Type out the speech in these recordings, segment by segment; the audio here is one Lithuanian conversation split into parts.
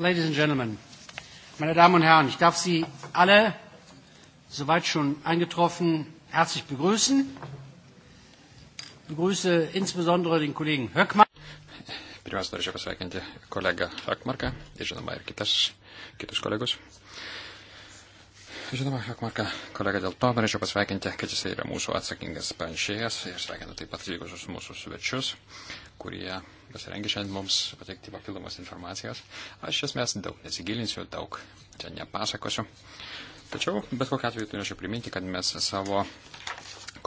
ladies and gentlemen, meine Damen und Herren, ich darf Sie alle, soweit schon eingetroffen, herzlich begrüßen. Ich begrüße insbesondere den Kollegen Höckmann. Pirmiausia, norėčiau pasveikinti kolegą Höckmarką ir žinoma ir kitas, kitus kolegus. Žinoma, Hakmarka, kolega, dėl to norėčiau pasveikinti, kad jisai yra mūsų atsakingas pranešėjas ir sveikinu taip pat atvykusius mūsų svečius, kurie pasirengė šiandien mums pateikti papildomas informacijos. Aš iš esmės daug nesigilinsiu, daug čia nepasakosiu. Tačiau, bet kokiu atveju, turėčiau tai priminti, kad mes savo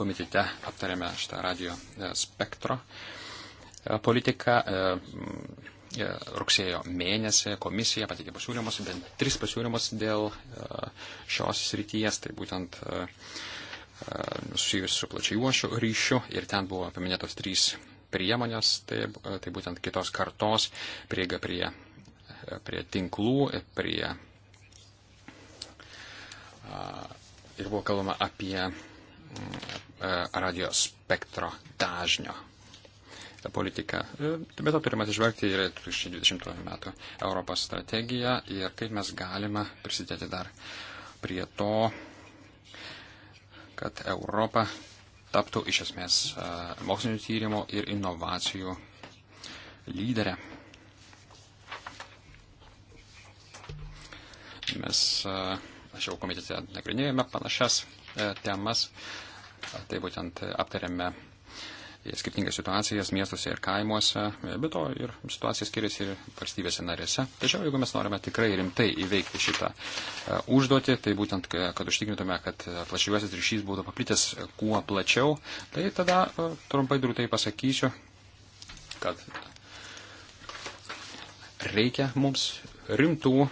komitete aptarėme šitą radio e, spektro e, politiką. E, E, rugsėjo mėnesį komisija pateikė pasiūlymus, bent tris pasiūlymus dėl e, šios srities, tai būtent e, susijusiu su plačiai juošiu ryšiu ir ten buvo paminėtos trys priemonės, tai, tai būtent kitos kartos prieiga prie, prie tinklų, prie. Ir buvo kalbama apie mm, radio spektro dažnio politiką. E, Bet to turime atsižvelgti ir 2020 metų Europos strategiją ir kaip mes galime prisidėti dar prie to, kad Europa taptų iš esmės e, mokslinio tyrimo ir inovacijų lyderė. Mes e, aš jau komitete nagrinėjome panašias temas, tai būtent aptarėme skirtingas situacijas miestuose ir kaimuose, be to ir situacija skiriasi ir valstybėse narėse. Tačiau jeigu mes norime tikrai rimtai įveikti šitą e, užduotį, tai būtent, e, kad užtikrintume, kad e, plačiuosias ryšys būtų paplitęs kuo plačiau, tai tada trumpai drūtai pasakysiu, kad reikia mums rimtų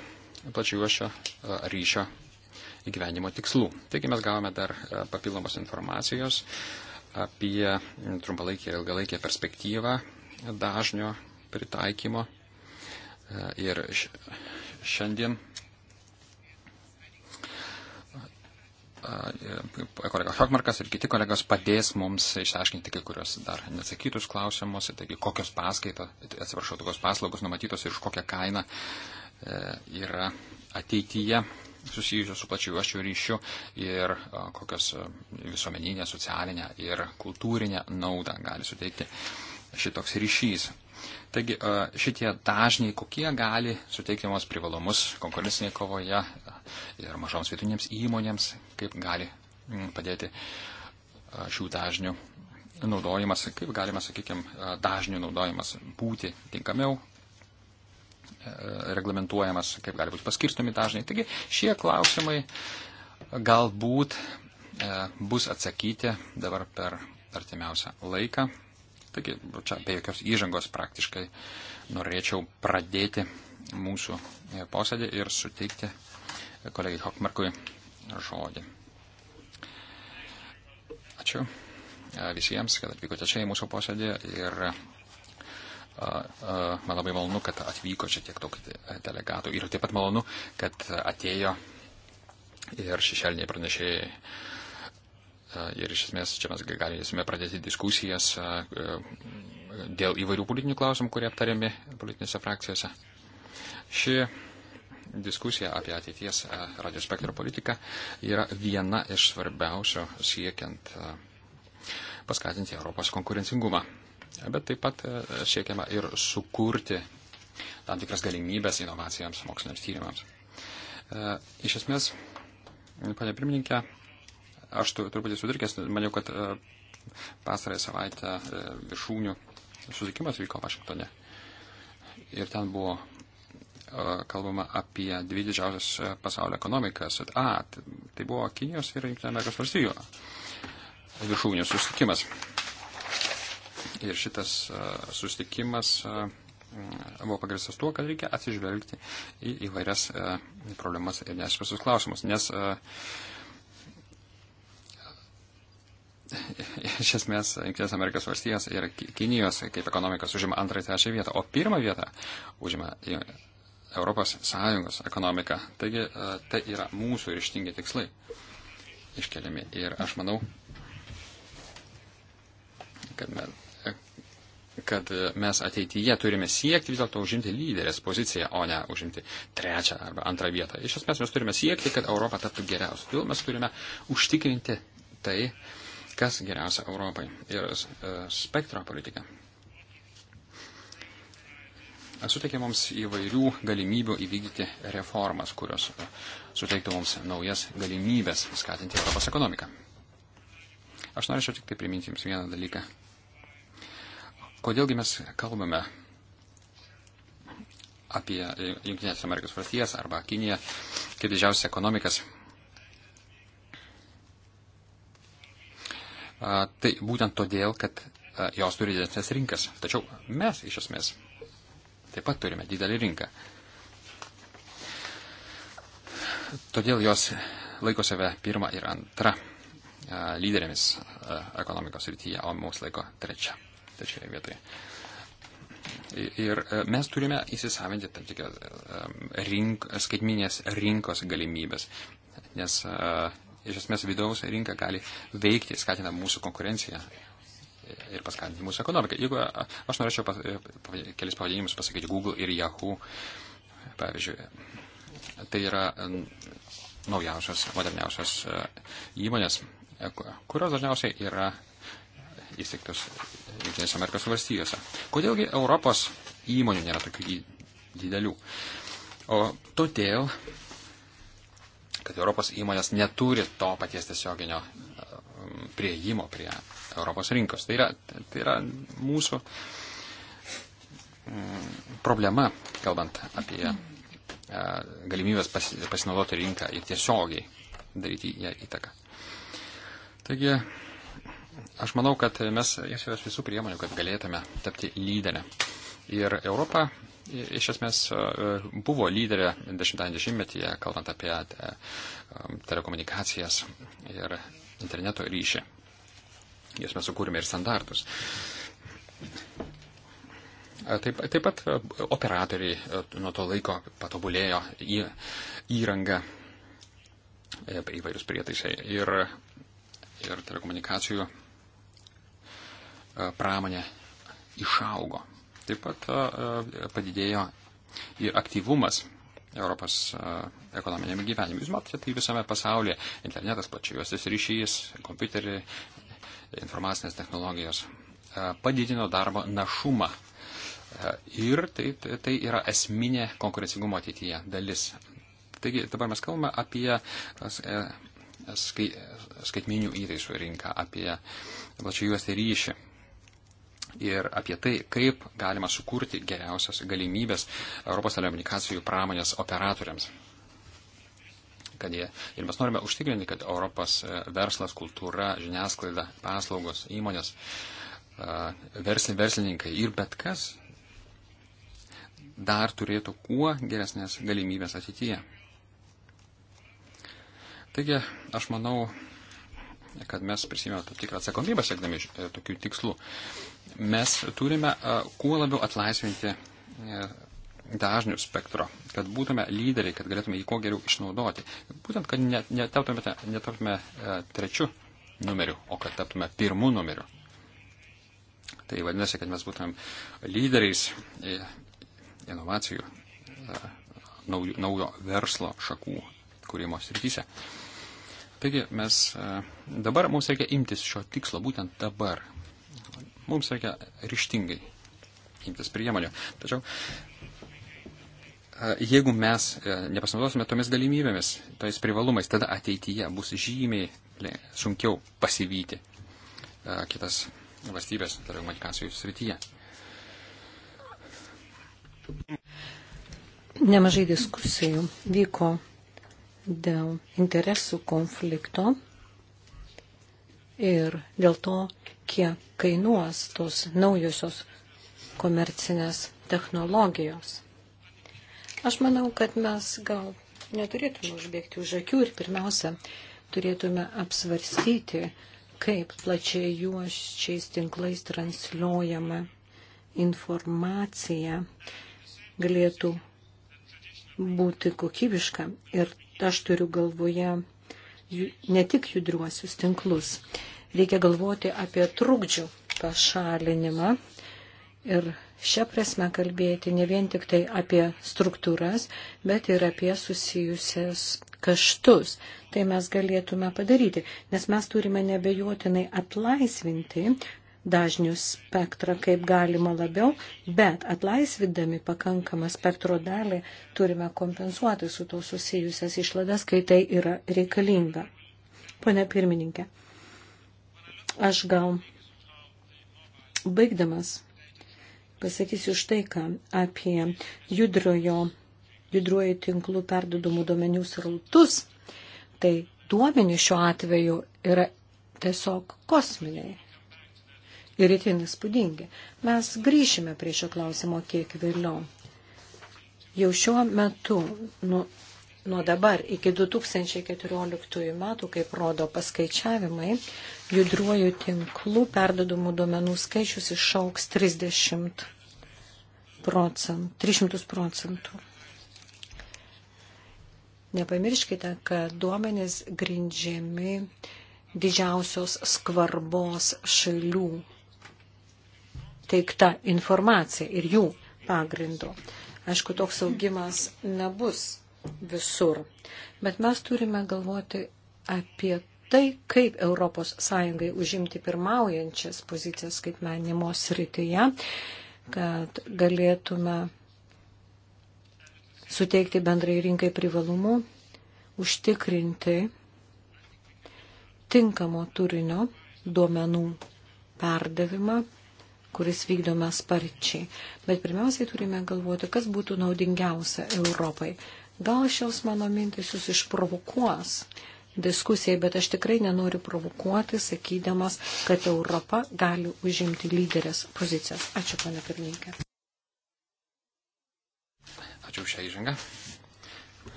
plačiuošio ryšio įgyvenimo tikslų. Taigi mes gavome dar papildomos informacijos apie trumpalaikę ir ilgalaikę perspektyvą dažnio pritaikymo. E, ir šiandien e, e, kolega Hokmarkas ir kiti kolegos padės mums išsiaiškinti kai kurios dar nesakytus klausimus, taigi kokios paskaitos, atsiprašau, tokios paslaugos numatytos ir už kokią kainą yra ateityje susijusios su plačiuošiu ryšiu ir kokios visuomeninė, socialinė ir kultūrinė nauda gali suteikti šitoks ryšys. Taigi šitie dažniai, kokie gali suteikiamos privalumus konkurencinėje kovoje ir mažoms vietinėms įmonėms, kaip gali padėti šių dažnių naudojimas, kaip galima, sakykime, dažnių naudojimas būti tinkamiau E, reglamentuojamas, kaip gali būti paskirstomi dažnai. Taigi šie klausimai galbūt e, bus atsakyti dabar per artimiausią laiką. Taigi, čia be jokios įžangos praktiškai norėčiau pradėti mūsų e, posėdį ir suteikti kolegai Hokmarkui žodį. Ačiū visiems, kad atvykote čia į mūsų posėdį ir Man labai malonu, kad atvyko čia tiek daug delegatų ir taip pat malonu, kad atėjo ir šešėliniai pranešėjai. Ir iš esmės čia mes galėsime pradėti diskusijas dėl įvairių politinių klausimų, kurie aptariami politinėse frakcijose. Ši diskusija apie ateities radio spektro politiką yra viena iš svarbiausių siekiant paskatinti Europos konkurencingumą bet taip pat e, siekiama ir sukurti tam tikras galimybės inovacijams, moksliniams tyrimams. E, iš esmės, panė pirmininkė, aš truputį sudirkęs, maniau, kad e, pastarąją savaitę viršūnių susitikimas vyko Vašingtone. Ir ten buvo kalbama apie dvi didžiausias pasaulio ekonomikas. A, tai buvo Kinijos ir Junktinė Amerikos valstijų viršūnių susitikimas. Ir šitas susitikimas buvo pagristas tuo, kad reikia atsižvelgti į įvairias problemas ir nesvisus klausimus. Nes iš esmės Junktinės Amerikos valstijos ir Kinijos kaip ekonomikas užima antrą ir trečią vietą, o pirmą vietą užima Europos Sąjungos ekonomika. Taigi tai yra mūsų ryštingi tikslai iškeliami. Ir aš manau, kad mes kad mes ateityje turime siekti vis dėlto užimti lyderės poziciją, o ne užimti trečią arba antrą vietą. Iš esmės mes turime siekti, kad Europa taptų geriausia. Todėl mes turime užtikrinti tai, kas geriausia Europai. Ir e, spektro politika suteikia mums įvairių galimybių įvykdyti reformas, kurios e, suteiktų mums naujas galimybės skatinti Europos ekonomiką. Aš norėčiau tik tai priminti Jums vieną dalyką. Kodėlgi mes kalbame apie Junktinės Amerikos valstijas arba Kiniją kaip didžiausias ekonomikas. A, tai būtent todėl, kad a, jos turi didesnės rinkas. Tačiau mes iš esmės taip pat turime didelį rinką. Todėl jos laiko save pirmą ir antrą lyderėmis ekonomikos rytyje, o mums laiko trečią vyksta šioje vietoje. Ir e, mes turime įsisavinti tam tikras e, rink, skaitminės rinkos galimybės, nes e, iš esmės vidaus rinka gali veikti, skatina mūsų konkurenciją ir paskatinti mūsų ekonomiką. Jeigu aš norėčiau pas, kelis pavadinimus pasakyti Google ir Yahoo, pavyzdžiui, tai yra naujausios, moderniausios įmonės, kurios dažniausiai yra įsteigtos Junktinėse Amerikos valstijose. Kodėlgi Europos įmonių nėra tokių didelių? O todėl, kad Europos įmonės neturi to paties tiesioginio um, prieimo prie Europos rinkos. Tai yra, tai yra mūsų um, problema, kalbant apie uh, galimybės pasinaudoti rinką ir tiesiogiai daryti ją įtaką. Taigi, Aš manau, kad mes ėmėmės visų priemonių, kad galėtume tapti lyderę. Ir Europa iš esmės e, buvo lyderė 10-metyje, kalbant apie e, telekomunikacijas ir interneto ryšį. Jas mes sukūrėme ir standartus. E, taip, taip pat operatoriai nuo to laiko patobulėjo į įrangą įvairius prietaisai ir, ir telekomunikacijų E, pramonė išaugo. Taip pat e, e, padidėjo ir aktyvumas Europos ekonominėme gyvenime. Jūs matote tai visame pasaulyje. Internetas, plačiuosios ryšys, kompiuteriai, informacinės technologijos padidino darbo našumą. Ir tai, tai, tai yra esminė konkurencingumo ateityje dalis. Taigi dabar mes kalbame apie skai, skaitminių įtaisų rinką, apie plačiuosios ryšį ir apie tai, kaip galima sukurti geriausias galimybės Europos telekomunikacijų pramonės operatoriams. Kad jie, ir mes norime užtikrinti, kad Europos e, verslas, kultūra, žiniasklaida, paslaugos, įmonės, e, verslininkai ir bet kas dar turėtų kuo geresnės galimybės ateityje. Taigi, aš manau, kad mes prisimėme tam tikrą atsakomybę siekdami e, tokių tikslų mes turime kuo labiau atlaisvinti e, dažnių spektro, kad būtume lyderiai, kad galėtume jį kuo geriau išnaudoti. Būtent, kad netaptume, netaptume e, trečiu numeriu, o kad taptume pirmu numeriu. Tai vadinasi, kad mes būtumėm lyderiais e, inovacijų, naujo, naujo verslo šakų kūrimo srityse. Taigi mes dabar mums reikia imtis šio tikslo, būtent dabar. Mums reikia ryštingai imtis priemonių. Tačiau e, jeigu mes e, nepasinaudosime tomis galimybėmis, tais privalumais, tada ateityje bus žymiai sunkiau pasivyti e, kitas valstybės, tai yra komunikacijų srityje. Nemažai diskusijų vyko dėl interesų konflikto ir dėl to, kiek kainuos tos naujusios komercinės technologijos. Aš manau, kad mes gal neturėtume užbėgti už akių ir pirmiausia, turėtume apsvarstyti, kaip plačiai juoščiais tinklais transliuojama informacija galėtų būti kokybiška. Ir aš turiu galvoje ne tik judriuosius tinklus. Reikia galvoti apie trukdžių pašalinimą ir šią prasme kalbėti ne vien tik tai apie struktūras, bet ir apie susijusias kaštus. Tai mes galėtume padaryti, nes mes turime nebejotinai atlaisvinti dažnių spektrą kaip galima labiau, bet atlaisvidami pakankamą spektro dalį turime kompensuoti su to susijusias išladas, kai tai yra reikalinga. Pone pirmininkė, aš gal baigdamas pasakysiu štai ką apie judrojo, judruoju tinklų perdodamų duomenių srautus. Tai duomenys šiuo atveju yra tiesiog kosminiai ir itin įspūdingi. Mes grįšime prie šio klausimo kiek vėliau. Jau šiuo metu, nu, nuo dabar iki 2014 metų, kaip rodo paskaičiavimai, judruoju tinklu perdodamų duomenų skaičius išauks 30 procentų, 300 procentų. Nepamirškite, kad duomenys grindžiami didžiausios skvarbos šalių teikta informacija ir jų pagrindu. Aišku, toks augimas nebus visur, bet mes turime galvoti apie tai, kaip ES užimti pirmaujančias pozicijas skaitmenimo srityje, kad galėtume suteikti bendrai rinkai privalumų, užtikrinti tinkamo turinio duomenų perdavimą kuris vykdomas sparčiai. Bet pirmiausiai turime galvoti, kas būtų naudingiausia Europai. Gal šios mano mintis jūs išprovokuos diskusijai, bet aš tikrai nenoriu provokuoti, sakydamas, kad Europa gali užimti lyderės pozicijas. Ačiū, pane pirmininkė. Ačiū šią įžangą.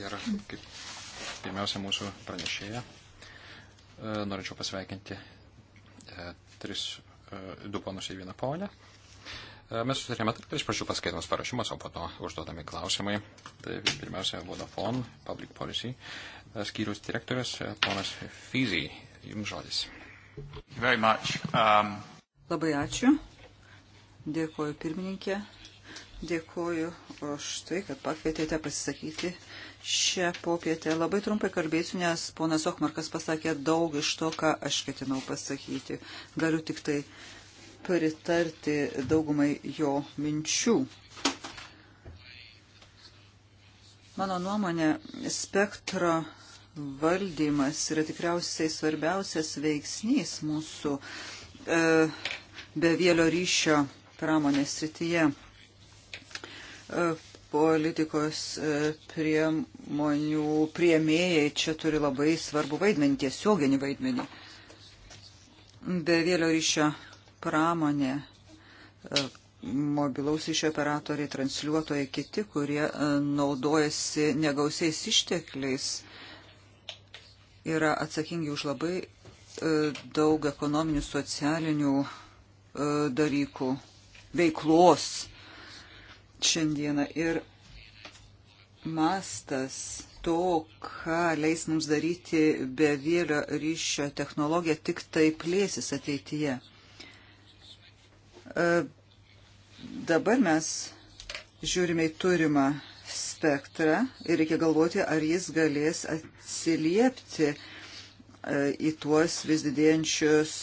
Ir kaip pirmiausia mūsų pranešėja, e, norėčiau pasveikinti e, tris E, du ponus ir vieną ponę. E, mes sutarėme tarp iš pradžių paskaitos parašymas, o po to užduodami klausimai. Tai pirmiausia, Vodafone Public Policy e, skyrius direktorius ponas Fizy. Jums žodis. Um... Labai ačiū. Dėkuoju pirmininkė. Dėkuoju už tai, kad pakvietėte pasisakyti šią popietę. Labai trumpai kalbėsiu, nes ponas Okmarkas pasakė daug iš to, ką aš ketinau pasakyti. Galiu tik tai pritarti daugumai jo minčių. Mano nuomonė, spektro valdymas yra tikriausiai svarbiausias veiksnys mūsų e, bevėlio ryšio pramonės srityje. E, politikos e, priemonių priemėjai čia turi labai svarbu vaidmenį, tiesioginį vaidmenį. Be vėlio ryšio pramonė, e, mobilaus ryšio operatoriai, transliuotojai, kiti, kurie naudojasi negausiais ištekliais, yra atsakingi už labai daug ekonominių, socialinių dalykų, veiklos šiandieną ir mastas to, ką leis mums daryti be vėlio ryšio technologija, tik tai plėsis ateityje. E, dabar mes žiūrime į turimą spektrą ir reikia galvoti, ar jis galės atsiliepti e, į tuos vis didėjančius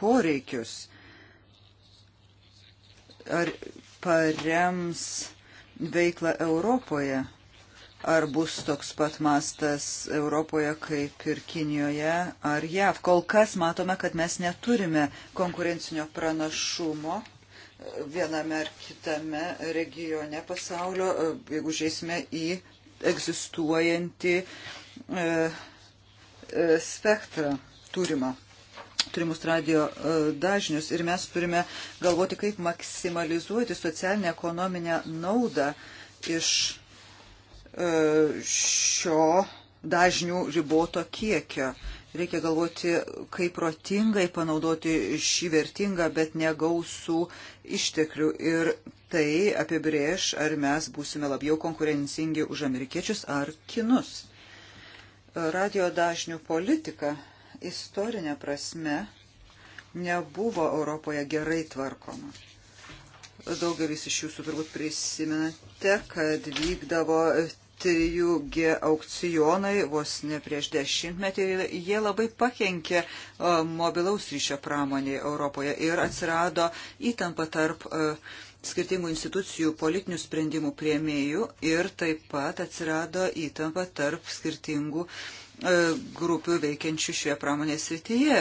poreikius. Ar parems veiklą Europoje? Ar bus toks pat mastas Europoje kaip ir Kinijoje ar JAV? Kol kas matome, kad mes neturime konkurencinio pranašumo viename ar kitame regione pasaulio, jeigu žiūrėsime į egzistuojantį e, e, spektrą turimą turimus radio e, dažnius ir mes turime galvoti, kaip maksimalizuoti socialinę ekonominę naudą iš e, šio dažnių riboto kiekio. Reikia galvoti, kaip protingai panaudoti šį vertingą, bet negausų išteklių. Ir tai apibrėž, ar mes būsime labiau konkurencingi už amerikiečius ar kinus. E, radio dažnių politika istorinė prasme nebuvo Europoje gerai tvarkoma. Daugelis iš jūsų turbūt prisimenate, kad vykdavo 3G aukcionai vos ne prieš dešimtmetį. Jie labai pakenkė mobilaus ryšio pramoniai Europoje ir atsirado įtampa tarp skirtingų institucijų politinių sprendimų prieimėjų ir taip pat atsirado įtampa tarp skirtingų uh, E, grupių veikiančių šioje pramonės srityje.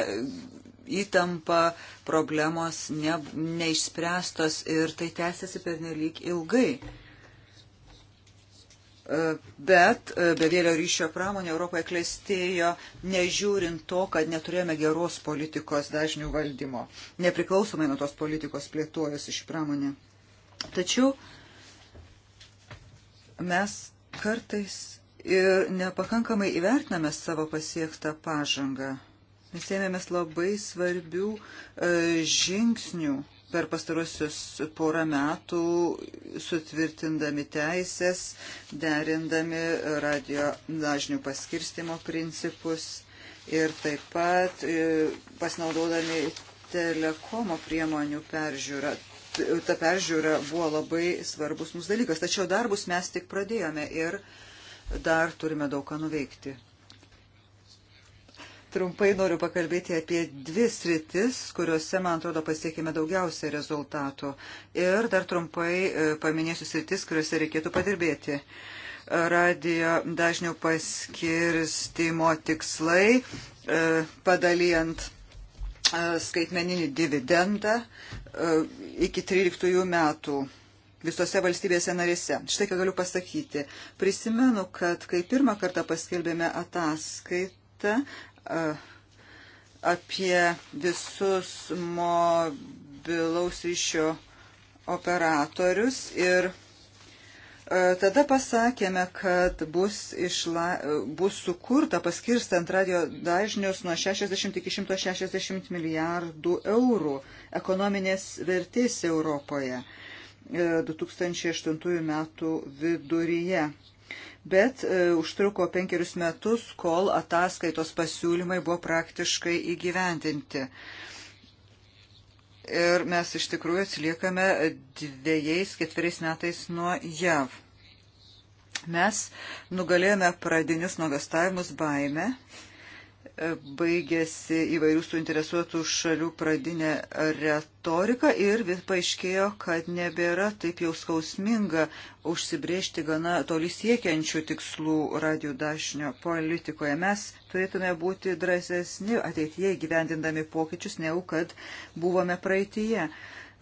Įtampa, problemos ne, neišspręstos ir tai tęsiasi per nelik ilgai. E, bet e, bevėlio ryšio pramonė Europoje klestėjo, nežiūrint to, kad neturėjome geros politikos dažnių valdymo. Nepriklausomai nuo tos politikos plėtojosi ši pramonė. Tačiau mes kartais ir nepakankamai įvertiname savo pasiektą pažangą. Mes ėmėmės labai svarbių e, žingsnių per pastarosius porą metų sutvirtindami teisės, derindami radio dažnių paskirstimo principus ir taip pat e, pasinaudodami telekomo priemonių peržiūrą. Ta peržiūra buvo labai svarbus mums dalykas, tačiau darbus mes tik pradėjome ir uh, dar turime daug ką nuveikti. Trumpai noriu pakalbėti apie dvi sritis, kuriuose, man atrodo, pasiekime daugiausia rezultatų. Ir dar trumpai e, paminėsiu sritis, kuriuose reikėtų padirbėti. Radio dažnių paskirstimo tikslai, e, padalijant e, skaitmeninį dividendą iki 13 metų visose valstybėse narėse. Štai ką galiu pasakyti. Prisimenu, kad kai pirmą kartą paskelbėme ataskaitą apie visus mobilaus ryšio operatorius ir Tada pasakėme, kad bus, išla, bus sukurta paskirstant radio dažnius nuo 60 iki 160 milijardų eurų ekonominės vertės Europoje. 2008 metų viduryje. Bet e, užtruko penkerius metus, kol ataskaitos pasiūlymai buvo praktiškai įgyvendinti. Ir mes iš tikrųjų atsiliekame dviejais, ketveriais metais nuo JAV. Mes nugalėjome pradinius nuogastavimus baime baigėsi įvairių suinteresuotų šalių pradinė retorika ir vis paaiškėjo, kad nebėra taip jau skausminga užsibriežti gana toli siekiančių tikslų radijų dažnio politikoje. Mes turėtume būti drąsesni ateityje gyvendindami pokyčius, negu kad buvome praeitįje.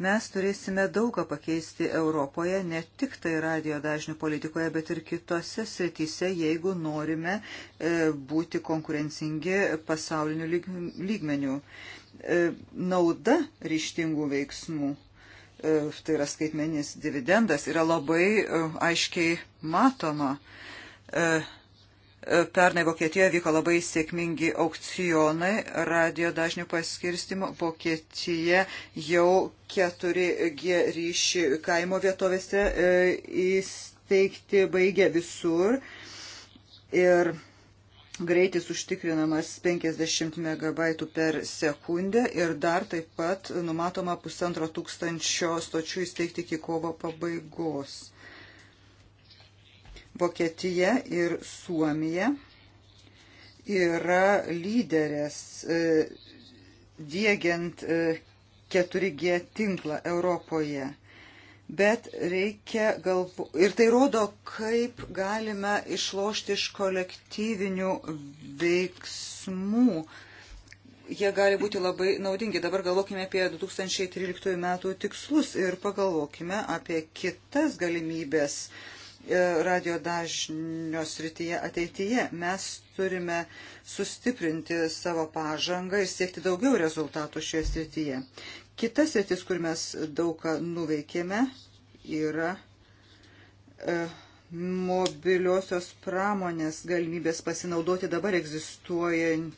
Mes turėsime daugą pakeisti Europoje, ne tik tai radio dažnių politikoje, bet ir kitose srityse, jeigu norime e, būti konkurencingi pasauliniu lygmeniu. E, nauda ryštingų veiksmų e, tai yra skaitmenis dividendas, yra labai aiškiai matoma. Pernai Vokietijoje vyko labai sėkmingi aukcionai radio dažnių paskirstimo. Vokietija jau 4G ryšį kaimo vietovėse e, įsteigti baigia visur. Ir greitis užtikrinamas 50 MB per sekundę ir dar taip pat numatoma pusantro tūkstančio stočių įsteigti iki kovo pabaigos. Vokietija ir Suomija yra lyderės e, dėgiant 4G e, tinklą Europoje. Bet reikia galvoti. Ir tai rodo, kaip galime išlošti iš kolektyvinių veiksmų. Jie gali būti labai naudingi. Dabar galvokime apie 2013 metų tikslus ir pagalvokime apie kitas galimybės uh, E, radio dažnio srityje ateityje. Mes turime sustiprinti savo pažangą ir siekti daugiau rezultatų šioje srityje. Kitas sritis, kur mes daug ką nuveikėme, yra e, mobiliosios pramonės galimybės pasinaudoti dabar egzistuojančio,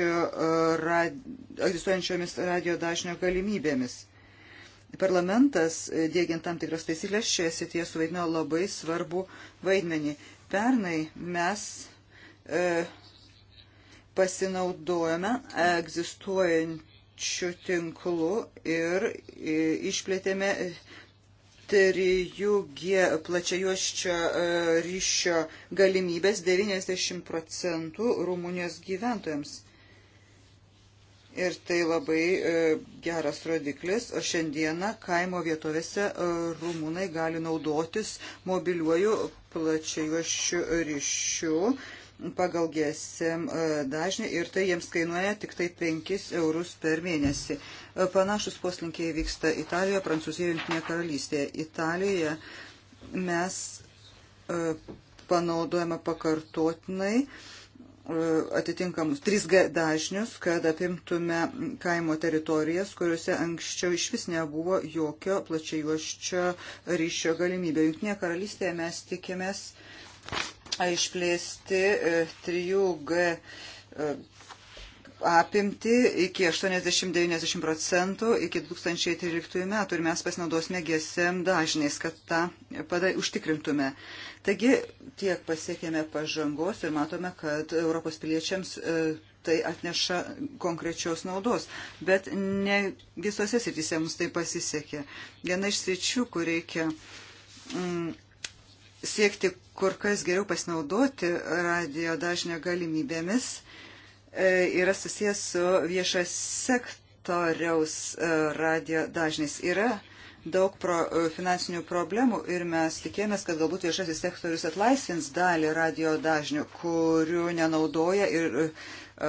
e, rad, egzistuojančiomis radio dažnio galimybėmis Parlamentas, e, dėgiant tam tikras taisyklės, šioje srityje suvaidino labai svarbu vaidmenį. Pernai mes e, pasinaudojame egzistuojančių tinklų ir e, išplėtėme 3G e, plačiajuoščio ryšio galimybės 90 procentų Rumunijos gyventojams ir tai labai e, geras rodiklis, o šiandieną kaimo vietovėse e, rumūnai gali naudotis mobiliuoju plačiajuošiu ryšiu pagal GSM e, dažnį ir tai jiems kainuoja tik tai 5 eurus per mėnesį. Panašus poslinkiai vyksta Italijoje, Prancūzijoje, Junktinėje karalystėje. Italijoje mes panaudojame pakartotinai uh, E, atitinkamus 3G dažnius, kad apimtume kaimo teritorijas, kuriuose anksčiau iš vis nebuvo jokio plačiajuoščio ryšio galimybė. Junktinėje karalystėje mes tikimės išplėsti 3G e, apimti iki 80-90 procentų iki 2013 metų ir mes pasinaudosime GSM dažniais, kad tą padai užtikrintume. Taigi tiek pasiekėme pažangos ir matome, kad Europos piliečiams e, tai atneša konkrečios naudos, bet ne visose srityse mums tai pasisekė. Viena iš sričių, kur reikia mm, siekti kur kas geriau pasinaudoti radio dažnio galimybėmis, mm, E, yra susijęs su viešo sektoriaus e, radio dažnis. Yra daug pro, e, finansinių problemų ir mes tikėjomės, kad galbūt viešasis sektorius atlaisvins dalį radio dažnių, kurių nenaudoja ir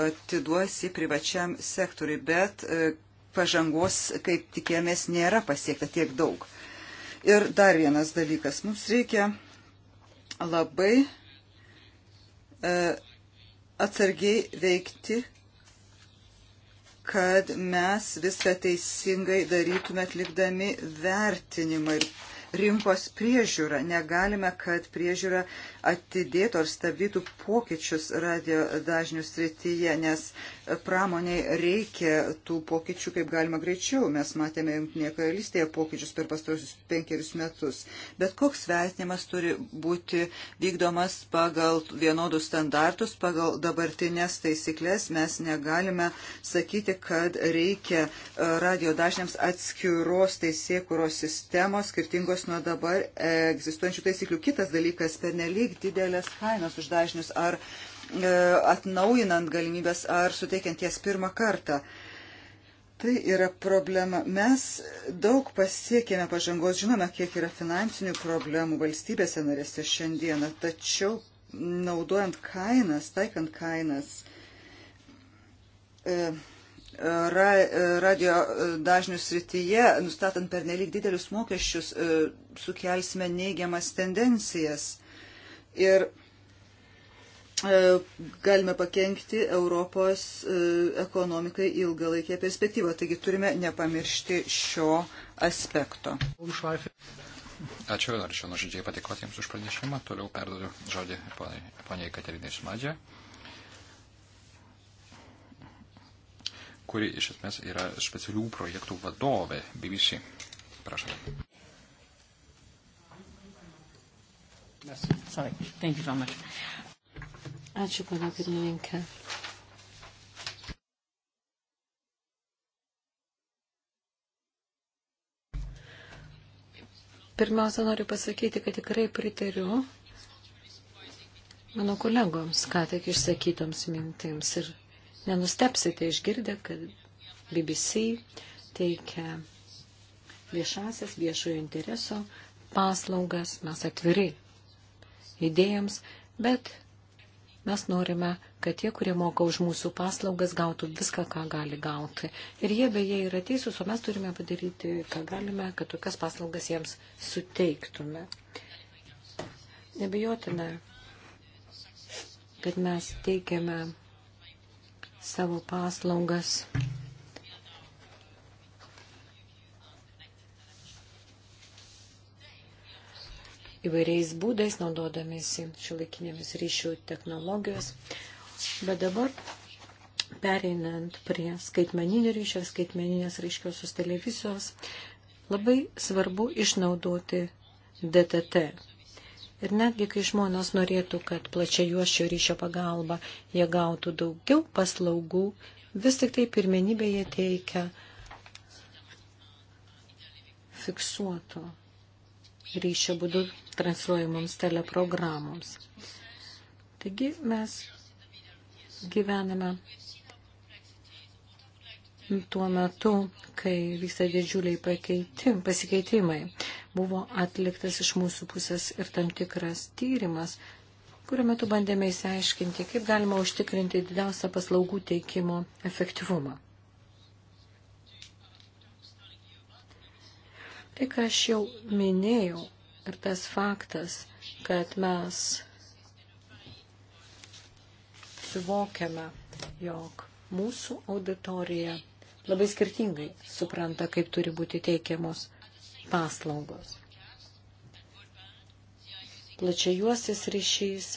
atiduosi privačiam sektoriui, bet pažangos, kaip tikėjomės, nėra pasiekta tiek daug. Ir dar vienas dalykas. Mums reikia labai e, atsargiai veikti, kad mes viską teisingai darytume atlikdami vertinimą ir rinkos priežiūrą. Negalime, kad priežiūra atidėtų ar stabdytų pokyčius radio dažnių srityje, nes pramoniai reikia tų pokyčių kaip galima greičiau. Mes matėme Junktinėje karalystėje pokyčius per pastarosius penkerius metus. Bet koks vertinimas turi būti vykdomas pagal vienodus standartus, pagal dabartinės taisyklės. Mes negalime sakyti, kad reikia e, radio dažniams atskiros teisėkuros sistemos, skirtingos nuo dabar e, egzistuojančių taisyklių. Kitas dalykas, pernelyg didelės kainos už dažnius, ar e, atnaujinant galimybės, ar suteikiant jas pirmą kartą. Tai yra problema. Mes daug pasiekėme pažangos, žinome, kiek yra finansinių problemų valstybėse narėse šiandieną, tačiau naudojant kainas, taikant kainas, e, ra, e, radio dažnių srityje, nustatant pernelyg didelius mokesčius, sukelsime neigiamas tendencijas ir e, galime pakengti Europos e, ekonomikai ilgalaikėje perspektyvoje. Taigi turime nepamiršti šio aspekto. Ačiū, norėčiau nuoširdžiai patikoti Jums už pranešimą. Toliau perdodu žodį poniai Katerinai Smadžiai, kuri iš esmės yra specialių projektų vadovė BBC. Prašau. Sorry. Thank you very much. Ačiū, pana pirmininkė. Pirmiausia, noriu pasakyti, kad tikrai pritariu mano kolegoms, ką tik išsakytoms mintims. Ir nenustepsite išgirdę, kad BBC teikia viešasias viešojo intereso paslaugas. Mes atvirai idėjams, bet mes norime, kad tie, kurie moka už mūsų paslaugas, gautų viską, ką gali gauti. Ir jie beje yra teisūs, o mes turime padaryti, ką galime, kad tokias paslaugas jiems suteiktume. Nebijotina, kad mes teikiame savo paslaugas įvairiais būdais, naudodamėsi šiolaikinėmis ryšių technologijos. Bet dabar, pereinant prie skaitmeninio ryšio, skaitmeninės ryškiosios televizijos, labai svarbu išnaudoti DTT. Ir netgi, kai žmonės norėtų, kad plačia juošio ryšio pagalba jie gautų daugiau paslaugų, vis tik tai pirmenybė jie teikia fiksuoto ryšio būdu transliuojamoms teleprogramoms. Taigi mes gyvename tuo metu, kai vyksta didžiuliai pasikeitimai. Buvo atliktas iš mūsų pusės ir tam tikras tyrimas, kuriuo metu bandėme įsiaiškinti, kaip galima užtikrinti didžiausią paslaugų teikimo efektyvumą. Tai, ką aš jau minėjau, ir tas faktas, kad mes suvokiame, jog mūsų auditorija labai skirtingai supranta, kaip turi būti teikiamos paslaugos. Plačiajuosis ryšys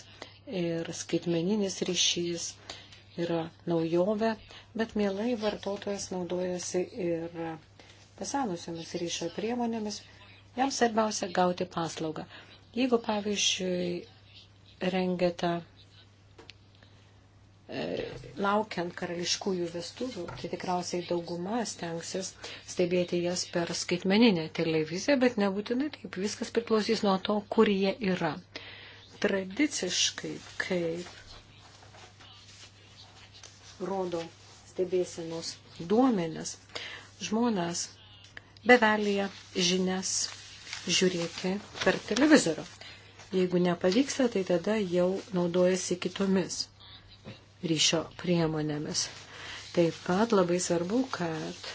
ir skaitmeninis ryšys yra naujovė, bet mielai vartotojas naudojasi ir pasenusiamis ryšio priemonėmis, jam svarbiausia gauti paslaugą. Jeigu, pavyzdžiui, rengiate e, laukiant karališkųjų vestuvių, tai tikriausiai dauguma stengsis stebėti jas per skaitmeninę televiziją, bet nebūtinai taip viskas priklausys nuo to, kur jie yra. Tradiciškai, kaip rodo stebėsenos duomenės, žmonės bevelėje žinias žiūrėti per televizorių. Jeigu nepavyksta, tai tada jau naudojasi kitomis ryšio priemonėmis. Taip pat labai svarbu, kad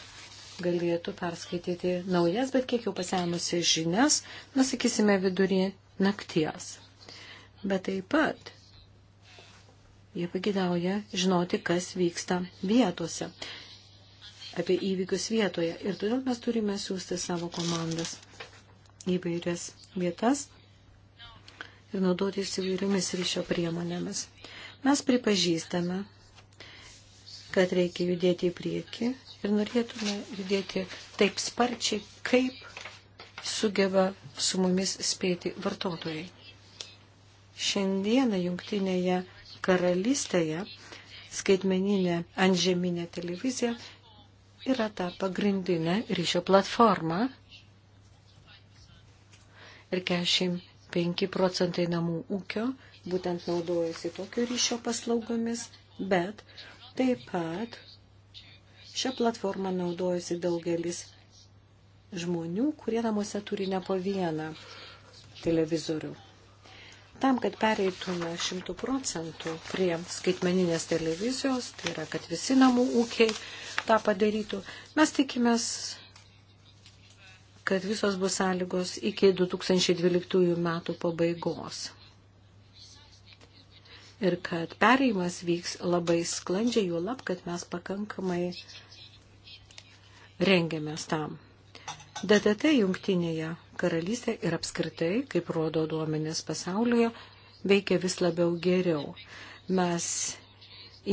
galėtų perskaityti naujas, bet kiek jau pasenusi žinias, nusakysime vidurį nakties. Bet taip pat jie pagidauja žinoti, kas vyksta vietose apie įvykius vietoje. Ir todėl mes turime siūsti savo komandas įvairias vietas ir naudotis įvairiomis ryšio priemonėmis. Mes pripažįstame, kad reikia judėti į priekį ir norėtume judėti taip sparčiai, kaip sugeba su mumis spėti vartotojai. Šiandieną jungtinėje karalystėje skaitmeninė antžeminė televizija yra ta pagrindinė ryšio platforma ir 45 procentai namų ūkio būtent naudojasi tokio ryšio paslaugomis, bet taip pat šią platformą naudojasi daugelis žmonių, kurie namuose turi ne po vieną televizorių. Tam, kad pereitume šimtų procentų prie skaitmeninės televizijos, tai yra, kad visi namų ūkiai tą padarytų. Mes tikimės, kad visos bus sąlygos iki 2012 metų pabaigos. Ir kad pereimas vyks labai sklandžiai, juo lab, kad mes pakankamai rengiamės tam. DTT jungtinėje karalystė ir apskritai, kaip rodo duomenės pasaulyje, veikia vis labiau geriau. Mes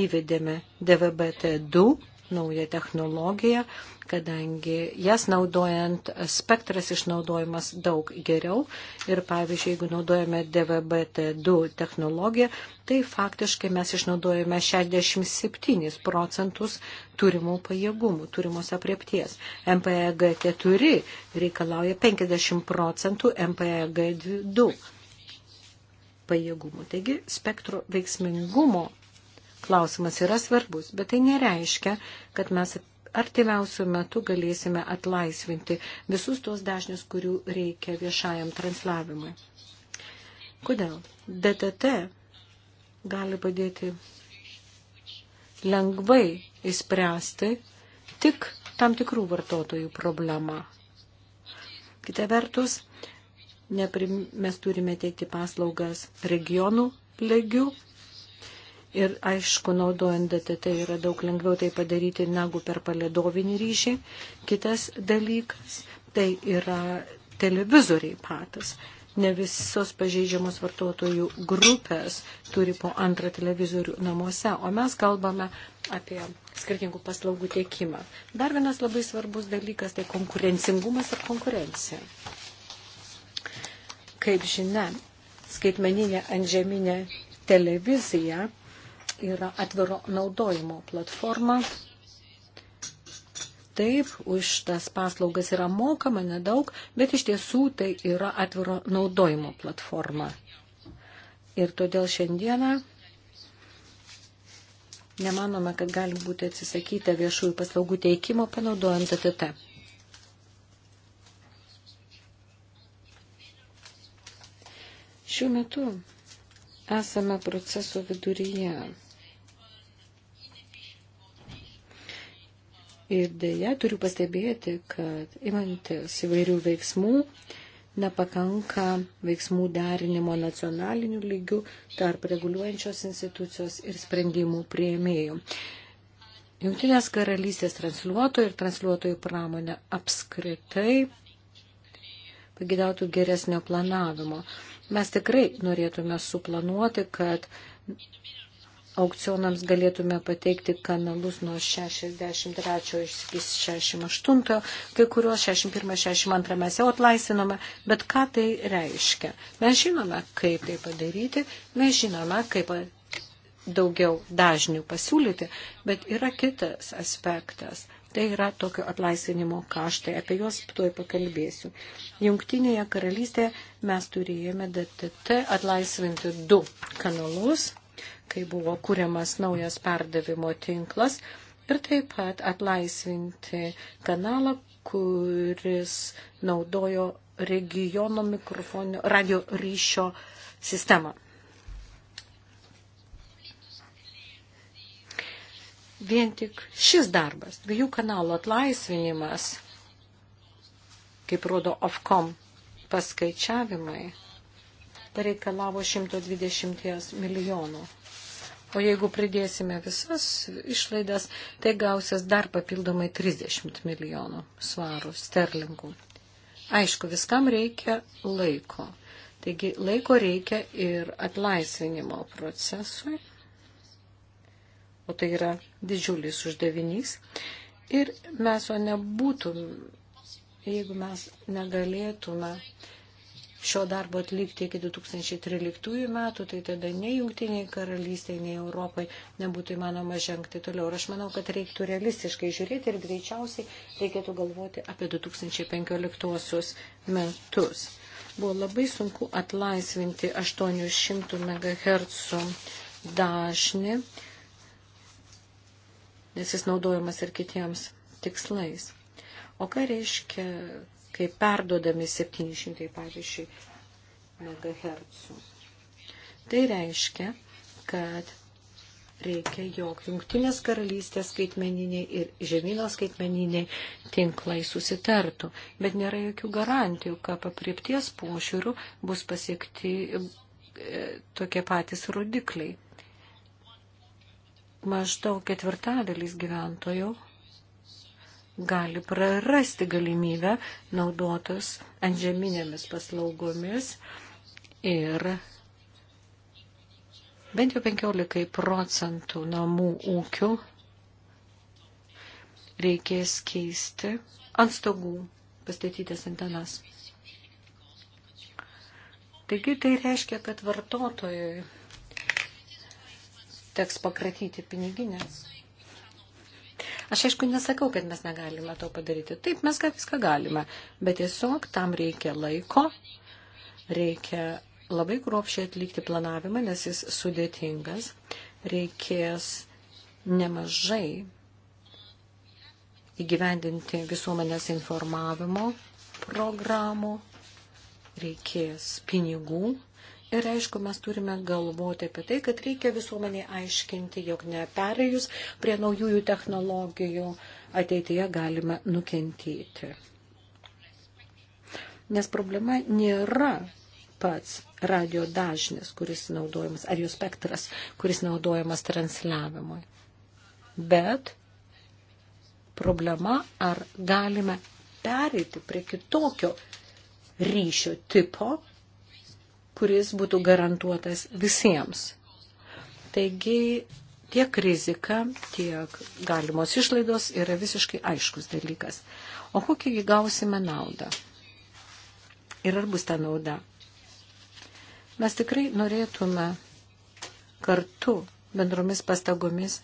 įvedėme DVBT2 naują technologiją, kadangi jas naudojant spektras išnaudojimas daug geriau. Ir pavyzdžiui, jeigu naudojame DVB-T2 technologiją, tai faktiškai mes išnaudojame 67 procentus turimų pajėgumų, turimos apriepties. MPEG 4 reikalauja 50 procentų MPEG 2 pajėgumų. Taigi spektro veiksmingumo klausimas yra svarbus, bet tai nereiškia, kad mes artimiausių metų galėsime atlaisvinti visus tos dažnius, kurių reikia viešajam transliavimui. Kodėl? DTT gali padėti lengvai įspręsti tik tam tikrų vartotojų problemą. Kita vertus, neprim, mes turime teikti paslaugas regionų lygių Ir aišku, naudojant DTT yra daug lengviau tai padaryti negu per palėdovinį ryšį. Kitas dalykas tai yra televizoriai patys. Ne visos pažeidžiamos vartotojų grupės turi po antrą televizorių namuose, o mes kalbame apie skirtingų paslaugų tiekimą. Dar vienas labai svarbus dalykas tai konkurencingumas ir konkurencija. Kaip žinia, skaitmeninė antžeminė televizija yra atviro naudojimo platforma. Taip, už tas paslaugas yra mokama nedaug, bet iš tiesų tai yra atviro naudojimo platforma. Ir todėl šiandieną nemanome, kad gali būti atsisakyta viešųjų paslaugų teikimo panaudojant ATT. Šiuo metu esame proceso viduryje Ir dėja turiu pastebėti, kad imantis įvairių veiksmų, nepakanka veiksmų derinimo nacionalinių lygių tarp reguliuojančios institucijos ir sprendimų prieimėjų. Jungtinės karalystės transliuotojų ir transliuotojų pramonė apskritai pagidautų geresnio planavimo. Mes tikrai norėtume suplanuoti, kad aukcionams galėtume pateikti kanalus nuo 63 iki 68, kai kuriuos 61-62 mes jau atlaisinome, bet ką tai reiškia? Mes žinome, kaip tai padaryti, mes žinome, kaip daugiau dažnių pasiūlyti, bet yra kitas aspektas. Tai yra tokio atlaisinimo kaštai, apie juos tuoj pakalbėsiu. Jungtinėje karalystėje mes turėjome DTT atlaisvinti du kanalus kai buvo kuriamas naujas perdavimo tinklas ir taip pat atlaisvinti kanalą, kuris naudojo regiono mikrofonio radio ryšio sistemą. Vien tik šis darbas, dviejų kanalų atlaisvinimas, kaip rodo OFCOM paskaičiavimai, pareikalavo 120 milijonų O jeigu pridėsime visas išlaidas, tai gausias dar papildomai 30 milijonų svarų sterlingų. Aišku, viskam reikia laiko. Taigi laiko reikia ir atlaisvinimo procesui, o tai yra didžiulis uždavinys. Ir mes jo nebūtum, jeigu mes negalėtume šio darbo atlikti iki 2013 metų, tai tada nei jungtiniai karalystiai, nei Europai nebūtų įmanoma žengti toliau. Ir aš manau, kad reiktų realistiškai žiūrėti ir greičiausiai reikėtų galvoti apie 2015 metus. Buvo labai sunku atlaisvinti 800 MHz dažnį, nes jis naudojamas ir kitiems tikslais. O ką reiškia kai perduodami 700, pavyzdžiui, MHz. Tai reiškia, kad reikia, jog jungtinės karalystės skaitmeniniai ir žemynų skaitmeniniai tinklai susitartų, bet nėra jokių garantijų, kad apriepties pošiūrių bus pasiekti e, tokie patys rodikliai. Maždaug ketvirtadalis gyventojų gali prarasti galimybę naudotis antžeminėmis paslaugomis ir bent jau 15 procentų namų ūkių reikės keisti ant stogų pastatytas antenas. Taigi tai reiškia, kad vartotojui teks pakratyti piniginės. Aš aišku nesakau, kad mes negalime to padaryti. Taip, mes ką viską galime, bet tiesiog tam reikia laiko, reikia labai kruopšiai atlikti planavimą, nes jis sudėtingas, reikės nemažai įgyvendinti visuomenės informavimo programų, reikės pinigų Ir aišku, mes turime galvoti apie tai, kad reikia visuomeniai aiškinti, jog neperėjus prie naujųjų technologijų ateityje galime nukentyti. Nes problema nėra pats radio dažnis, kuris naudojamas, ar jų spektras, kuris naudojamas transliavimui. Bet problema, ar galime pereiti prie kitokio ryšio tipo, kuris būtų garantuotas visiems. Taigi tiek rizika, tiek galimos išlaidos yra visiškai aiškus dalykas. O kokį gausime naudą? Ir ar bus ta nauda? Mes tikrai norėtume kartu bendromis pastagomis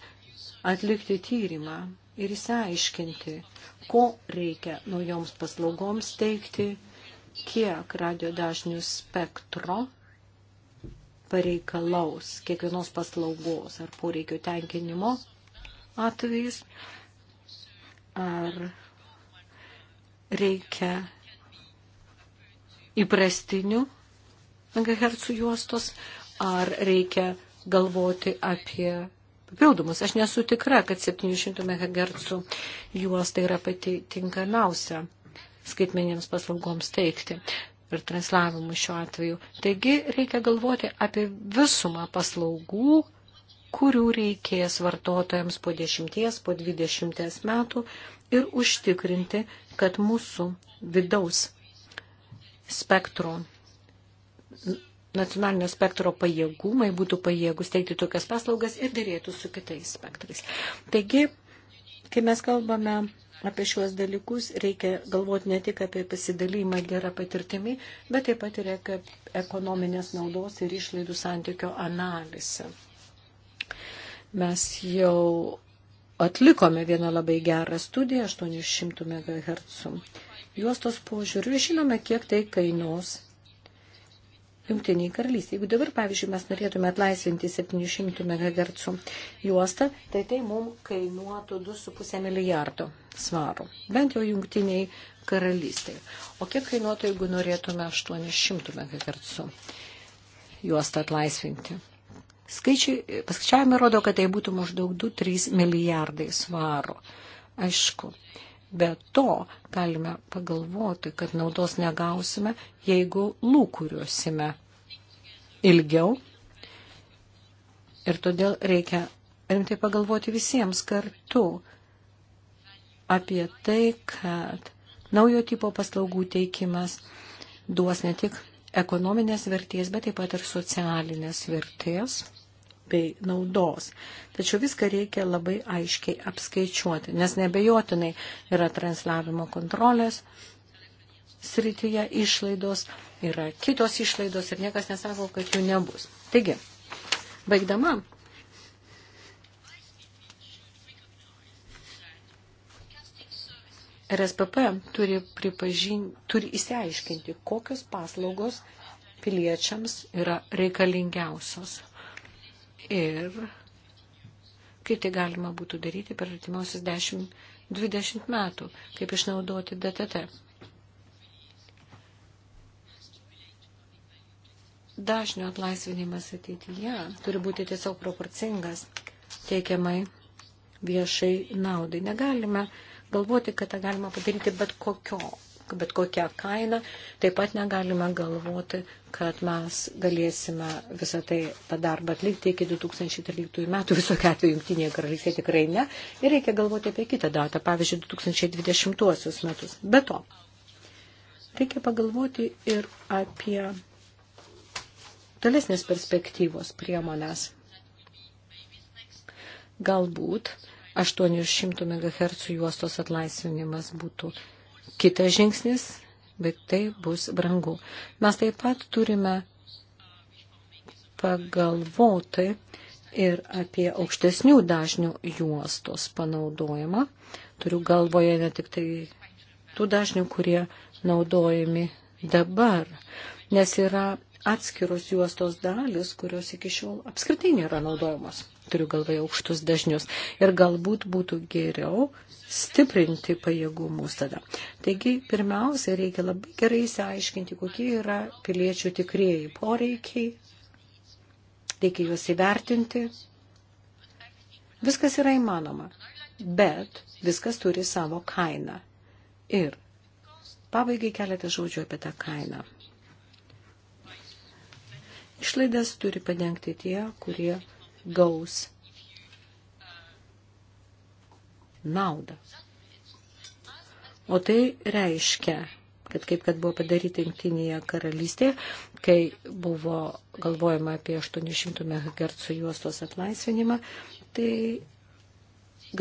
atlikti tyrimą ir įsiaiškinti, ko reikia naujoms paslaugoms teikti kiek radio dažnių spektro pareikalaus kiekvienos paslaugos ar poreikių tenkinimo atvejais, ar reikia įprastinių MHz juostos, ar reikia galvoti apie papildomus. Aš nesu tikra, kad 700 MHz juosta yra pati tinkamiausia skaitmeniniams paslaugoms teikti ir transliavimui šiuo atveju. Taigi reikia galvoti apie visumą paslaugų, kurių reikės vartotojams po 10, po 20 metų ir užtikrinti, kad mūsų vidaus spektro, nacionalinio spektro pajėgumai būtų pajėgus teikti tokias paslaugas ir dėrėtų su kitais spektrais. Taigi, kai mes kalbame apie šiuos dalykus reikia galvoti ne tik apie pasidalymą gerą patirtimį, bet taip pat ir apie ekonominės naudos ir išlaidų santykio analizę. Mes jau atlikome vieną labai gerą studiją 800 MHz juostos požiūrių ir žinome, kiek tai kainuos jungtiniai karalystė. Jeigu dabar, pavyzdžiui, mes norėtume atlaisvinti 700 MHz juostą, tai tai mums kainuotų 2,5 milijardo svarų, bent jau jungtiniai karalystėje. O kiek kainuotų, jeigu norėtume 800 MHz juostą atlaisvinti? Skaičiai, paskaičiavimai rodo, kad tai būtų maždaug 2-3 milijardai svarų. Aišku, Be to galime pagalvoti, kad naudos negausime, jeigu lūkuriuosime ilgiau. Ir todėl reikia rimtai pagalvoti visiems kartu apie tai, kad naujo tipo paslaugų teikimas duos ne tik ekonominės vertės, bet taip pat ir socialinės vertės bei naudos. Tačiau viską reikia labai aiškiai apskaičiuoti, nes nebejotinai yra transliavimo kontrolės srityje išlaidos, yra kitos išlaidos ir niekas nesako, kad jų nebus. Taigi, baigdama, RSPP turi, pripažin, turi įsiaiškinti, kokios paslaugos piliečiams yra reikalingiausios ir kaip tai galima būtų daryti per artimiausias 10-20 metų, kaip išnaudoti DTT. Dažnio atlaisvinimas ateityje turi būti tiesiog proporcingas teikiamai viešai naudai. Negalime galvoti, kad tą galima padaryti bet kokio bet kokią kainą, taip pat negalime galvoti, kad mes galėsime visą tai tą darbą atlikti iki 2013 metų, visokio atveju jungtinėje karalystėje tikrai ne, ir reikia galvoti apie kitą datą, pavyzdžiui, 2020 metus. Be to, reikia pagalvoti ir apie tolesnės perspektyvos priemonės. Galbūt 800 MHz juostos atlaisvinimas būtų kitas žingsnis, bet tai bus brangu. Mes taip pat turime pagalvoti ir apie aukštesnių dažnių juostos panaudojimą. Turiu galvoje ne tik tai tų dažnių, kurie naudojami dabar, nes yra atskiros juostos dalis, kurios iki šiol apskritai nėra naudojamos turiu galvoje aukštus dažnius. Ir galbūt būtų geriau stiprinti pajėgumus tada. Taigi, pirmiausia, reikia labai gerai įsiaiškinti, kokie yra piliečių tikrieji poreikiai, reikia juos įvertinti. Viskas yra įmanoma, bet viskas turi savo kainą. Ir pabaigai keletą žodžių apie tą kainą. Išlaidas turi padengti tie, kurie gaus naudą. O tai reiškia, kad kaip kad buvo padaryti jungtinėje karalystėje, kai buvo galvojama apie 800 MHz juostos atlaisvinimą, tai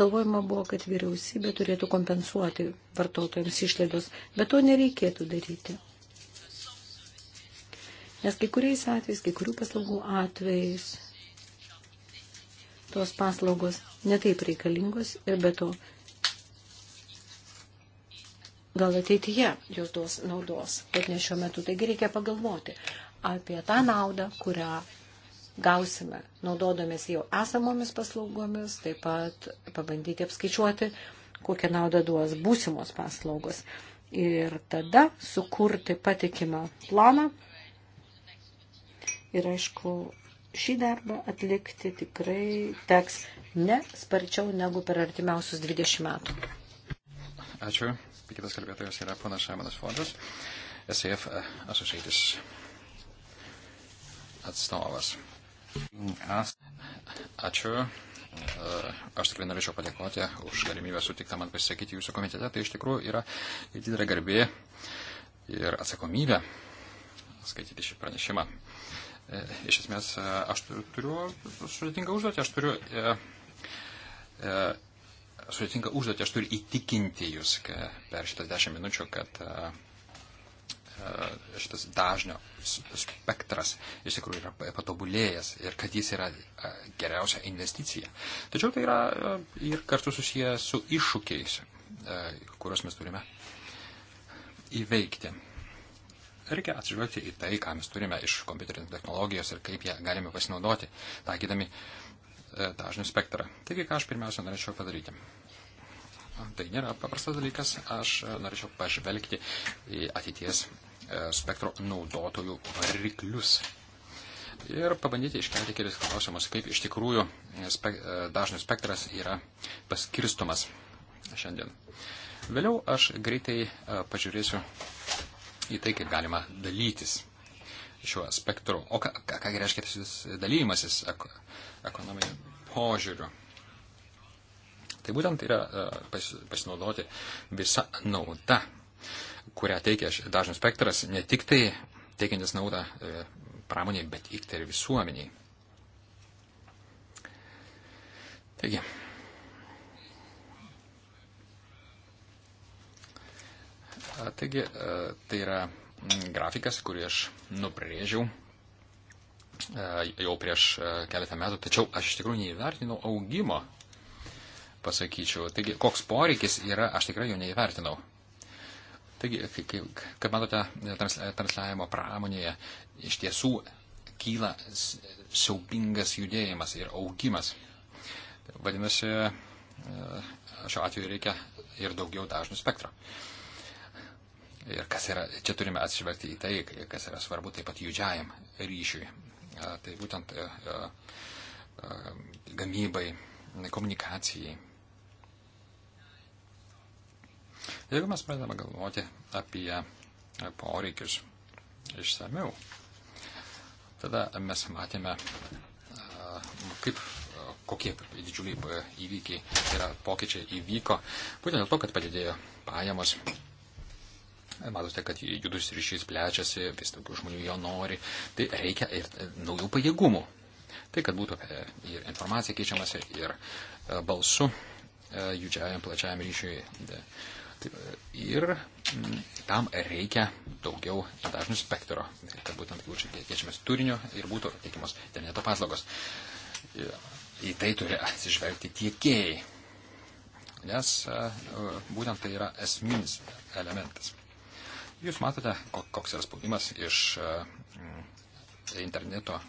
galvojama buvo, kad vyriausybė turėtų kompensuoti vartotojams išlaidos, bet to nereikėtų daryti. Nes kai kuriais atvejais, kai kurių paslaugų atvejais tos paslaugos netaip reikalingos ir be to gal ateityje jos duos naudos, bet ne šiuo metu. Taigi reikia pagalvoti apie tą naudą, kurią gausime naudodamės jau esamomis paslaugomis, taip pat pabandyti apskaičiuoti, kokią naudą duos būsimos paslaugos. Ir tada sukurti patikimą planą ir, aišku, šį darbą atlikti tikrai teks ne sparčiau negu per artimiausius 20 metų. Ačiū. Kitas kalbėtojas yra ponas Šamanas Fondas, SAF eh, Associates atstovas. Ačiū. Eh, aš tikrai norėčiau padėkoti už galimybę sutikti man pasisakyti jūsų komitete. Tai iš tikrųjų yra didelė garbė ir atsakomybė skaityti šį pranešimą. E, iš esmės, e, aš turiu sudėtingą užduotį, aš turiu e, e, sudėtingą užduotį, aš turiu įtikinti jūs per šitas dešimt minučių, kad e, e šitas dažnio spektras iš tikrųjų yra patobulėjęs ir kad jis yra geriausia investicija. Tačiau tai yra ir kartu susiję su iššūkiais, kuriuos mes turime įveikti. Reikia atsižvelgti į tai, ką mes turime iš kompiuterinės technologijos ir kaip ją galime pasinaudoti, taikydami e, dažnių spektrą. Taigi, ką aš pirmiausia norėčiau padaryti. Tai nėra paprastas dalykas, aš e, norėčiau pažvelgti į ateities e, spektro naudotojų variklius. Ir pabandyti iškelti kelias klausimus, kaip iš tikrųjų spek dažnių spektras yra paskirstomas šiandien. Vėliau aš greitai pažiūrėsiu į tai, kaip galima dalytis šiuo spektru. O ką, ką, ką reiškia šis dalymasis ek, ekonominiu požiūriu? Tai būtent yra e, pas, pasinaudoti visa nauda, kurią teikia dažnų spektras, ne tik tai teikiantis naudą e, pramoniai, bet ir visuomeniai. Taigi, Taigi, e, tai yra mm, grafikas, kurį aš nubrėžiau e, jau prieš e, keletą metų, tačiau aš iš tikrųjų neįvertinau augimo, pasakyčiau. Taigi, koks poreikis yra, aš tikrai jo neįvertinau. Taigi, kaip matote, transliavimo pramonėje iš tiesų kyla siaubingas judėjimas ir augimas. Vadinasi, šiuo atveju reikia ir daugiau dažnų spektro. Uh, Ir kas yra, čia turime atsižvelgti į tai, kas yra svarbu taip pat judžiajam ryšiui. Tai būtent e, e, e, gamybai, komunikacijai. Jeigu mes pradedame galvoti apie poreikius išsamiau, tada mes matėme, kaip kokie didžiuliai įvykiai yra pokyčiai įvyko, būtent dėl to, kad padidėjo pajamos Matote, kad judus ryšys plečiasi, vis daugiau žmonių jo nori. Tai reikia ir naujų pajėgumų. Tai, kad būtų ir informacija keičiamasi, ir e, balsu e, judžiajam plačiajam ryšiui. E, ir tam reikia daugiau dažnių spektro, kad būtent būtų keičiamas turinio ir būtų teikiamas interneto paslaugos. Į tai turi atsižvelgti tiekėjai, nes nu, būtent tai yra esminis elementas. Jūs matote, koks yra spaudimas iš e, interneto e,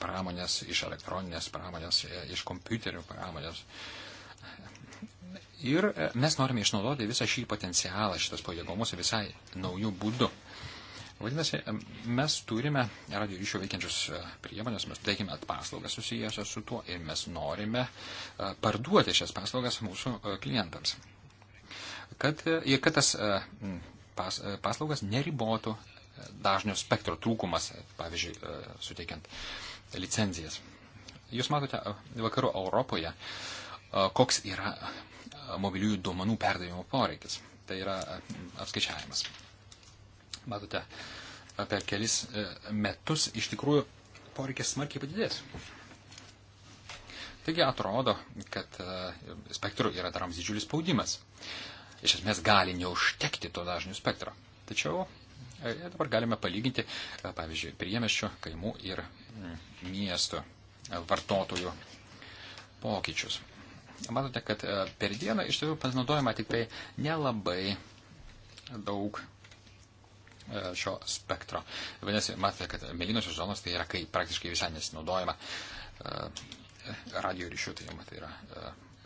pramonės, iš elektroninės pramonės, e, iš kompiuterių pramonės. Ir mes norime išnaudoti visą šį potencialą, šitas pajėgumus visai naujų būdų. Vadinasi, mes turime radio ryšio veikiančius priemonės, mes teikime paslaugas susijusios su tuo ir mes norime parduoti šias paslaugas mūsų klientams. Kad, ir kad tas pas, e, paslaugas neribotų e, dažnio spektro trūkumas, e, pavyzdžiui, suteikiant licenzijas. Jūs matote vakarų Europoje, koks yra mobiliųjų duomenų perdavimo poreikis. Tai yra apskaičiavimas. Matote, per kelis metus iš tikrųjų poreikis smarkiai padidės. Taigi atrodo, kad spektrų yra daroms didžiulis spaudimas iš esmės gali neužtekti to dažnių spektro. Tačiau e, dabar galime palyginti, e, pavyzdžiui, priemeščių, kaimų ir mm, miestų e, vartotojų pokyčius. Matote, kad per dieną iš tikrųjų panaudojama tik tai nelabai daug šio spektro. Vadinasi, matote, kad mėlynosios zonos tai yra, kai praktiškai visai nesinaudojama radio ryšių, tai, matai, yra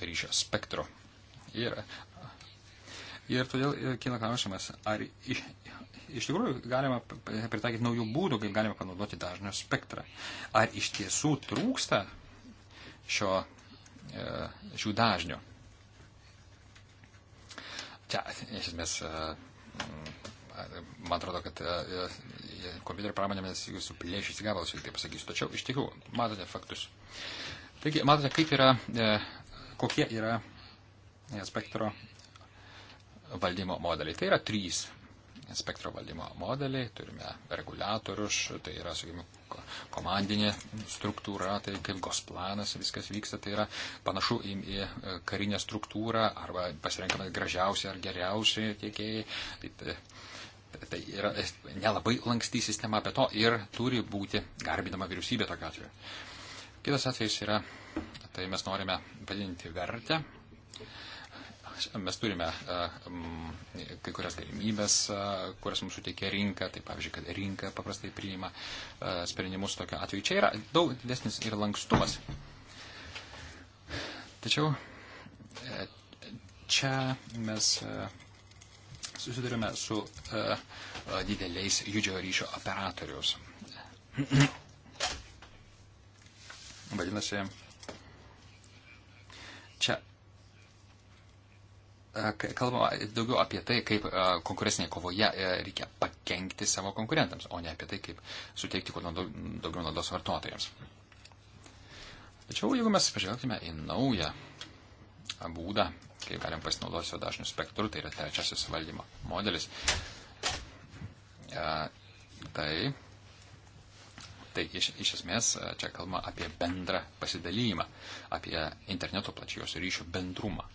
ryšio spektru. Ir Ir todėl e, kyla klausimas, ar iš, iš tikrųjų galima pritaikyti naujų būdų, kaip galima panaudoti dažnio spektrą. Ar iš tiesų trūksta šio, e, šių dažnių? Čia, iš esmės, e, man atrodo, kad kompiuterio pramonėmis jūsų plėšys gabalas, jeigu taip pasakysiu. Tačiau iš tikrųjų, matote faktus. Taigi, matote, kaip yra, kokie yra spektro valdymo modeliai. Tai yra trys spektro valdymo modeliai, turime reguliatorius, tai yra, sakykime, komandinė struktūra, tai kaip gosplanas viskas vyksta, tai yra panašu į, į karinę struktūrą arba pasirenkame gražiausią ar geriausią tiekėjai. Tai, tai, tai yra nelabai lanksti sistema, bet to ir turi būti garbinama vyriausybė tokiu atveju. Kitas atvejis yra, tai mes norime padidinti vertę mes turime e, kai kurias galimybės, e, kurias mums suteikia rinka, tai pavyzdžiui, kad rinka paprastai priima e, sprendimus tokio atveju. Čia yra daug didesnis ir lankstumas. Tačiau čia mes susidurime su dideliais judžio ryšio operatorius. Vadinasi, čia kalbama daugiau apie tai, kaip konkurencinėje kovoje e, reikia pakengti savo konkurentams, o ne apie tai, kaip suteikti kuo daugiau naudos vartotojams. Tačiau jeigu mes pažvelgtume į naują būdą, kaip galim pasinaudoti su dažniu spektru, tai yra trečiasis valdymo modelis, tai, tai iš, iš esmės čia kalba apie bendrą pasidalymą, apie interneto plačios ryšių bendrumą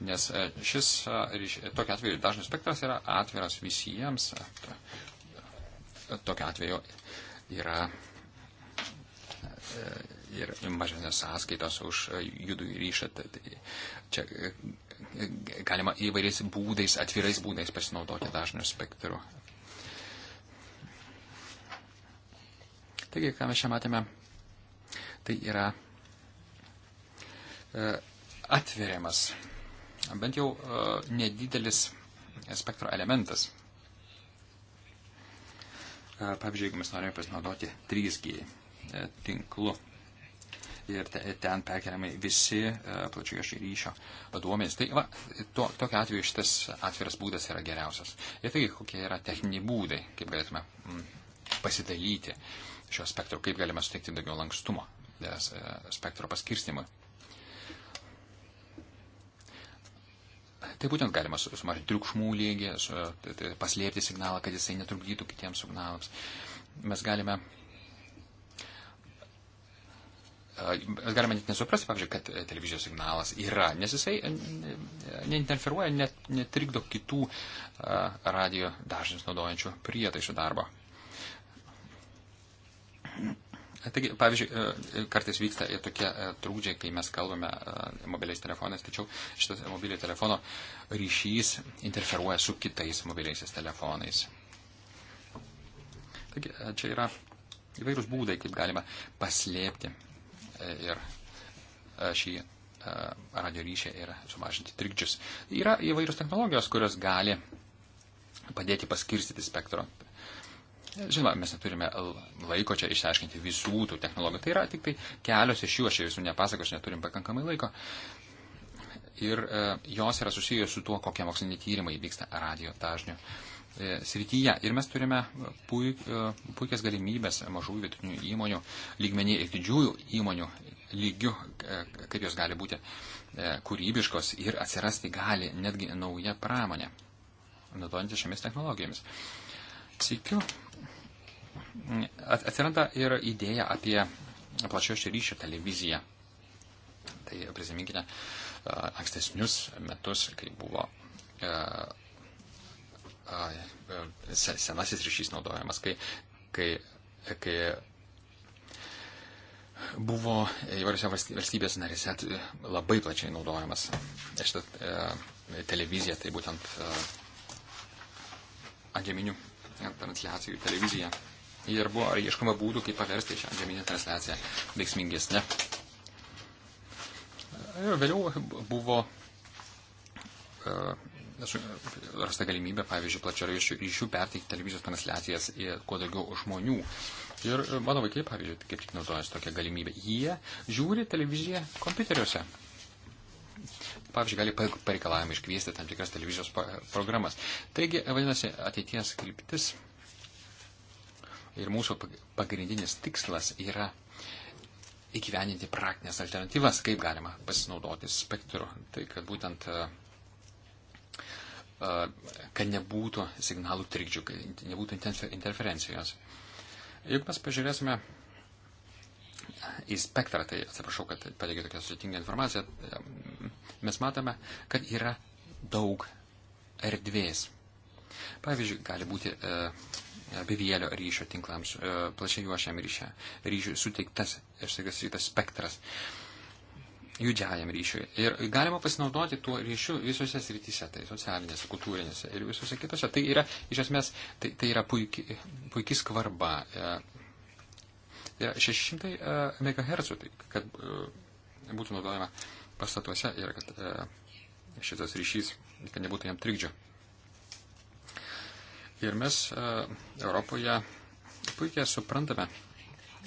nes e, šis e, e, tokia atveju dažnų spektras yra atviras visiems. Tokia atveju yra ir mažesnės sąskaitos už judų ryšį. Tai, tai čia galima įvairiais būdais, atvirais būdais pasinaudoti dažnių spektru. Taigi, ką mes čia matėme, tai yra atveriamas bent jau e, nedidelis spektro elementas. E, pavyzdžiui, jeigu mes norime pasinaudoti 3G e, tinklu ir ten perkeliamai visi plačiai iš ryšio duomenys, tai va, to, tokiu atveju šitas atviras būdas yra geriausias. Ir taigi, kokie yra techniniai būdai, kaip galėtume pasidalyti šio spektro, kaip galime suteikti daugiau lankstumo spektro paskirstimui. Tai būtent galima sumažinti triukšmų lygį, tai, tai paslėpti signalą, kad jisai netrukdytų kitiems signalams. Mes galime. Mes galime net nesuprasti, pavyzdžiui, kad televizijos signalas yra, nes jisai neinterferuoja, net, netrikdo kitų radio dažnius naudojančių prietaisų darbo. Taigi, pavyzdžiui, e, e, kartais vyksta ir tokie e, trūkdžiai, kai mes kalbame mobiliais telefonais, tačiau šitas mobilio telefono ryšys interferuoja su kitais mobiliaisiais telefonais. Taigi, čia yra įvairūs būdai, kaip galima paslėpti ir šį radio ryšį ir sumažinti trikdžius. Yra įvairios technologijos, kurios gali padėti paskirstyti spektro Žinoma, mes neturime laiko čia išsiaiškinti visų tų technologijų. Tai yra tik tai kelios iš jų, aš visų nepasakosiu, neturim pakankamai laiko. Ir e, jos yra susijęs su tuo, kokie moksliniai tyrimai vyksta radio dažnių e, srityje. Ir mes turime puik, e, puikias galimybės mažų vidutinių įmonių lygmenį ir didžiųjų įmonių lygių, e, kaip jos gali būti e, kūrybiškos ir atsirasti gali netgi nauja pramonė, naudojantis šiomis technologijomis. Sikiu, atsiranda ir idėja apie plačios ryšio televiziją. Tai prisiminkite ankstesnius metus, kai buvo senasis ryšys naudojamas, kai, kai, kai buvo įvairiose valstybės narėse labai plačiai naudojamas šitą televiziją, tai būtent antžeminių transliacijų televizija ir buvo ar ieškoma būdų, kaip paversti šią žemynę transliaciją veiksmingesnę. Ir e, vėliau buvo e, rasta galimybė, pavyzdžiui, plačio ryšių perteikti televizijos transliacijas į kuo daugiau žmonių. Ir mano vaikai, pavyzdžiui, kaip tik naudojasi tokią galimybę. Jie žiūri televiziją kompiuteriuose. Pavyzdžiui, gali pareikalavimą iškviesti tam tikras televizijos programas. Taigi, vadinasi, ateities kryptis Ir mūsų pagrindinis tikslas yra įgyveninti praktinės alternatyvas, kaip galima pasinaudoti spektru. Tai kad būtent e, e, kad nebūtų signalų trikdžių, kad nebūtų interferencijos. Jeigu mes pažiūrėsime į spektrą, tai atsiprašau, kad pateikiu tokią sudėtingą informaciją, e, mes matome, kad yra daug erdvės. Pavyzdžiui, gali būti e, bevėlio ryšio tinklams, e, plačiai juošiam ryšiui suteiktas, aš sakysiu, tas spektras judžiajam ryšiui. Ir galima pasinaudoti tuo ryšiu visose srityse, tai socialinėse, kultūrinėse ir visose kitose. Tai yra, iš esmės, tai, tai yra puikiai puiki skvarba. Tai yra 600 MHz, tai kad e, būtų naudojama pastatuose ir kad e, šitas ryšys, kad nebūtų jam trikdžio. Ir mes e, Europoje puikiai suprantame,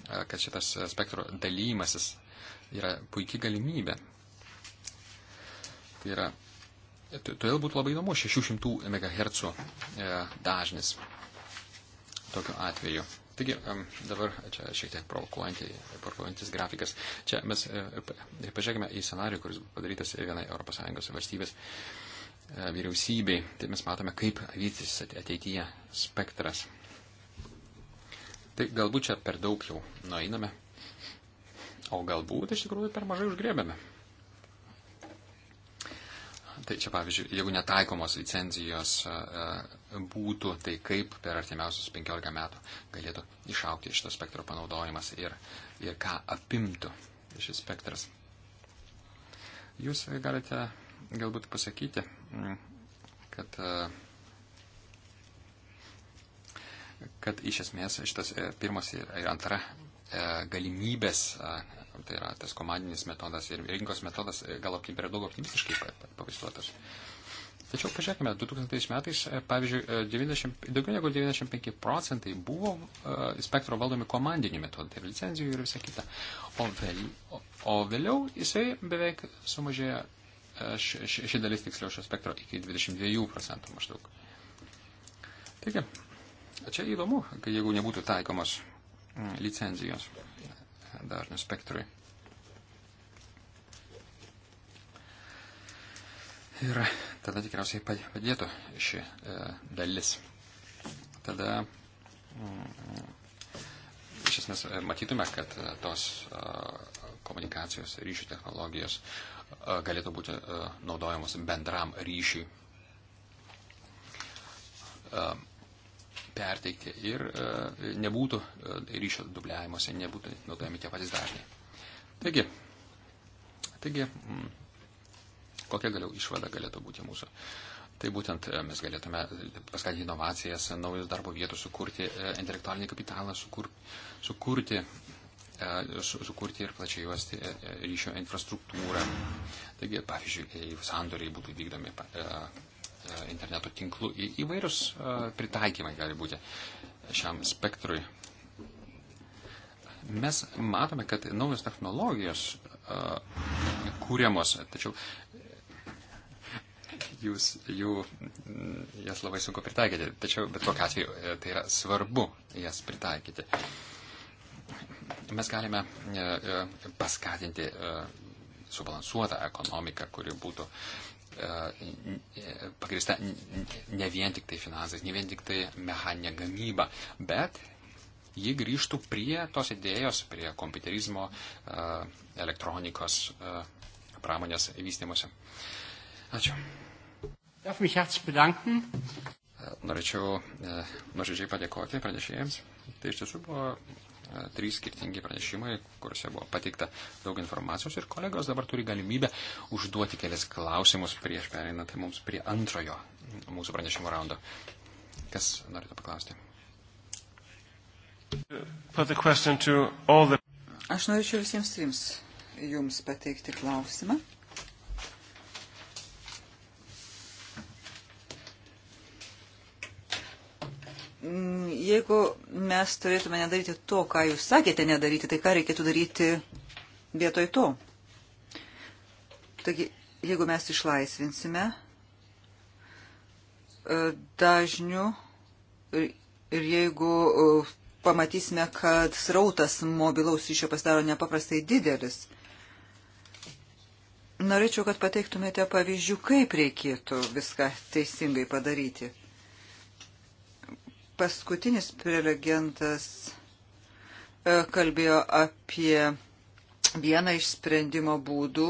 e, kad šitas spektro dalymasis yra puikia galimybė. Tai yra, todėl būtų labai įdomu 600 MHz e, dažnis tokiu atveju. Taigi, dabar čia šiek tiek provokuojantis grafikas. Čia mes pažiūrėkime į scenarių, kuris padarytas vienai ES valstybės E, vyriausybei. Tai mes matome, kaip vytis ateityje spektras. Tai galbūt čia per daug jau nueiname, o galbūt iš tikrųjų per mažai užgrėbėme. Tai čia pavyzdžiui, jeigu netaikomos licenzijos e, būtų, tai kaip per artimiausius 15 metų galėtų išaukti šito spektro panaudojimas ir, ir ką apimtų šis spektras. Jūs galite galbūt pasakyti, kad, e, kad iš esmės šitas e, pirmas ir antra e, galimybės, tai yra tas komandinis metodas ir rinkos metodas, gal per daug optimistiškai pavaizduotas. Tačiau pažiūrėkime, 2000 metais, pavyzdžiui, 90, daugiau negu 95 procentai buvo spektro valdomi komandiniu metodu, tai yra licenzijų ir visa kita. O, vėl, o, o vėliau jisai beveik sumažėjo ši, ši, ši dalis tiksliau šio spektro iki 22 procentų maždaug. Taigi, čia įdomu, kad jeigu nebūtų taikomos mm, licenzijos dažnio spektrui. Ir tada tikriausiai padėtų ši e, dalis. Tada mm, iš esmės e, matytume, kad e, tos e, komunikacijos ryšių technologijos e, galėtų būti e, naudojamos bendram ryšiui e, perteikti ir nebūtų ryšio dubliavimuose, nebūtų naudojami tie patys dažniai. Taigi, taigi kokia galiau išvada galėtų būti mūsų? Tai būtent mes galėtume paskatinti inovacijas, naujus darbo vietų sukurti, intelektualinį kapitalą sukur, sukurti, E, sukurti ir plačiai juosti e, e, ryšio infrastruktūrą. Taigi, pavyzdžiui, jei sandoriai būtų vykdomi interneto tinklų, įvairius pritaikymai gali būti šiam spektrui. Mes matome, kad naujos technologijos kūriamos, tačiau jūs, jų, jas labai sunku pritaikyti, tačiau bet kokiu atveju tai yra svarbu jas pritaikyti. Uh, mes galime e, e, paskatinti e, subalansuotą ekonomiką, kuri būtų pagrįsta ne vien tik tai finansais, ne vien tik tai mechaninė gamyba, bet ji grįžtų prie tos idėjos, prie kompiuterizmo, elektronikos pramonės vystimuose. Ačiū. Darf mich herzlich bedanken. Norėčiau nuoširdžiai padėkoti pranešėjams. Tai iš tiesų buvo trys skirtingi pranešimai, kuriuose buvo pateikta daug informacijos ir kolegos dabar turi galimybę užduoti kelias klausimus prieš pereinant mums prie antrojo mūsų pranešimo raundo. Kas norite paklausti? Aš norėčiau visiems trims jums pateikti klausimą. Mm, jeigu mes turėtume nedaryti to, ką jūs sakėte nedaryti, tai ką reikėtų daryti vietoj to? Taigi, jeigu mes išlaisvinsime e, dažnių ir jeigu e, pamatysime, kad srautas mobilaus ryšio pasidaro nepaprastai didelis, norėčiau, kad pateiktumėte pavyzdžių, kaip reikėtų viską teisingai padaryti. Paskutinis prelegentas e, kalbėjo apie vieną iš sprendimo būdų.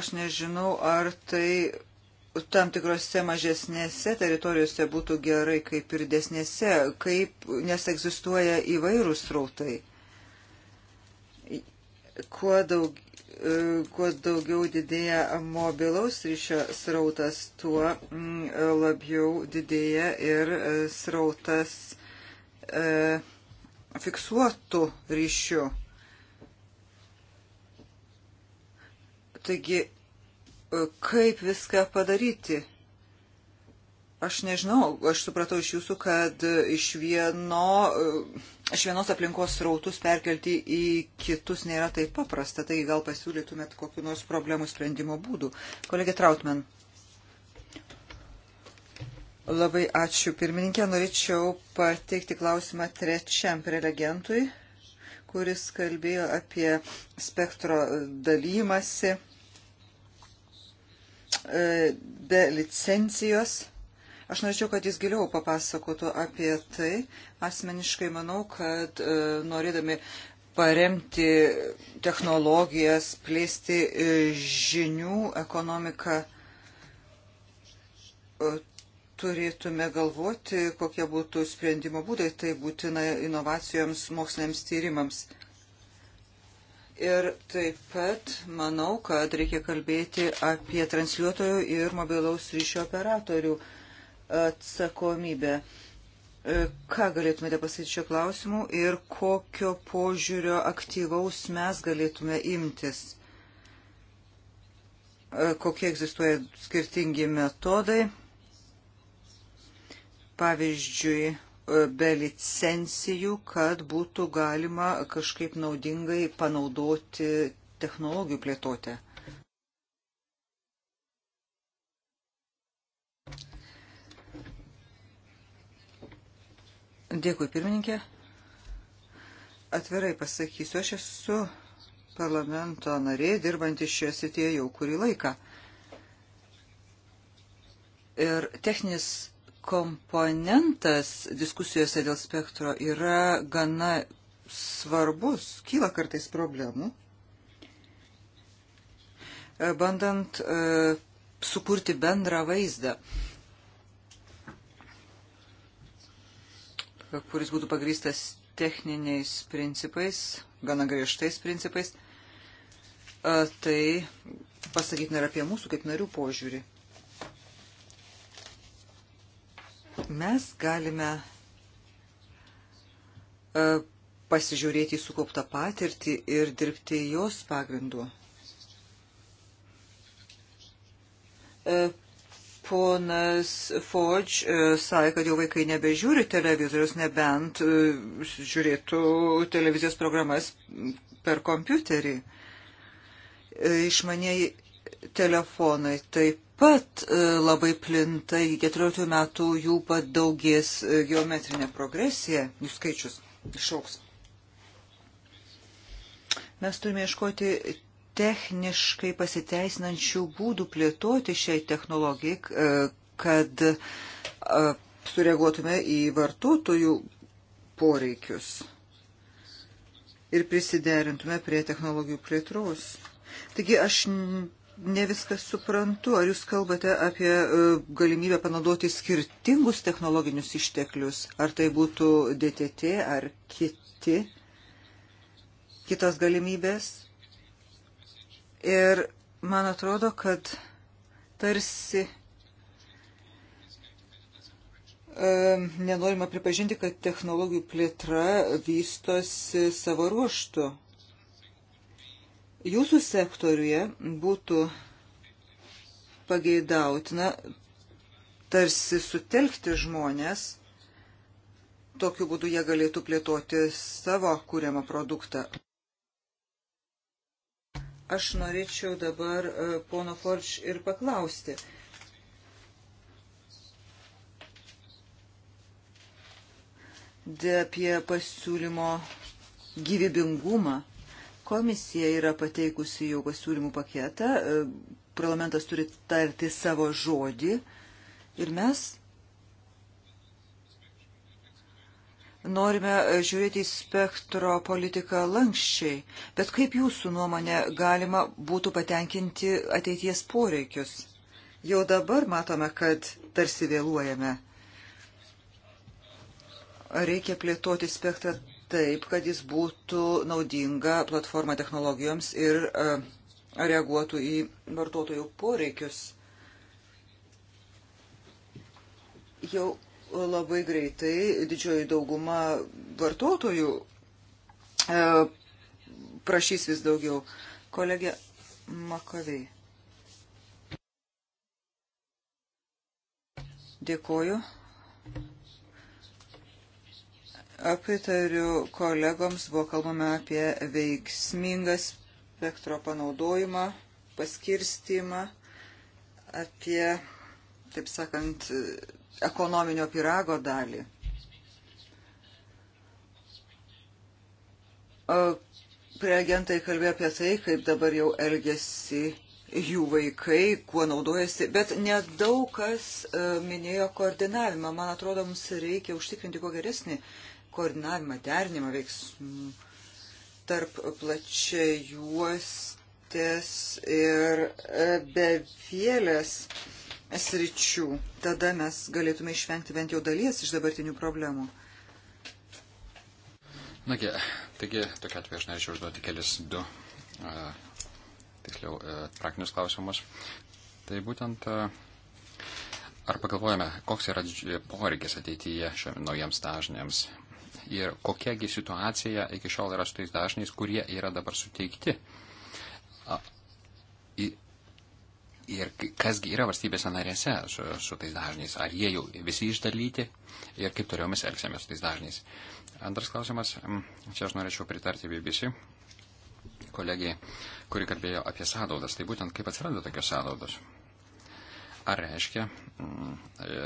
Aš nežinau, ar tai tam tikrose mažesnėse teritorijose būtų gerai, kaip ir desnėse, kaip, nes egzistuoja įvairūs rautai. Kuo daug, E, kuo daugiau didėja mobilaus ryšio srautas, tuo mm, labiau didėja ir e, srautas e, fiksuotų ryšių. Taigi, kaip viską padaryti? Aš nežinau, aš supratau iš jūsų, kad e, iš, vieno, e, iš vienos aplinkos srautus perkelti į kitus nėra taip paprasta, tai gal pasiūlytumėt kokiu nors problemų sprendimo būdų. Kolegė Trautman. Labai ačiū. Pirmininkė, norėčiau pateikti klausimą trečiam prelegentui, kuris kalbėjo apie spektro dalymasi e, be licencijos Aš norėčiau, kad jis giliau papasakotų apie tai. Asmeniškai manau, kad e, norėdami paremti technologijas, plėsti e, žinių ekonomiką, e, turėtume galvoti, kokie būtų sprendimo būdai, tai būtina inovacijoms, moksliniams tyrimams. Ir taip pat manau, kad reikia kalbėti apie transliuotojų ir mobilaus ryšio operatorių atsakomybę. E, ką galėtumėte pasakyti šio klausimu ir kokio požiūrio aktyvaus mes galėtume imtis? E, kokie egzistuoja skirtingi metodai? Pavyzdžiui, e, be licencijų, kad būtų galima kažkaip naudingai panaudoti technologijų plėtotę. Dėkui, pirmininkė. Atvirai pasakysiu, aš esu parlamento narė, dirbanti šioje srityje jau kurį laiką. Ir techninis komponentas diskusijose dėl spektro yra gana svarbus, kyla kartais problemų. Bandant e, sukurti bendrą vaizdą. E, kuris būtų pagrįstas techniniais principais, gana griežtais principais, tai pasakytina ir apie mūsų kaip narių požiūrį. Mes galime pasižiūrėti į sukauptą patirtį ir dirbti jos pagrindu Ponas Fodge sakė, kad jau vaikai nebežiūri televizorius, nebent e, žiūrėtų televizijos programas per kompiuterį. E, Išmaniai telefonai taip pat e, labai plinta, iki 14 metų jų padaugės geometrinė progresija, jų skaičius išauks. Mes turime iškoti techniškai pasiteisinančių būdų plėtoti šiai technologijai, e, kad e, sureaguotume į vartotojų poreikius ir prisiderintume prie technologijų plėtros. Taigi aš ne viską suprantu. Ar jūs kalbate apie e, galimybę panaudoti skirtingus technologinius išteklius? Ar tai būtų DTT ar kiti, kitos galimybės? Ir man atrodo, kad tarsi nenorima pripažinti, kad technologijų plėtra vystosi savo ruoštų. Jūsų sektoriuje būtų pageidautina tarsi sutelkti žmonės, tokiu būdu jie galėtų plėtoti savo kūriamą produktą. Aš norėčiau dabar e, pono Forč ir paklausti. De apie pasiūlymo gyvybingumą. Komisija yra pateikusi jau pasiūlymų paketą, e, parlamentas turi tarti savo žodį ir mes norime e, žiūrėti į spektro politiką lankščiai, bet kaip jūsų nuomonė galima būtų patenkinti ateities poreikius? Jau dabar matome, kad tarsi vėluojame. Reikia plėtoti spektrą taip, kad jis būtų naudinga platforma technologijoms ir e, reaguotų į vartotojų poreikius. Jau labai greitai didžioji dauguma vartotojų e, prašys vis daugiau. Kolegė Makovei. Dėkoju. Apitariu kolegoms, buvo kalbama apie veiksmingą spektro panaudojimą, paskirstimą, apie, taip sakant, ekonominio pirago dalį. Preagentai kalbėjo apie tai, kaip dabar jau elgesi jų vaikai, kuo naudojasi, bet nedaug kas e, minėjo koordinavimą. Man atrodo, mums reikia užtikrinti kuo geresnį koordinavimą, derinimą veiksmų tarp plačiajuostės ir e, bevėlės sričių. Tada mes galėtume išvengti bent jau dalies iš dabartinių problemų. Nagi, taigi, tokia atveju aš norėčiau užduoti kelis du, e, tiksliau, e, praktinius klausimus. Tai būtent, e, ar pagalvojame, koks yra e, poreikis ateityje šiam naujiems dažniams ir kokiagi situacija iki šiol yra su tais dažniais, kurie yra dabar suteikti. A, į, ir kasgi yra valstybėse narėse su, su tais dažniais, ar jie jau visi išdalyti ir kaip toliau mes elgsime su tais dažniais. Antras klausimas, čia aš norėčiau pritarti BBC kolegijai, kuri kalbėjo apie sąnaudas. Tai būtent kaip atsiranda tokios sąnaudos. Ar reiškia, e,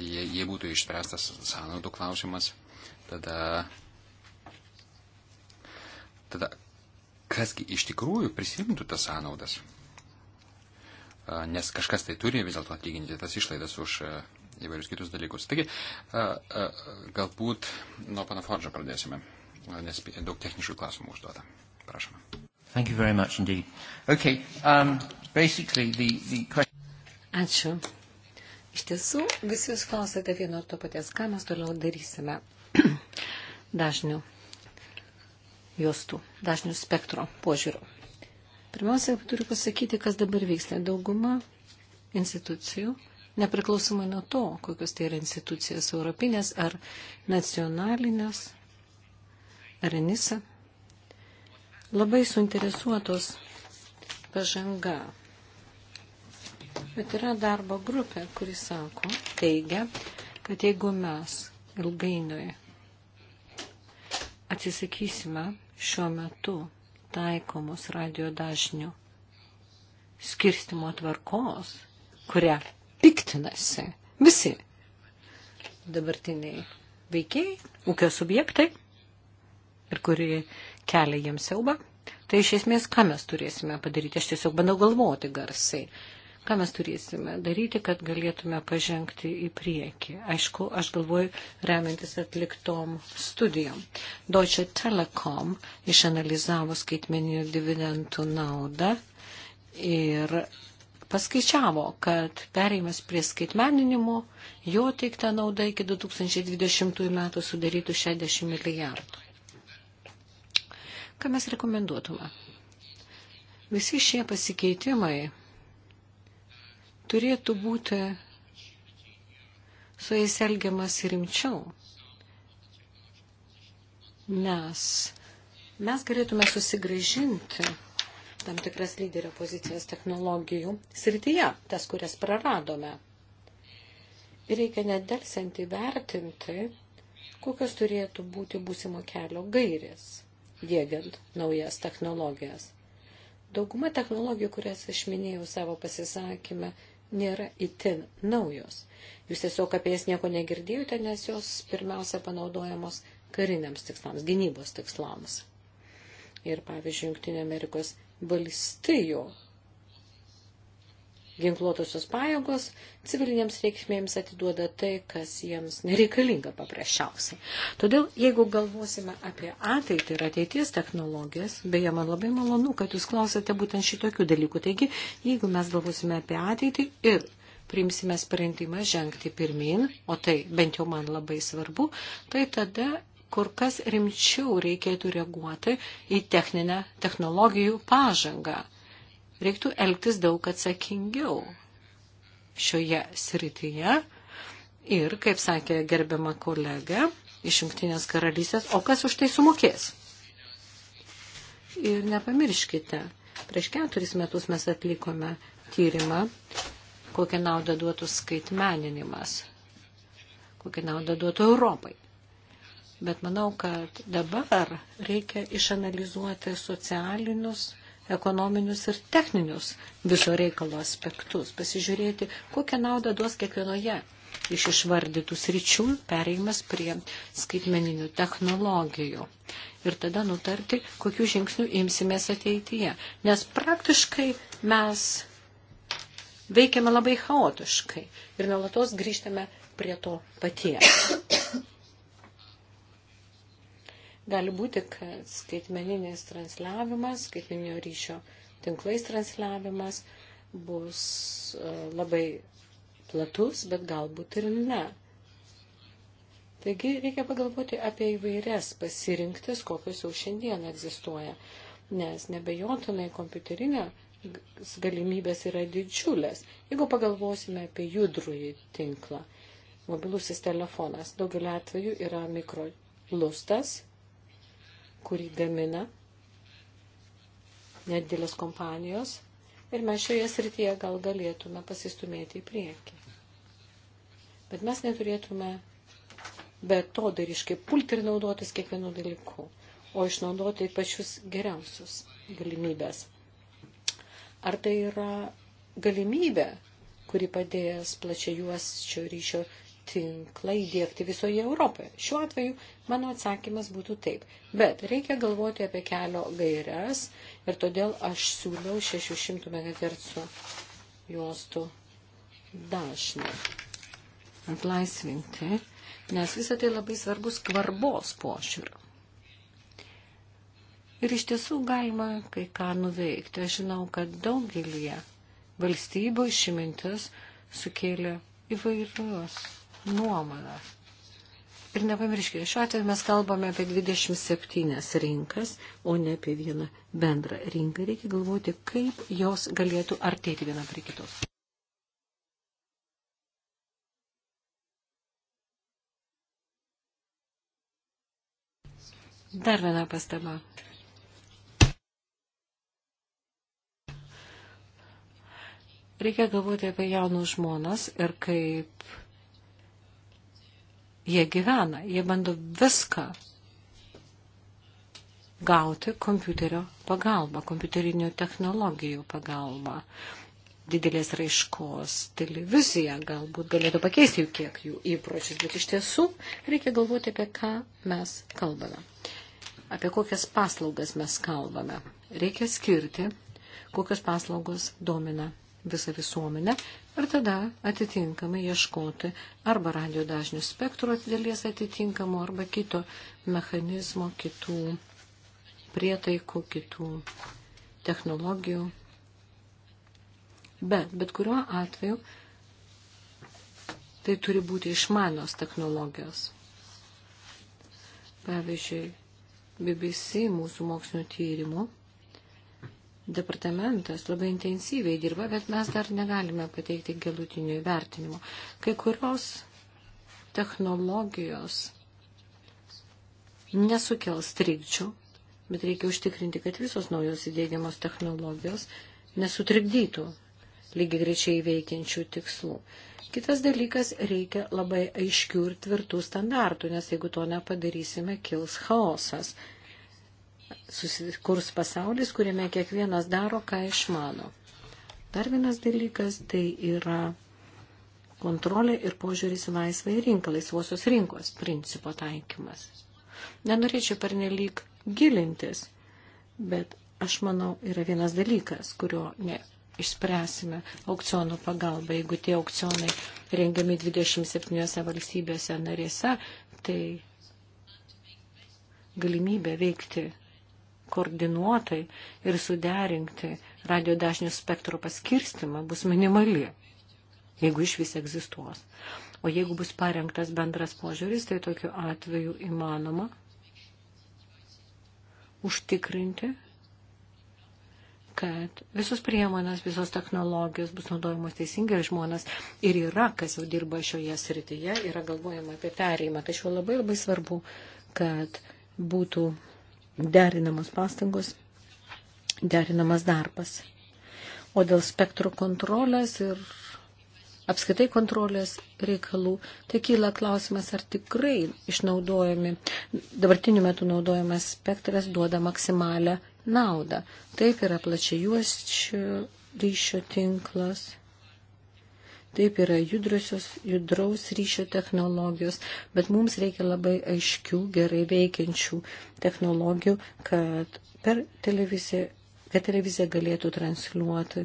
jei, jei būtų išspręstas sąnaudų klausimas, tada, tada kasgi iš tikrųjų prisimtų tas sąnaudas? nes kažkas tai turi vis dėlto atlyginti tas išlaidas už e, įvairius kitus dalykus. Taigi, galbūt nuo pana Fordžio pradėsime, nes daug techniškų klausimų užduota. Prašome. Thank you very much indeed. Okay, um, basically the, the question... Ačiū. Iš tiesų, visi jūs klausėte vieno ir to paties, ką mes toliau darysime dažnių juostų, dažnių spektro požiūrių. Pirmiausia, turiu pasakyti, kas dabar vyksta. Dauguma institucijų, nepriklausomai nuo to, kokios tai yra institucijos, europinės ar nacionalinės, ar enisa, labai suinteresuotos pažanga. Bet yra darbo grupė, kuris sako, teigia, kad jeigu mes ilgainiui atsisakysime šiuo metu taikomos radio dažnių skirstimo tvarkos, kurią piktinasi visi dabartiniai veikiai, ūkio subjektai ir kuri kelia jiems siaubą. Tai iš esmės, ką mes turėsime padaryti, aš tiesiog bandau galvoti garsiai. Ką mes turėsime daryti, kad galėtume pažengti į priekį? Aišku, aš galvoju, remiantis atliktom studijom. Deutsche Telekom išanalizavo skaitmeninių dividendų naudą ir paskaičiavo, kad pereimas prie skaitmeninimo jo teikta nauda iki 2020 metų sudarytų 60 milijardų. Ką mes rekomenduotume? Visi šie pasikeitimai turėtų būti su jais elgiamas rimčiau, nes mes galėtume susigražinti tam tikras lyderio pozicijas technologijų srityje, tas, kurias praradome. Ir reikia nedelsiant įvertinti, kokios turėtų būti būsimo kelio gairės, dėgiant naujas technologijas. Dauguma technologijų, kurias aš minėjau savo pasisakymę, nėra itin naujos. Jūs tiesiog apie jas nieko negirdėjote, nes jos pirmiausia panaudojamos kariniams tikslams, gynybos tikslams. Ir pavyzdžiui, Junktinė Amerikos valstijų ginkluotosios pajėgos civilinėms reikmėms atiduoda tai, kas jiems nereikalinga paprasčiausiai. Todėl, jeigu galvosime apie ateitį ir ateities technologijas, beje, man labai malonu, kad jūs klausėte būtent šitokių dalykų. Taigi, jeigu mes galvosime apie ateitį ir priimsime sprendimą žengti pirmin, o tai bent jau man labai svarbu, tai tada kur kas rimčiau reikėtų reaguoti į techninę technologijų pažangą reiktų elgtis daug atsakingiau šioje srityje. Ir, kaip sakė gerbiama kolega iš Junktinės karalystės, o kas už tai sumokės? Ir nepamirškite, prieš keturis metus mes atlikome tyrimą, kokią naudą duotų skaitmeninimas, kokią naudą duotų Europai. Bet manau, kad dabar reikia išanalizuoti socialinius ekonominius ir techninius viso reikalo aspektus, pasižiūrėti, kokią naudą duos kiekvienoje iš išvardytų sričių pereimas prie skaitmeninių technologijų. Ir tada nutarti, kokių žingsnių imsimės ateityje. Nes praktiškai mes veikiame labai chaotiškai ir nuolatos grįžtame prie to paties. Gali būti, kad skaitmeninis transliavimas, skaitmeninio ryšio tinklais transliavimas bus e, labai platus, bet galbūt ir ne. Taigi reikia pagalvoti apie įvairias pasirinktis, kokios jau šiandien egzistuoja, nes nebejotinai kompiuterinė galimybės yra didžiulės. Jeigu pagalvosime apie judrųjį tinklą, mobilusis telefonas daugeliu atveju yra mikrolustas, kurį gamina nedidelės kompanijos ir mes šioje srityje gal galėtume pasistumėti į priekį. Bet mes neturėtume be to dariškai pulti ir naudotis kiekvienu dalyku, o išnaudoti pačius geriausius galimybės. Ar tai yra galimybė, kuri padės plačia juosčio ryšio tinklą įdėkti visoje Europoje? Šiuo atveju mano atsakymas būtų taip. Bet reikia galvoti apie kelio gairias ir todėl aš siūliau 600 MHz juostų dažnį atlaisvinti, nes visą tai labai svarbus kvarbos pošiūrių. Ir iš tiesų galima kai ką nuveikti. Aš žinau, kad daugelie valstybių šimintis sukėlė įvairios nuomonę. Ir nepamirškite, šiuo atveju mes kalbame apie 27 rinkas, o ne apie vieną bendrą rinką. Reikia galvoti, kaip jos galėtų artėti viena prie kitos. Dar viena pastaba. Reikia galvoti apie jaunus žmonas ir kaip jie gyvena. Jie bando viską gauti kompiuterio pagalba, kompiuterinių technologijų pagalba, didelės raiškos, televizija galbūt galėtų pakeisti jų kiek jų įpročius, bet iš tiesų reikia galvoti, apie ką mes kalbame, apie kokias paslaugas mes kalbame. Reikia skirti, kokios paslaugos domina visą visuomenę ir tada atitinkamai ieškoti arba radio dažnių spektro dalies atitinkamo arba kito mechanizmo, kitų prietaikų, kitų technologijų. Bet, bet kuriuo atveju, tai turi būti išmanios technologijos. Pavyzdžiui, BBC mūsų mokslinio tyrimų departamentas labai intensyviai dirba, bet mes dar negalime pateikti galutinių įvertinimų. Kai kurios technologijos nesukels trikdžių, bet reikia užtikrinti, kad visos naujos įdėgiamos technologijos nesutrikdytų lygiai greičiai veikiančių tikslų. Kitas dalykas - reikia labai aiškių ir tvirtų standartų, nes jeigu to nepadarysime, kils chaosas susikurs pasaulis, kuriame kiekvienas daro, ką išmano. Dar vienas dalykas tai yra kontrolė ir požiūris į laisvą į rinką, laisvosios rinkos principo taikymas. Nenorėčiau pernelyg gilintis, bet aš manau yra vienas dalykas, kurio ne, išspręsime aukcionų pagalba. Jeigu tie aukcionai rengiami 27 valstybėse narėse, tai galimybė veikti koordinuotai ir suderinti radio dažnių spektro paskirstimą bus minimali, jeigu iš vis egzistuos. O jeigu bus parengtas bendras požiūris, tai tokiu atveju įmanoma užtikrinti, kad visos priemonės, visos technologijos bus naudojamos teisingai ir žmonės ir yra, kas jau dirba šioje srityje, yra galvojama apie perėjimą. Tačiau labai labai svarbu, kad būtų derinamos pastangos, derinamas darbas. O dėl spektro kontrolės ir apskaitai kontrolės reikalų, tai kyla klausimas, ar tikrai išnaudojami, dabartiniu metu naudojamas spektras duoda maksimalę naudą. Taip yra plačiai juosčių ryšio tinklas Taip yra judrusios, judraus ryšio technologijos, bet mums reikia labai aiškių, gerai veikiančių technologijų, kad per televiziją, kad televizija galėtų transliuoti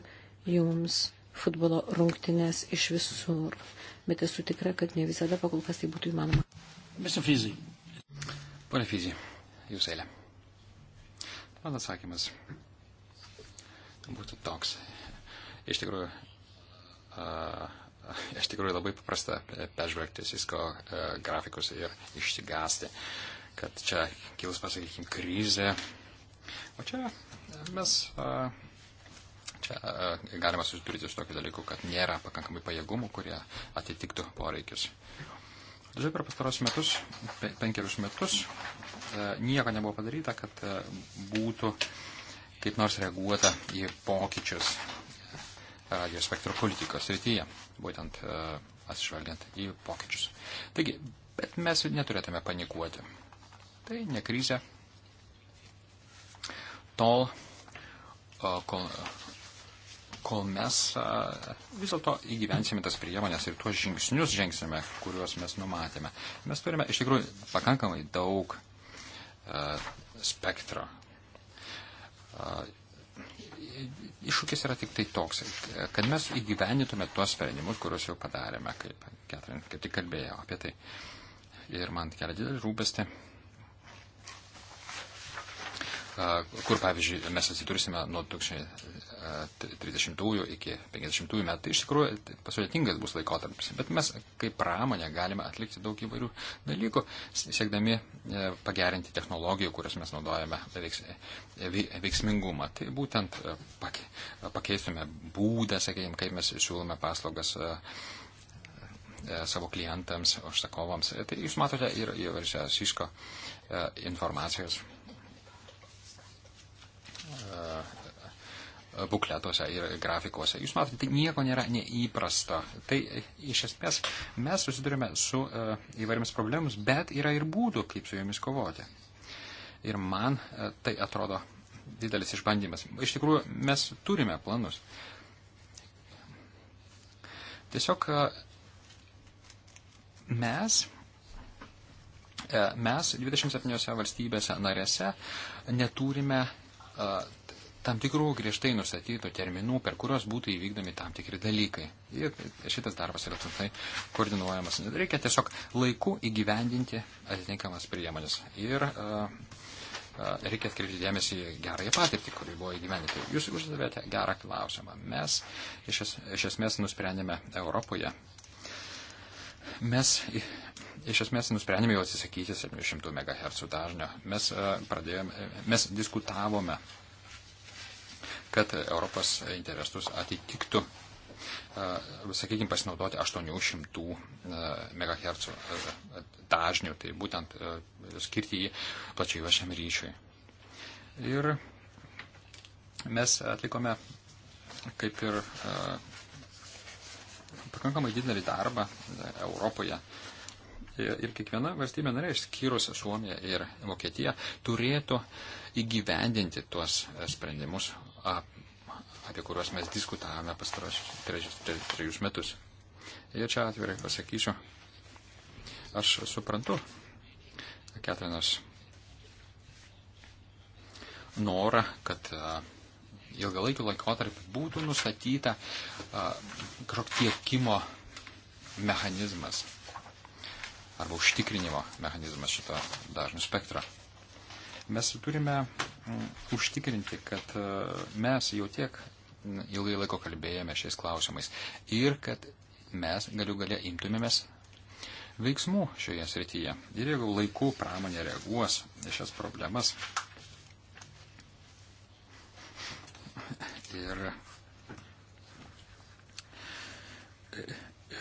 jums futbolo rungtynės iš visur. Bet esu tikra, kad ne visada pakol kas tai būtų įmanoma. Mr. Fizi. Pone Fizi, jūs eilė. Mano atsakymas būtų toks. Iš tikrųjų, uh, iš tikrųjų labai paprasta e, peržvelgti Cisco e, grafikus ir išsigasti, kad čia kils, pasakykime, krizė. O čia mes e, čia galima susidurti su tokiu dalyku, kad nėra pakankamai pajėgumų, kurie atitiktų poreikius. Tačiau per pastarosius metus, pe, penkerius metus, nieko nebuvo padaryta, kad būtų kaip nors reaguota į pokyčius radio spektro politikos srityje, būtent e, atsižvelgiant į pokyčius. Taigi, bet mes neturėtume panikuoti. Tai ne krizė. Tol, e, kol, kol mes e, vis dėlto įgyvensime tas priemonės ir tuos žingsnius žingsime, kuriuos mes numatėme. Mes turime iš tikrųjų pakankamai daug spektro iššūkis yra tik tai toks, kad mes įgyvenytume tuos sprendimus, kuriuos jau padarėme, kaip Ketrin kaip tik kalbėjo apie tai. Ir man kelia didelį rūpestį, kur, pavyzdžiui, mes atsidursime nuo 2000, 30-ųjų iki 50-ųjų metų, tai iš tikrųjų tai pasudėtingas bus laikotarpis. Bet mes kaip pramonė galime atlikti daug įvairių dalykų, siekdami e, pagerinti technologijų, kurias mes naudojame, e, veiksmingumą. Tai būtent e, pakeistume būdą, sakėjim, kaip mes siūlome paslaugas savo klientams, užsakovams. Tai jūs matote ir įvairios iško informacijos bukletuose ir grafikuose. Jūs matote, tai nieko nėra neįprasta. Tai iš esmės mes susidurime su e, įvairiamis problemus, bet yra ir būdų, kaip su jomis kovoti. Ir man e, tai atrodo didelis išbandymas. Iš tikrųjų, mes turime planus. Tiesiog e, mes, mes 27 valstybėse narėse neturime tam tikrų griežtai nustatytų terminų, per kuriuos būtų įvykdomi tam tikri dalykai. Ir šitas darbas yra tvirtai koordinuojamas. Reikia tiesiog laiku įgyvendinti atitinkamas priemonės. Ir uh, uh, reikia atkreipti dėmesį į gerąją patirtį, kuri buvo įgyvendinta. Jūs uždavėte gerą klausimą. Mes iš, es, iš esmės nusprendėme Europoje. Mes iš esmės nusprendėme jau atsisakyti 700 MHz dažnio. Mes, uh, e, pradėjome, mes diskutavome uh, kad Europos interesus atitiktų, sakykime, pasinaudoti 800 MHz dažnių, tai būtent skirti jį plačiai vašiam ryšiui. Ir mes atlikome kaip ir pakankamai didelį darbą Europoje. Ir kiekviena valstybė narė, išskyrus Suomiją ir Vokietiją, turėtų įgyvendinti tuos sprendimus, apie kuriuos mes diskutavome pastarosius trejus, trejus metus. Ir čia atvirai pasakysiu, aš suprantu Ketrinas norą, kad ilgalaikiu laikotarpiu būtų nustatyta kažkoks tiekimo mechanizmas arba užtikrinimo mechanizmas šito dažnų spektro. Mes turime mm, užtikrinti, kad e, mes jau tiek ilgai laiko kalbėjome šiais klausimais ir kad mes galiu galia imtumėmės veiksmų šioje srityje. Ir jeigu laiku pramonė reaguos į šias problemas ir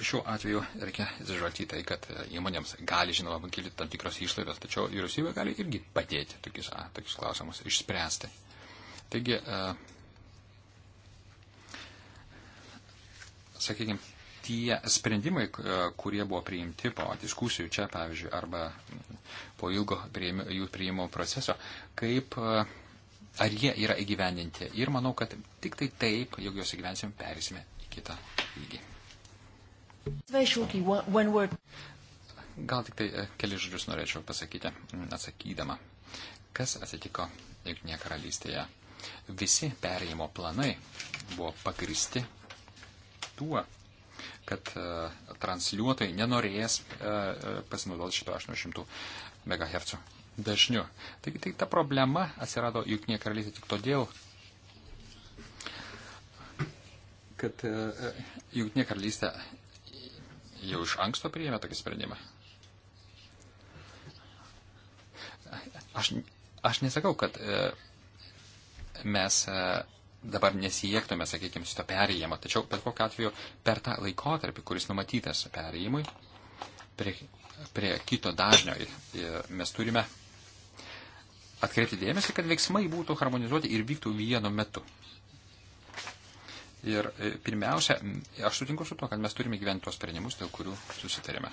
šiuo atveju reikia atsižvelgti tai, kad e, įmonėms gali, žinoma, kilti tam tikros išlaidos, tačiau vyriausybė gali irgi padėti tokius, a, tokius klausimus išspręsti. Taigi, e, sakykime, tie sprendimai, e, kurie buvo priimti po diskusijų čia, pavyzdžiui, arba po ilgo prieimimo, jų priimimo proceso, kaip ar jie yra įgyvendinti. Ir manau, kad tik tai taip, jeigu juos įgyvensim, perėsime į kitą lygį. Gal tik tai e, keli žodžius norėčiau pasakyti, atsakydama. Kas atsitiko Junktinėje karalystėje? Visi perėjimo planai buvo pagristi tuo, kad uh, transliuotojai nenorės uh, pasinaudoti šito 800 MHz dažniu. Taigi tai ta problema atsirado Junktinėje karalystėje tik todėl, kad uh, Junktinė karalystė jau iš anksto priėmė tokį sprendimą? Aš, aš nesakau, kad e, mes e, dabar nesiektume, sakykime, šito perėjimo, tačiau bet kokiu atveju per tą laikotarpį, kuris numatytas perėjimui, prie, prie kito dažnio mes turime atkreipti dėmesį, kad veiksmai būtų harmonizuoti ir vyktų vienu metu. Ir e, pirmiausia, aš sutinku su to, kad mes turime gyventi tuos sprendimus, dėl kurių susitarėme.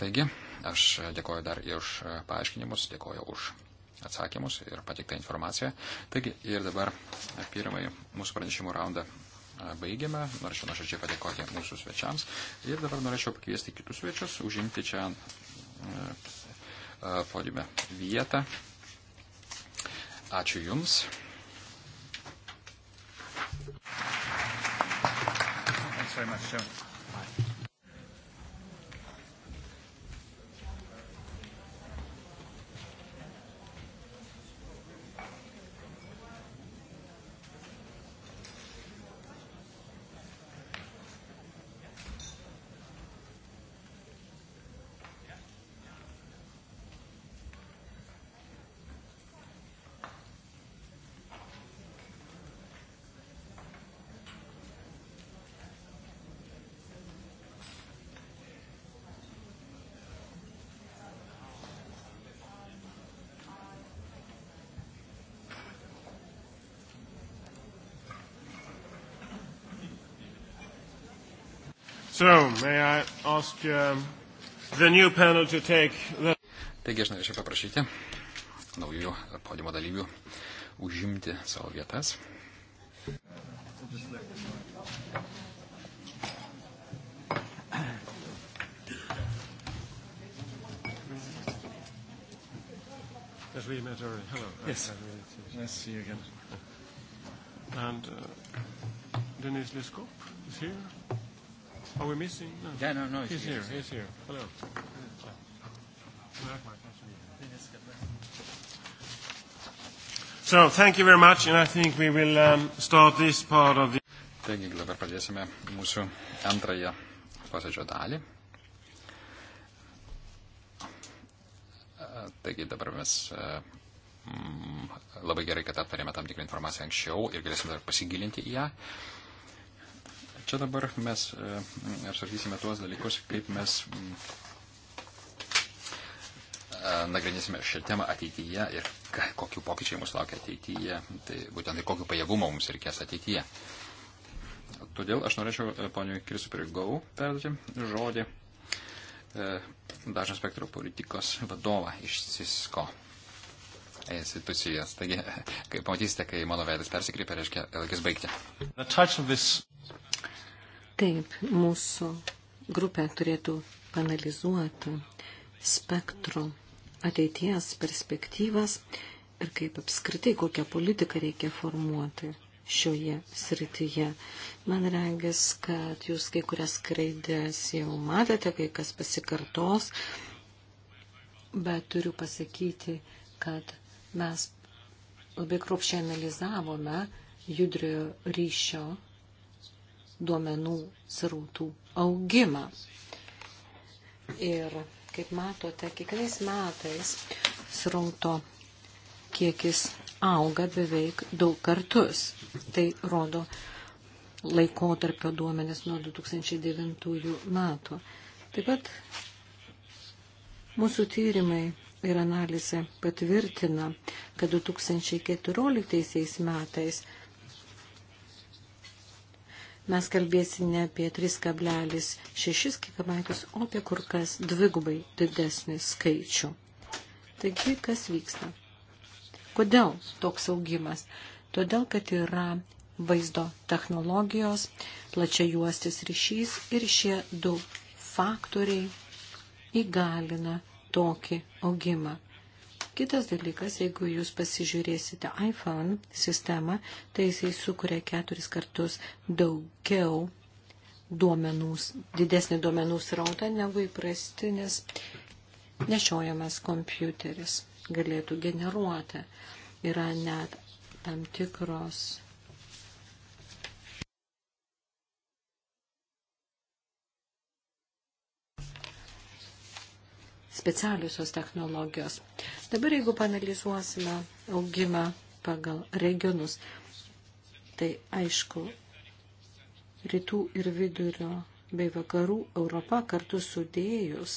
Taigi, aš dėkoju dar ir už e, paaiškinimus, dėkoju už atsakymus ir patiktą informaciją. Taigi, ir dabar pirmąjį mūsų pranešimų raundą e, baigiame. Norėčiau nuoširdžiai padėkoti mūsų svečiams. Ir dabar norėčiau pakviesti kitus svečius, užimti čia podiume vietą. Ačiū Jums. Thanks very much, Joe. So, may I ask um, the new panel to take the... Taigi aš norėčiau paprašyti naujų podimo dalyvių užimti savo vietas. As we met already. Hello. Yes. Nice to see you again. And uh, Denise Leskop is here. Are we missing? No. Yeah, no, no. He's, he's here. here. He's here. Hello. So, thank you very much, and I think we will um, start this part of the... Taigi, dabar pradėsime mūsų antrąją posėdžio dalį. Taigi, dabar mes mm, labai gerai, kad aptarėme tam tikrą informaciją anksčiau ir galėsime dar pasigilinti į ją. Uh, Čia dabar mes e, apsvarstysime tuos dalykus, kaip mes e, nagrinėsime šią temą ateityje ir kokiu pokyčiai mūsų laukia ateityje, tai būtent ir tai kokiu pajėgumu mums reikės ateityje. Todėl aš norėčiau e, poniui Krisuperiu Gau perduoti žodį dažno spektro politikos vadovą iš Sisko institucijos. Taigi, kaip pamatysite, kai mano veidas persikreipia, reiškia, reikės baigti. Taip, mūsų grupė turėtų panalizuoti spektro ateities perspektyvas ir kaip apskritai kokią politiką reikia formuoti šioje srityje. Man regis, kad jūs kai kurias skraidės jau matėte, kai kas pasikartos, bet turiu pasakyti, kad mes labai kruopšiai analizavome judrio ryšio duomenų srautų augimą. Ir kaip matote, kiekvienais metais srauto kiekis auga beveik daug kartus. Tai rodo laikotarpio duomenis nuo 2009 metų. Taip pat mūsų tyrimai ir analizė patvirtina, kad 2014 metais mes kalbėsime apie 3,6 gigabaitus, o apie kur kas dvigubai didesnį skaičių. Taigi, kas vyksta? Kodėl toks augimas? Todėl, kad yra vaizdo technologijos, plačia juostis ryšys ir šie du faktoriai įgalina tokį augimą. Kitas dalykas, jeigu jūs pasižiūrėsite iPhone sistemą, tai jisai sukuria keturis kartus daugiau duomenų, didesnį duomenų srautą negu įprastinis nešiojamas kompiuteris galėtų generuoti. Yra net tam tikros specialiusios technologijos. Dabar jeigu panalizuosime augimą pagal regionus, tai aišku, rytų ir vidurio bei vakarų Europa kartu sudėjus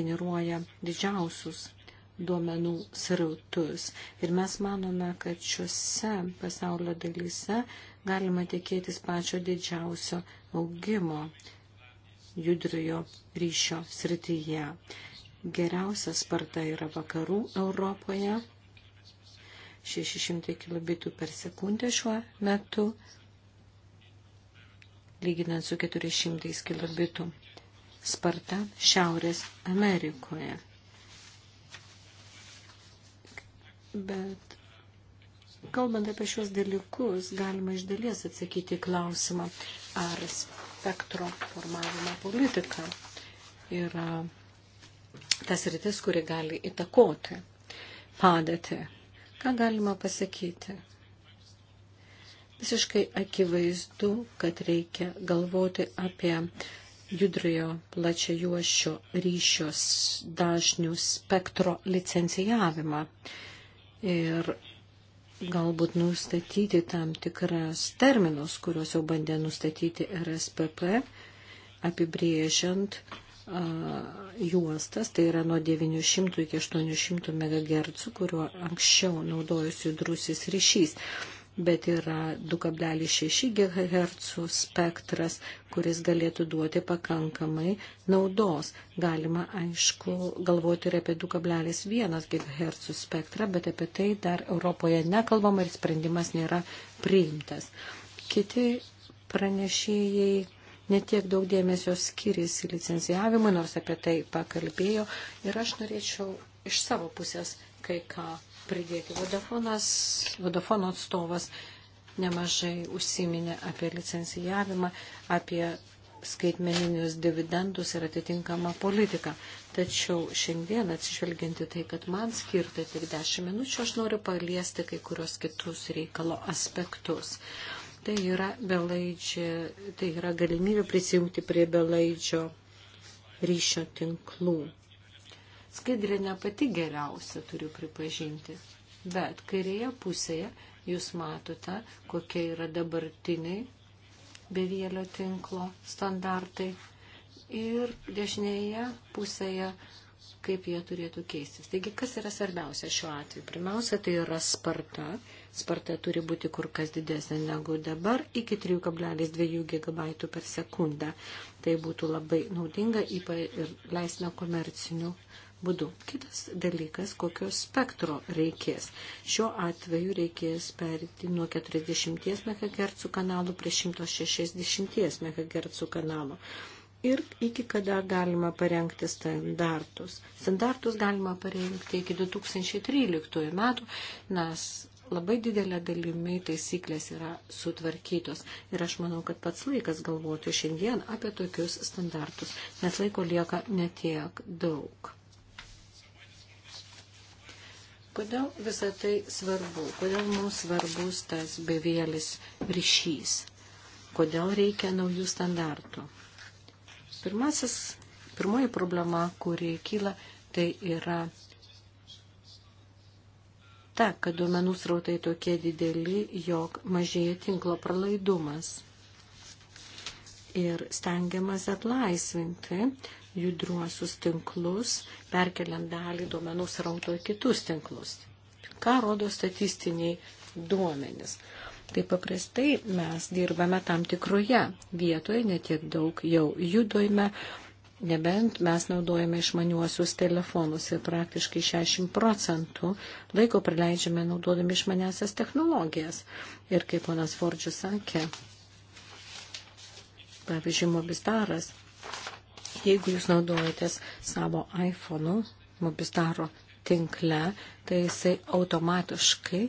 generuoja didžiausius duomenų srautus. Ir mes manome, kad šiuose pasaulio dalyse galima tikėtis pačio didžiausio augimo judriojo ryšio srityje. Geriausia sparta yra vakarų Europoje, 600 kilobitų per sekundę šiuo metu, lyginant su 400 kilobitų sparta Šiaurės Amerikoje. Bet kalbant apie šios dalykus, galima iš dalies atsakyti klausimą, ar spektro formavimo politika yra tas rytis, kuri gali įtakoti padėtį. Ką galima pasakyti? Visiškai akivaizdu, kad reikia galvoti apie judriojo plačiajuošio ryšios dažnių spektro licencijavimą. Ir galbūt nustatyti tam tikras terminus, kuriuos jau bandė nustatyti RSPP, apibrėžiant a, juostas, tai yra nuo 900 iki 800 MHz, kuriuo anksčiau naudojusi drusis ryšys bet yra 2,6 GHz spektras, kuris galėtų duoti pakankamai naudos. Galima, aišku, galvoti ir apie 2,1 GHz spektrą, bet apie tai dar Europoje nekalbama ir sprendimas nėra priimtas. Kiti pranešėjai netiek daug dėmesio skiriasi licencijavimui, nors apie tai pakalbėjo. Ir aš norėčiau iš savo pusės kai ką pridėti. Vodafonas, Vodafono atstovas nemažai užsiminė apie licencijavimą, apie skaitmeninius dividendus ir atitinkamą politiką. Tačiau šiandien, atsižvelginti tai, kad man skirta tik 10 minučių, aš noriu paliesti kai kurios kitus reikalo aspektus. Tai yra, belaidžia, tai yra galimybė prisijungti prie belaidžio ryšio tinklų. Skidrė ne pati geriausia, turiu pripažinti. Bet kairėje pusėje jūs matote, kokie yra dabartiniai bevėlio tinklo standartai. Ir dešinėje pusėje kaip jie turėtų keistis. Taigi, kas yra svarbiausia šiuo atveju? Pirmiausia, tai yra sparta. Sparta turi būti kur kas didesnė negu dabar, iki 3,2 GB per sekundę. Tai būtų labai naudinga, ypač ir leisina komercinių būdu. Kitas dalykas, kokio spektro reikės. Šiuo atveju reikės perėti nuo 40 MHz kanalų prie 160 MHz kanalo. Ir iki kada galima parengti standartus. Standartus galima parengti iki 2013 metų, nes labai didelė dalimi taisyklės yra sutvarkytos. Ir aš manau, kad pats laikas galvoti šiandien apie tokius standartus, nes laiko lieka netiek daug. Kodėl visą tai svarbu? Kodėl mums svarbus tas bevėlis ryšys? Kodėl reikia naujų standartų? Pirmasis, pirmoji problema, kuri kyla, tai yra ta, kad duomenų srautai tokie dideli, jog mažėja tinklo pralaidumas. Ir stengiamas atlaisvinti judriuosius tinklus, perkeliant dalį duomenų srauto į kitus tinklus. Ką rodo statistiniai duomenys? Tai paprastai mes dirbame tam tikroje vietoje, netiek daug jau judojame, Nebent mes naudojame išmaniuosius telefonus ir praktiškai 60 procentų laiko praleidžiame naudodami išmaniasias technologijas. Ir kaip ponas Fordžius sakė, pavyzdžiui, mobistaras Jeigu jūs naudojatės savo iPhone'u, mobistaro tinkle, tai jisai automatiškai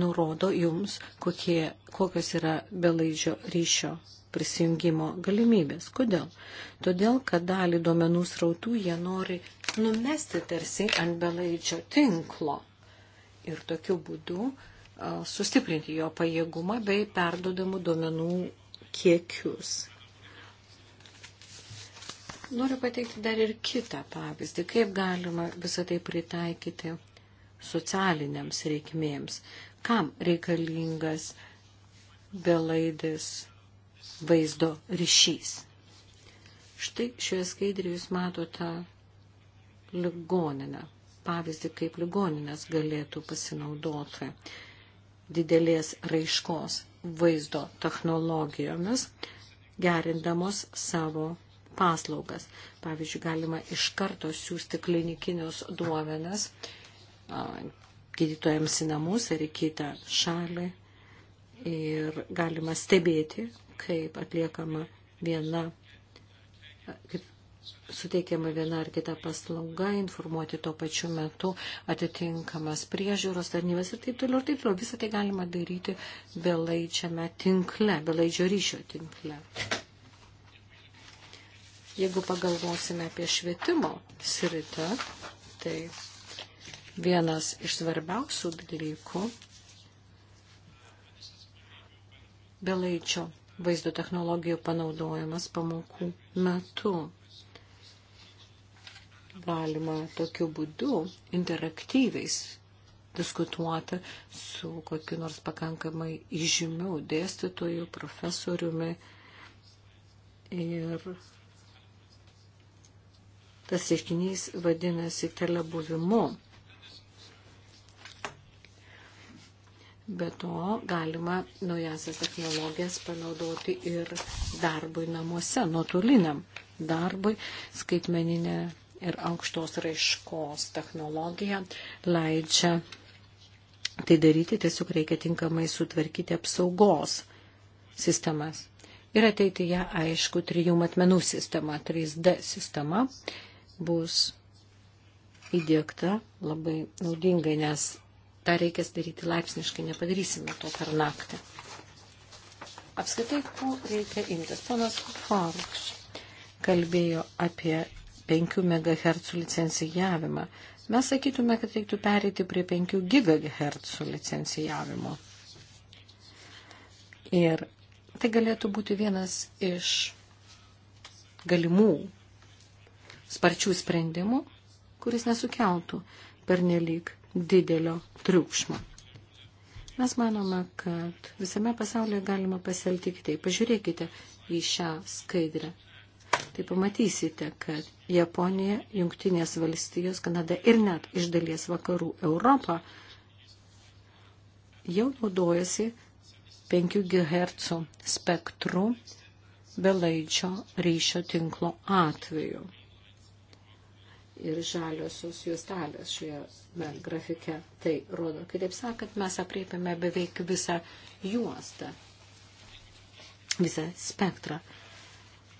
nurodo jums, kokie, kokios yra belaidžio ryšio prisijungimo galimybės. Kodėl? Todėl, kad dalį duomenų srautų jie nori numesti tarsi ant belaidžio tinklo. Ir tokiu būdu sustiprinti jo pajėgumą bei perdodamų duomenų kiekius. Noriu pateikti dar ir kitą pavyzdį, kaip galima visą tai pritaikyti socialiniams reikmėms. Kam reikalingas belaidis vaizdo ryšys? Štai šioje skaidrėje jūs matote ligoninę. Pavyzdį, kaip ligoninės galėtų pasinaudoti didelės raiškos vaizdo technologijomis, gerindamos savo paslaugas. Pavyzdžiui, galima iš karto siūsti klinikinius duomenas gydytojams į namus ar į kitą šalį ir galima stebėti, kaip atliekama viena, kaip suteikiama viena ar kita paslauga, informuoti tuo pačiu metu atitinkamas priežiūros tarnybas ir taip toliau ir taip toliau. Visą tai galima daryti belaičiame tinkle, belaidžio ryšio tinkle. Jeigu pagalvosime apie švietimo sritį, tai vienas iš svarbiausių dalykų belaičio vaizdo technologijų panaudojimas pamokų metu. Galima tokiu būdu interaktyviais diskutuoti su kokiu nors pakankamai įžymiu dėstytoju, profesoriumi ir Tas reiškinys vadinasi telebuvimu. Be to galima naujasias technologijas panaudoti ir darbui namuose, nuotoliniam darbui. Skaitmeninė ir aukštos raiškos technologija leidžia tai daryti, tiesiog reikia tinkamai sutvarkyti apsaugos sistemas. Ir ateityje, aišku, trijų matmenų sistema, 3D sistema, bus įdėkta labai naudingai, nes tą reikės daryti laipsniškai, nepadarysime to per naktį. Apskritai, ko reikia imtis? Ponas Farks kalbėjo apie 5 MHz licencijavimą. Mes sakytume, kad reiktų perėti prie 5 GHz licencijavimo. Ir tai galėtų būti vienas iš galimų sparčių sprendimų, kuris nesukeltų pernelyg didelio triukšmo. Mes manome, kad visame pasaulyje galima pasielgti kitaip. Pažiūrėkite į šią skaidrę. Tai pamatysite, kad Japonija, Jungtinės valstijos, Kanada ir net iš dalies vakarų Europą jau naudojasi 5 GHz spektru belaidžio ryšio tinklo atveju ir žaliosios juostelės šioje grafike tai rodo. Kitaip sakant, mes apriepiame beveik visą juostą, visą spektrą.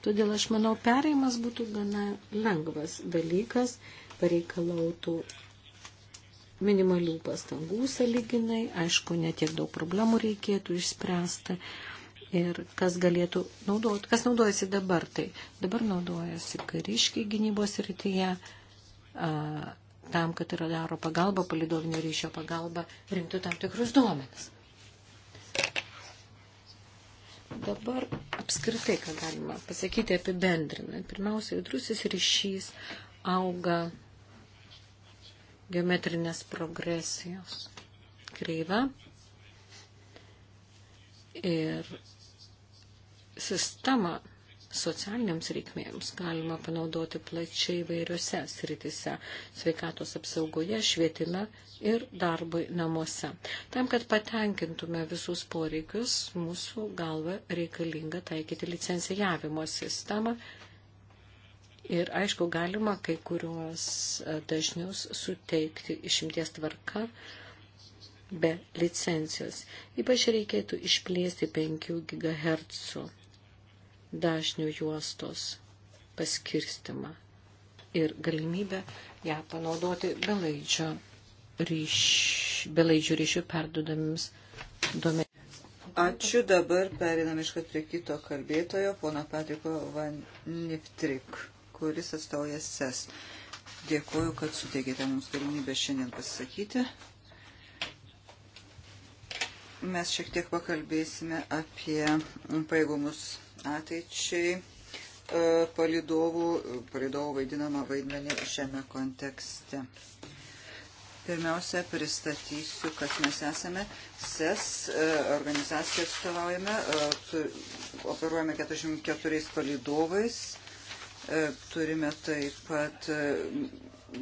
Todėl aš manau, pereimas būtų gana lengvas dalykas, pareikalautų minimalių pastangų saliginai, aišku, netiek daug problemų reikėtų išspręsti. Ir kas galėtų naudoti, kas naudojasi dabar, tai dabar naudojasi kariškiai gynybos rytyje. Tai tam, kad yra daro pagalba, palidovinio ryšio pagalba, rimtų tam tikrus duomenis. Dabar apskritai, ką galima pasakyti apibendrinant. Pirmiausia, judrusis ryšys auga geometrinės progresijos kreivą ir sistemą socialiniams reikmėms galima panaudoti plačiai vairiose sritise - sveikatos apsaugoje, švietime ir darbui namuose. Tam, kad patenkintume visus poreikius, mūsų galva reikalinga taikyti licencijavimo sistemą. Ir aišku, galima kai kuriuos e, dažnius suteikti išimties tvarka be licencijos. Ypač reikėtų išplėsti 5 GHz dažnių juostos paskirstimą ir galimybę ją panaudoti belaidžio ryš, belaidžių ryšių perdudamiams duomenims. Ačiū, dabar perinam iškart prie kito kalbėtojo, pono Patriko Van Niftrik, kuris atstovauja SES. E Dėkuoju, kad suteikėte mums galimybę šiandien pasisakyti. Mes šiek tiek pakalbėsime apie pajėgumus ateičiai e, palidovų, palidovų vaidinamą vaidmenį šiame kontekste. Pirmiausia, pristatysiu, kas mes esame. SES e e, organizaciją atstovaujame, operuojame 44 palidovais, turime taip pat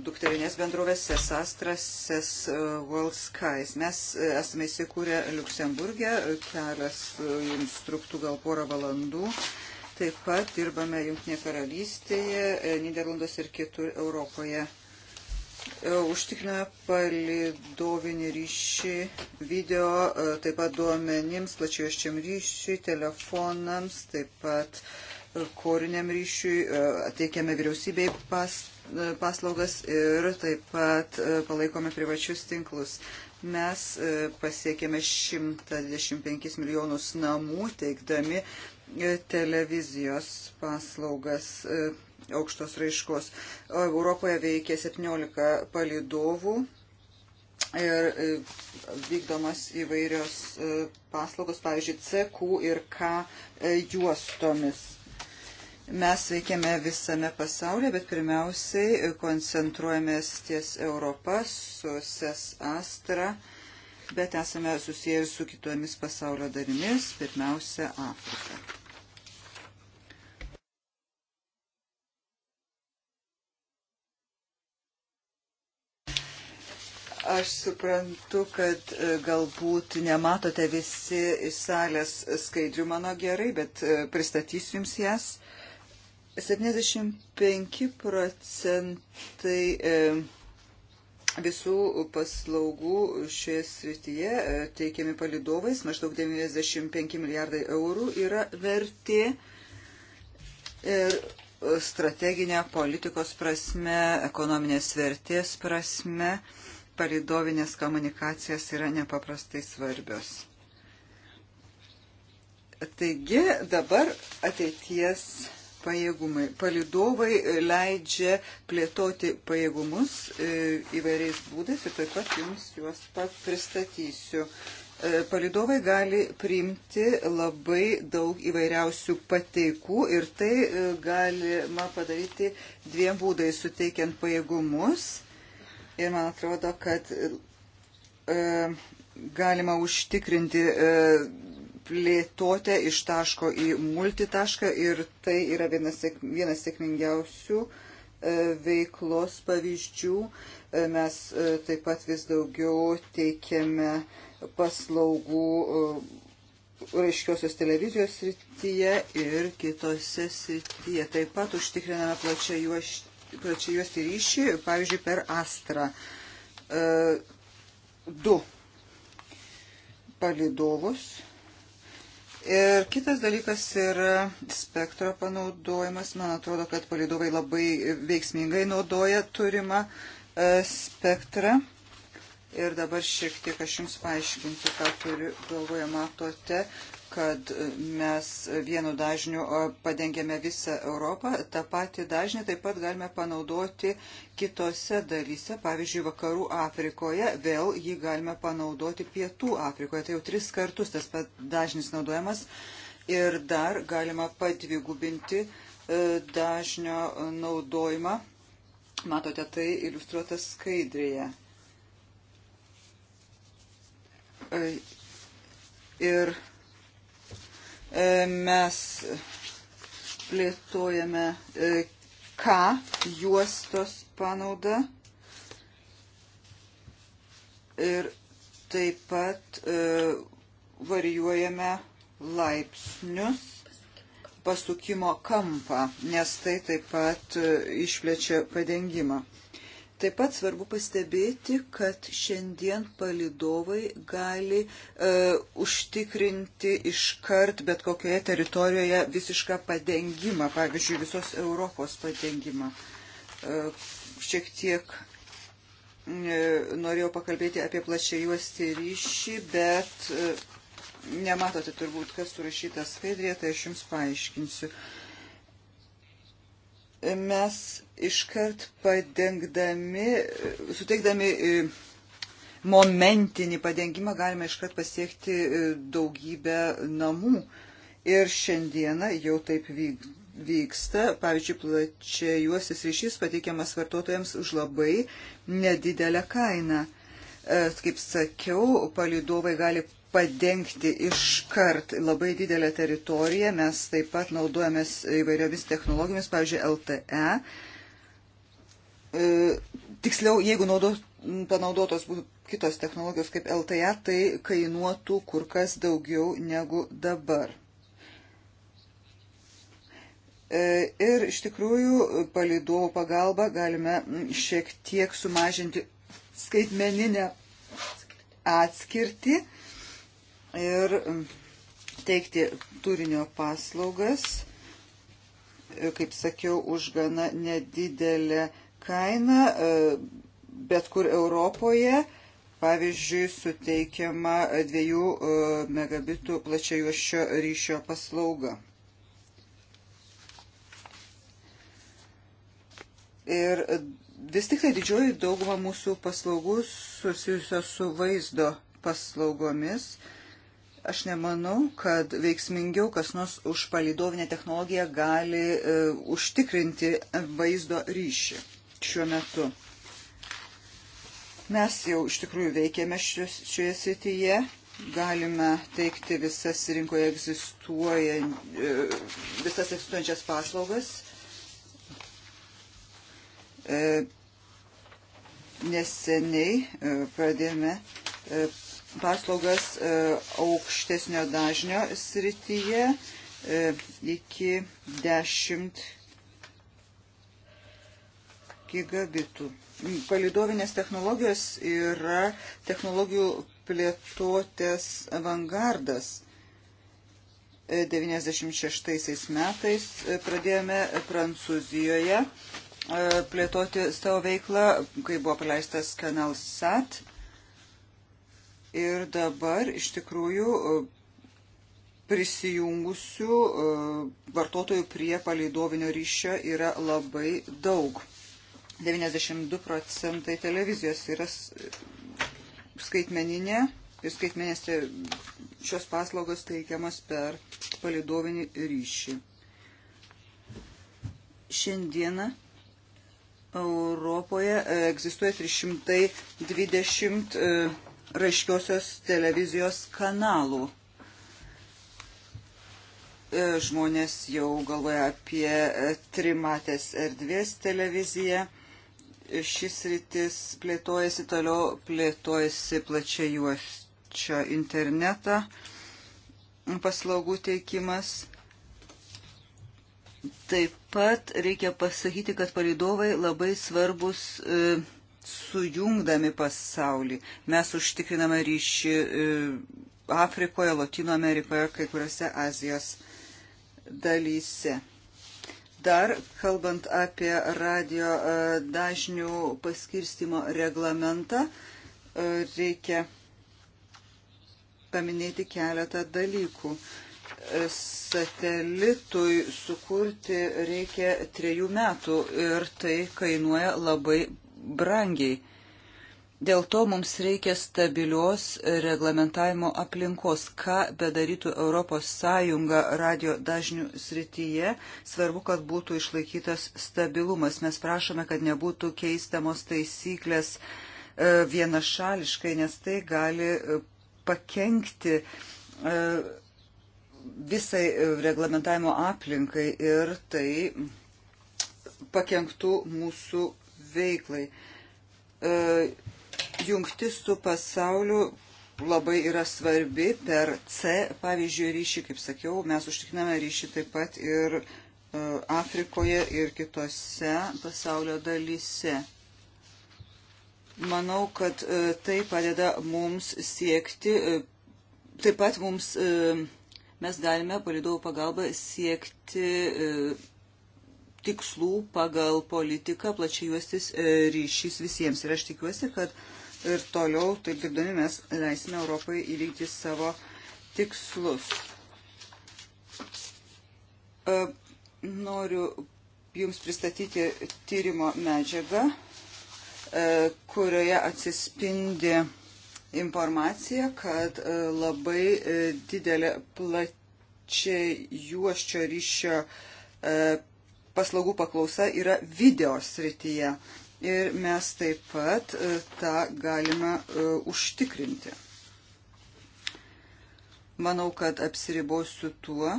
dukterinės bendrovės Sesastras, Ses e, World Skies. Mes e, esame įsikūrę Luksemburgė, e, kelias jums truktų gal porą valandų. Taip pat dirbame Junktinėje karalystėje, Niderlanduose ir kitur Europoje užtikrina palidovinį ryšį video, taip pat duomenims, plačioščiam ryšiui, telefonams, taip pat koriniam ryšiui, teikiame vyriausybei pas, paslaugas ir taip pat e, palaikome privačius tinklus. Mes e, pasiekėme 125 milijonus namų teikdami e, televizijos paslaugas aukštos raiškos. Europoje veikia 17 palidovų ir vykdomas įvairios paslaugos, pavyzdžiui, CQ ir K juostomis. Mes veikiame visame pasaulyje, bet pirmiausiai koncentruojamės ties Europą su SES Astra, bet esame susiję ir su kitomis pasaulio dalimis, pirmiausia Afrika. Aš suprantu, kad e, galbūt nematote visi iš salės skaidrių mano gerai, bet e, pristatysiu jums jas. 75 procentai e, visų paslaugų šioje srityje e, teikiami palidovais, maždaug 95 milijardai eurų yra vertė ir strateginė politikos prasme, ekonominės vertės prasme palidovinės komunikacijas yra nepaprastai svarbios. Taigi dabar ateities pajėgumai. Palidovai leidžia plėtoti pajėgumus e, įvairiais būdais ir taip pat jums juos pat pristatysiu. E, palidovai gali priimti labai daug įvairiausių pateikų ir tai e, galima padaryti dviem būdais, suteikiant pajėgumus. Ir man atrodo, kad e, galima užtikrinti e, plėtotę iš taško į multitašką ir tai yra vienas, vienas sėkmingiausių e, veiklos pavyzdžių. E, mes e, taip pat vis daugiau teikiame paslaugų raiškiosios televizijos srityje ir kitose srityje. Taip pat užtikriname plačiai juos, plačia juos ryšį, pavyzdžiui, per Astra. Du palidovus Ir kitas dalykas yra spektro panaudojimas. Man atrodo, kad palidovai labai veiksmingai naudoja turimą e, spektrą. Ir dabar šiek tiek aš jums paaiškinsiu, ką turiu galvoje matote kad mes vienu dažniu padengiame visą Europą. Ta pati dažnį taip pat galime panaudoti kitose dalyse, pavyzdžiui, vakarų Afrikoje, vėl jį galime panaudoti pietų Afrikoje. Tai jau tris kartus tas pat dažnis naudojamas ir dar galima padvigubinti e, dažnio naudojimą. Matote, tai iliustruota skaidrėje. E, ir E, mes plėtojame e, K juostos panaudą ir taip pat e, varijuojame laipsnius pasukimo kampą, nes tai taip pat išplečia padengimą. Taip pat svarbu pastebėti, kad šiandien palidovai gali e, užtikrinti iškart bet kokioje teritorijoje visišką padengimą, pavyzdžiui, visos Europos padengimą. E, šiek tiek e, norėjau pakalbėti apie plačiai juosti ryšį, bet e, nematote turbūt, kas surašyta skaidrėje, tai aš jums paaiškinsiu. E, mes iškart padengdami, suteikdami e, momentinį padengimą galime iškart pasiekti e, daugybę namų. Ir šiandieną jau taip vyksta, pavyzdžiui, plačiai juosis ryšys pateikiamas vartotojams už labai nedidelę kainą. E, kaip sakiau, palidovai gali padengti iškart labai didelę teritoriją. Mes taip pat naudojamės įvairiomis technologijomis, pavyzdžiui, LTE. E, tiksliau, jeigu naudos, panaudotos būtų kitos technologijos kaip LTE, tai kainuotų kur kas daugiau negu dabar. E, ir iš tikrųjų palidovų pagalba galime šiek tiek sumažinti skaitmeninę atskirtį ir um, teikti turinio paslaugas, e, kaip sakiau, už gana nedidelę kainą, e, bet kur Europoje, pavyzdžiui, suteikiama 2 e, megabitų plačiajuošio ryšio paslauga. Ir vis tik tai didžioji dauguma mūsų paslaugų susijusios su vaizdo paslaugomis. Uh, Aš nemanau, kad veiksmingiau kas nors už palidovinę technologiją gali e, užtikrinti vaizdo ryšį šiuo metu. Mes jau iš tikrųjų veikiame šioje srityje, galime teikti visas rinkoje egzistuojan, e, visas egzistuojančias paslaugas. E, neseniai e, pradėjome e, paslaugas e, aukštesnio dažnio srityje e, iki 10 gigabitų. Palidovinės technologijos yra technologijų plėtotės avangardas. 96 e, metais pradėjome Prancūzijoje plėtoti savo veiklą, kai buvo paleistas kanal SAT Ir dabar iš tikrųjų e, prisijungusių e, vartotojų prie paleidovinio ryšio yra labai daug. 92 procentai televizijos yra e, skaitmeninė ir skaitmenės šios paslaugos teikiamas per palidovinį ryšį. Šiandieną Europoje egzistuoja 320 raiškiosios televizijos kanalų. E, žmonės jau galvoja apie e, trimatės erdvės televiziją. Šis rytis plėtojasi toliau, plėtojasi plačia juoščia internetą paslaugų teikimas. Taip pat reikia pasakyti, kad palidovai labai svarbus e, sujungdami pasaulį. Mes užtikriname ryšį e, Afrikoje, Latino Amerikoje ir kai kuriuose Azijos dalyse. Dar kalbant apie radio e, dažnių paskirstimo reglamentą, e, reikia paminėti keletą dalykų. Satelitui sukurti reikia trejų metų ir tai kainuoja labai brangiai. Dėl to mums reikia stabilios reglamentavimo aplinkos, ką bedarytų ES radio dažnių srityje, svarbu, kad būtų išlaikytas stabilumas. Mes prašome, kad nebūtų keistamos taisyklės e, vienašališkai, nes tai gali e, pakenkti e, visai reglamentavimo aplinkai ir tai pakenktų mūsų veiklai. E, jungtis su pasauliu labai yra svarbi per C, pavyzdžiui, ryšį, kaip sakiau, mes užtikriname ryšį taip pat ir e, Afrikoje ir kitose pasaulio dalyse. Manau, kad e, tai padeda mums siekti, taip pat mums mes galime palidovų pagalba siekti tikslų pagal politiką plačiai juostis e, ryšys visiems. Ir aš tikiuosi, kad ir toliau, taip dirbdami, mes leisime Europai įveikti savo tikslus. E, noriu Jums pristatyti tyrimo medžiagą, e, kurioje atsispindi informacija, kad labai didelė plačiai juoščio ryšio paslaugų paklausa yra video srityje. Ir mes taip pat e, tą galime e, užtikrinti. Manau, kad apsiribosiu tuo.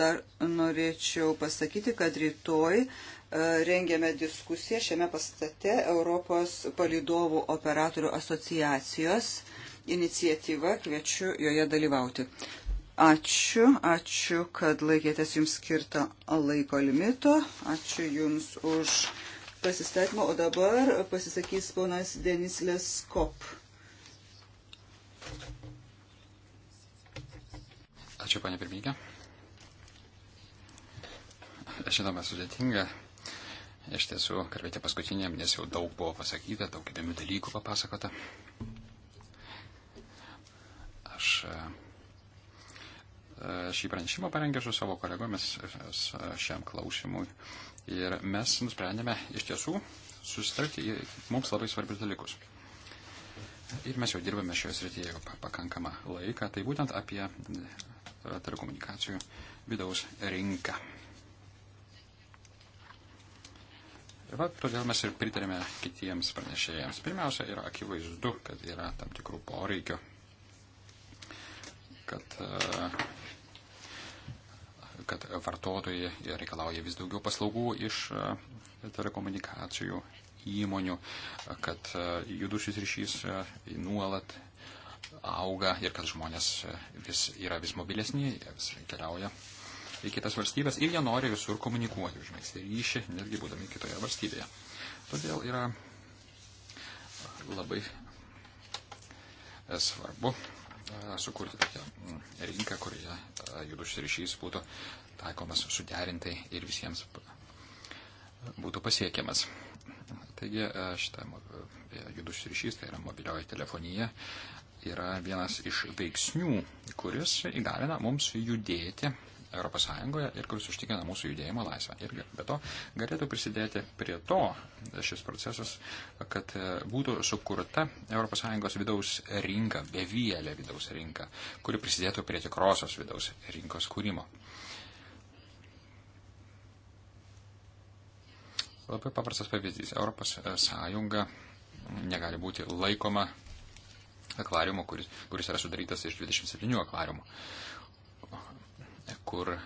Dar norėčiau pasakyti, kad rytoj e, rengėme diskusiją šiame pastate Europos palidovų operatorių asociacijos iniciatyva, kviečiu joje dalyvauti. Ačiū, ačiū, kad laikėtės jums skirtą laiko limito. Ačiū jums už pasistakymą. O dabar pasisakys ponas Denis Leskop. Ačiū, panė pirmininkė. Žinoma, sudėtinga iš tiesų kalbėti paskutiniam, nes jau daug buvo pasakyta, daug įdomių dalykų papasakota. Aš šį pranešimą parengė su savo kolegomis šiam klausimui. Ir mes nusprendėme iš tiesų susitarti į mums labai svarbius dalykus. Ir mes jau dirbame šioje srityje jau pakankamą laiką, tai būtent apie e, telekomunikacijų vidaus rinką. Ir va, todėl mes ir pritarėme kitiems pranešėjams. Pirmiausia, yra akivaizdu, kad yra tam tikrų poreikio, kad uh, kad vartotojai reikalauja vis daugiau paslaugų iš e, telekomunikacijų įmonių, kad e, judušis ryšys e, nuolat auga ir kad žmonės vis, yra vis mobilesni, jie vis keliauja į kitas valstybės ir jie nori visur komunikuoti, užmėgsti ryšį, netgi būdami kitoje valstybėje. Todėl yra labai svarbu sukurti tokią mm, rinką, kurioje judus ryšys būtų taikomas suderintai ir visiems būtų pasiekiamas. Taigi šitą judus ryšys, tai yra mobilioji telefonija, yra vienas iš veiksnių, kuris įgalina mums judėti ES ir kuris užtikrina mūsų judėjimo laisvę. Ir be to galėtų prisidėti prie to šis procesas, kad e, būtų sukurta ES vidaus rinka, bevėlė vidaus rinka, kuri prisidėtų prie tikrosios vidaus rinkos kūrimo. Labai paprastas pavyzdys. Europos Sąjunga negali būti laikoma akvariumo, kuris, kuris yra sudarytas iš 27 akvariumų kur e,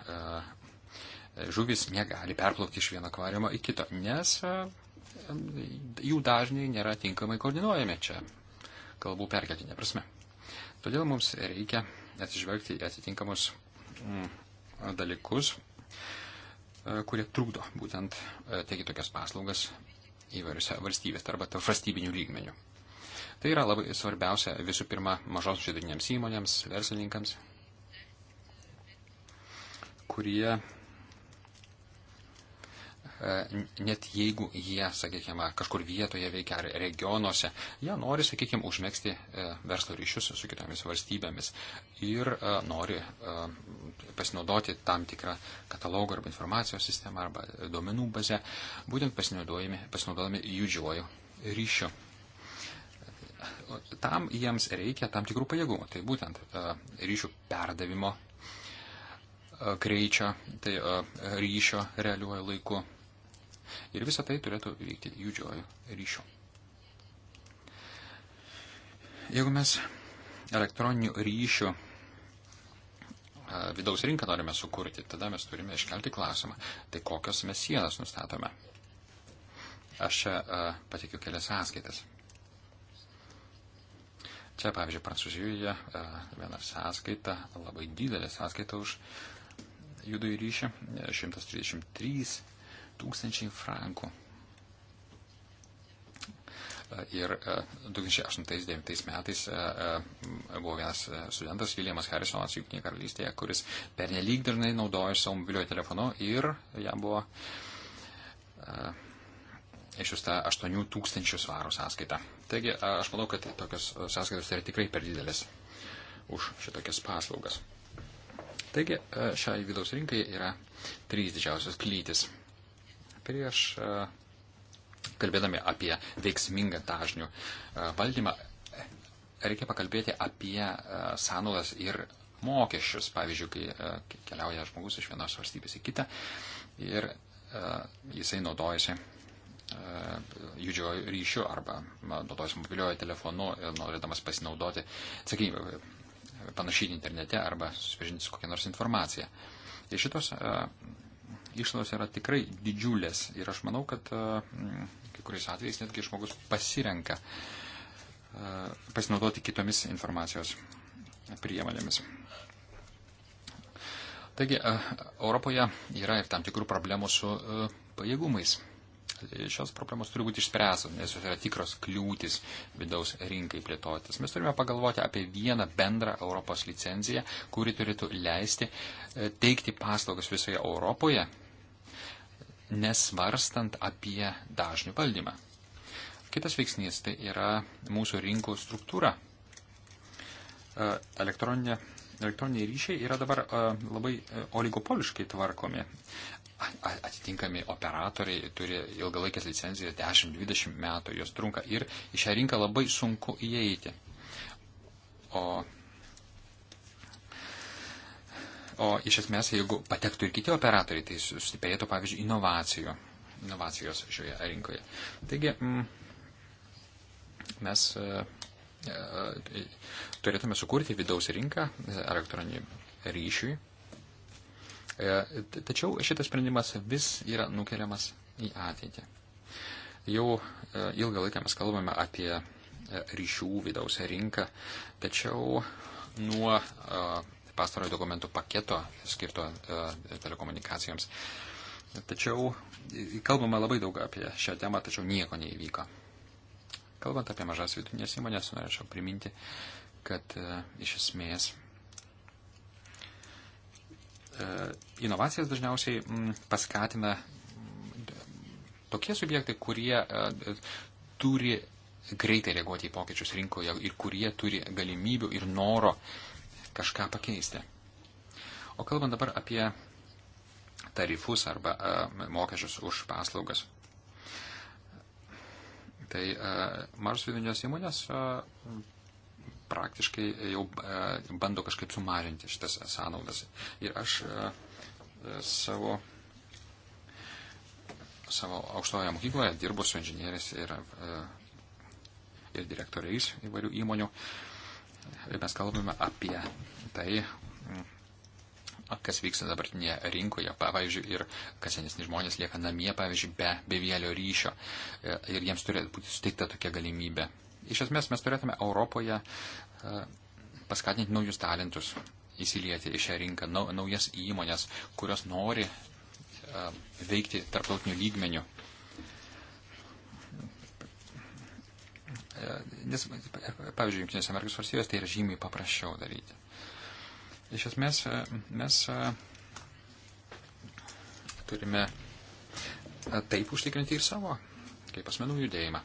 žuvis negali perplaukti iš vieno akvariumo į kito, nes e, jų dažniai nėra tinkamai koordinuojami čia, kalbų perkeltinė prasme. Todėl mums reikia atsižvelgti į atitinkamus mm, dalykus, e, kurie trukdo būtent teikti tokias paslaugas įvairiose valstybėse arba valstybinių lygmenių. Tai yra labai svarbiausia visų pirma mažos žydrinėms įmonėms, verslininkams, kurie e, net jeigu jie, sakykime, kažkur vietoje veikia ar regionuose, jie nori, sakykime, užmėgsti e, verslo ryšius su kitomis valstybėmis ir e, nori pasinaudoti tam tikrą katalogą arba informacijos sistemą arba duomenų bazę, būtent pasinaudodami judžiuoju ryšiu. Tam jiems reikia tam tikrų pajėgumų, tai būtent ryšių perdavimo greičio, tai ryšio realiuoju laiku. Ir visą tai turėtų vykti judžioju ryšiu. Jeigu mes elektroninių ryšių vidaus rinką norime sukurti, tada mes turime iškelti klausimą, tai kokios mes sienas nustatome. Aš čia patikiu kelias sąskaitas. Čia, pavyzdžiui, Prancūzijoje viena sąskaita, labai didelė sąskaita už uh, judo į ryšį 133 e, tūkstančiai frankų. E, ir 2008-2009 e, metais buvo vienas studentas, Viljamas Harrisonas, Junktinėje karalystėje, kuris pernelyg dažnai naudojo savo mobiliojo telefonu ir jam buvo išsiusta 8 tūkstančių svarų sąskaita. Taigi aš manau, kad tokios sąskaitos yra tikrai per didelės už šitokias paslaugas. Taigi, e, šiai vidaus rinkai yra trys didžiausios klytis. Prieš e, kalbėdami apie veiksmingą dažnių e, valdymą, reikia pakalbėti apie sąnaudas ir mokesčius, pavyzdžiui, kai keliauja žmogus iš vienos valstybės į kitą ir jisai naudojasi judžiojo ryšiu arba naudojasi mobiliojo telefonu, norėdamas pasinaudoti, sakykime, panašyti internete arba susipažinti su kokia nors informacija. Ir šitos e, išlaidos yra tikrai didžiulės ir aš manau, kad e, kai kuriais atvejais netgi žmogus pasirenka e, pasinaudoti kitomis informacijos priemonėmis. Taigi, Europoje yra ir tam tikrų problemų su pajėgumais šios problemos turi būti išspręstos, nes jos yra tikros kliūtis vidaus rinkai plėtotis. Mes turime pagalvoti apie vieną bendrą Europos licenciją, kuri turėtų leisti e, teikti paslaugas visoje Europoje, nesvarstant apie dažnių valdymą. Kitas veiksnys tai yra mūsų rinkų struktūra. E, elektroninė elektroniniai ryšiai yra dabar e, labai oligopoliškai tvarkomi atitinkami operatoriai turi ilgalaikės licenzijas 10-20 metų, jos trunka ir į šią rinką labai sunku įeiti. O, o iš esmės, jeigu patektų ir kiti operatoriai, tai sustiprėtų, pavyzdžiui, inovacijų, inovacijos šioje rinkoje. Taigi, mm, mes e, e, turėtume sukurti vidaus rinką e, elektroninių ryšiui E, tačiau šitas sprendimas vis yra nukeliamas į ateitį. Jau e, ilgą laiką mes kalbame apie e, ryšių vidaus rinką, tačiau nuo pastarojo dokumentų paketo skirto telekomunikacijoms. Tačiau kalbama labai daug apie šią temą, tačiau nieko neįvyko. Kalbant apie mažas vidutinės įmonės, norėčiau priminti, kad iš esmės E, inovacijas dažniausiai mm, paskatina mm, tokie subjektai, kurie e, turi greitai reaguoti į pokyčius rinkoje ir kurie turi galimybių ir noro kažką pakeisti. O kalbant dabar apie tarifus arba e, mokesčius už paslaugas. Tai mažos vidinės įmonės praktiškai jau e, bando kažkaip sumažinti šitas sąnaudas. Ir aš e, e, savo, savo aukštoje mokykloje dirbu su inžinieriais ir, ir direktoriais įvairių įmonių. Ir mes kalbame apie tai, kas vyksta dabartinėje rinkoje, pavyzdžiui, ir kas senesni žmonės lieka namie, pavyzdžiui, be bevėlio ryšio ir jiems turėtų būti suteikta tokia galimybė. Iš esmės mes turėtume Europoje e, paskatinti naujus talentus įsilieti į šią rinką, naujas įmonės, kurios nori e, veikti tarptautinių lygmenių. E, nes, pavyzdžiui, Junktinės Amerikos valstybės tai yra žymiai paprasčiau daryti. Iš esmės mes turime taip užtikrinti ir savo, kaip asmenų judėjimą.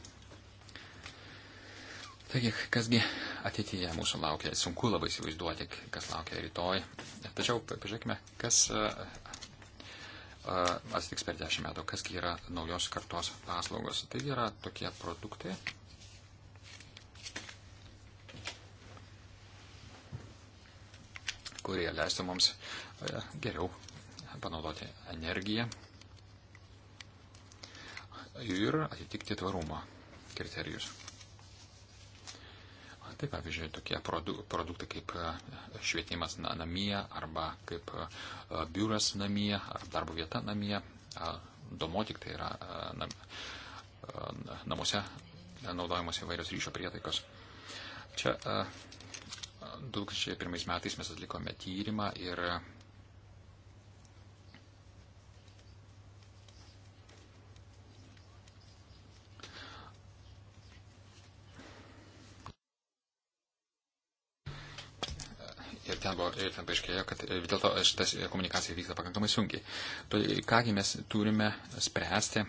Taigi, kasgi ateityje mūsų laukia, sunku labai įsivaizduoti, kas laukia rytoj. Tačiau pažiūrėkime, kas e, e, atsitiks per dešimt metų, kasgi yra naujos kartos paslaugos. Tai yra tokie produktai. kurie leistų mums e, geriau panaudoti energiją ir atitikti tvarumo kriterijus. Tai pavyzdžiui, tokie produ produktai kaip e, švietimas na, namie arba kaip e, biuras namie ar darbo vieta namie, domotik tai yra e, nam, namuose naudojamos įvairios ryšio prietaikos. Čia 2001 metais mes atlikome tyrimą ir Ir ten, buvo, ir ten paaiškėjo, kad e, vis dėlto e, šitas e, komunikacija vyksta pakankamai sunkiai. Tai kągi mes turime spręsti,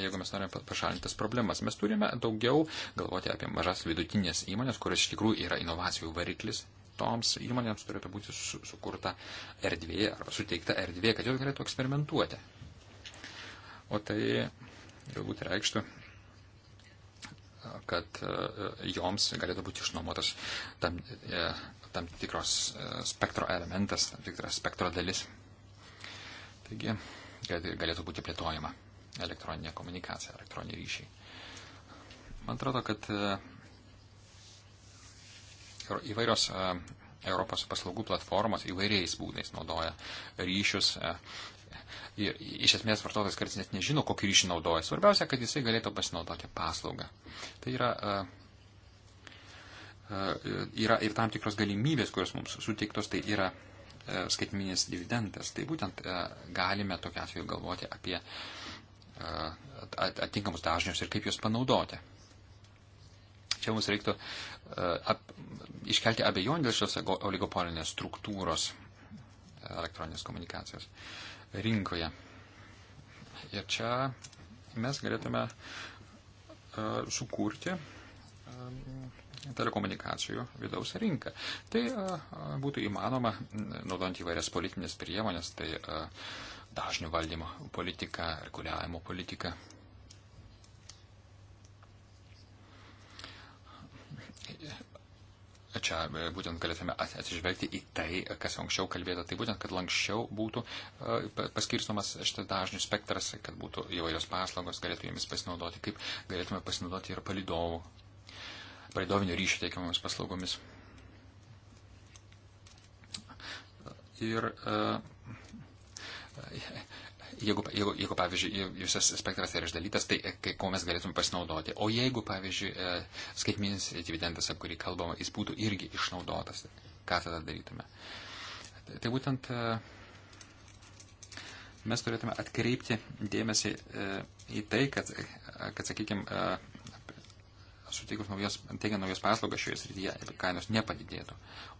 jeigu mes norime pašalinti tas problemas. Mes turime daugiau galvoti apie mažas vidutinės įmonės, kurios iš tikrųjų yra inovacijų variklis. Toms įmonėms turėtų būti su, sukurta erdvė arba suteikta erdvė, kad jos galėtų eksperimentuoti. O tai galbūt reikštų kad joms galėtų būti išnuomotas tam tam tikros e, spektro elementas, tam tikras spektro dalis. Taigi, kad galėtų būti plėtojama elektroninė komunikacija, elektroniniai ryšiai. Man atrodo, kad e, įvairios e, Europos paslaugų platformos įvairiais būdais naudoja ryšius. Ir iš esmės vartotojas kartais net nežino, kokį ryšį naudoja. Svarbiausia, kad jisai galėtų pasinaudoti paslaugą. Tai yra uh, E, yra ir tam tikros galimybės, kurios mums suteiktos, tai yra e, skaitminės dividendas. Tai būtent e, galime tokia atveju galvoti apie atitinkamus dažnius ir kaip juos panaudoti. Čia mums reiktų ap, iškelti abejonį dėl šios oligopolinės struktūros elektroninės komunikacijos rinkoje. Ir čia mes galėtume sukurti telekomunikacijų vidaus rinką. Tai būtų įmanoma, naudojant įvairias politinės priemonės, tai dažnių valdymo politika, reguliavimo politika. Čia būtent galėtume atsižvelgti į tai, kas anksčiau kalbėta, tai būtent, kad lankščiau būtų paskirstomas šitas dažnių spektras, kad būtų įvairios paslaugos, galėtume jomis pasinaudoti, kaip galėtume pasinaudoti ir palidovų paidovinio ryšio teikiamomis paslaugomis. Ir e, jeigu, jeigu, jeigu pavyzdžiui, visas spektras yra išdalytas, tai e, kai, ko mes galėtume pasinaudoti. O jeigu, pavyzdžiui, e, skaitminis dividendas, apie kurį kalbama, jis būtų irgi išnaudotas, ką tada darytume? Tai, tai būtent mes turėtume atkreipti dėmesį į tai, kad, kad sakykime, suteikus naujas, teikiant naujas paslaugas šioje srityje ir kainos nepadidėtų,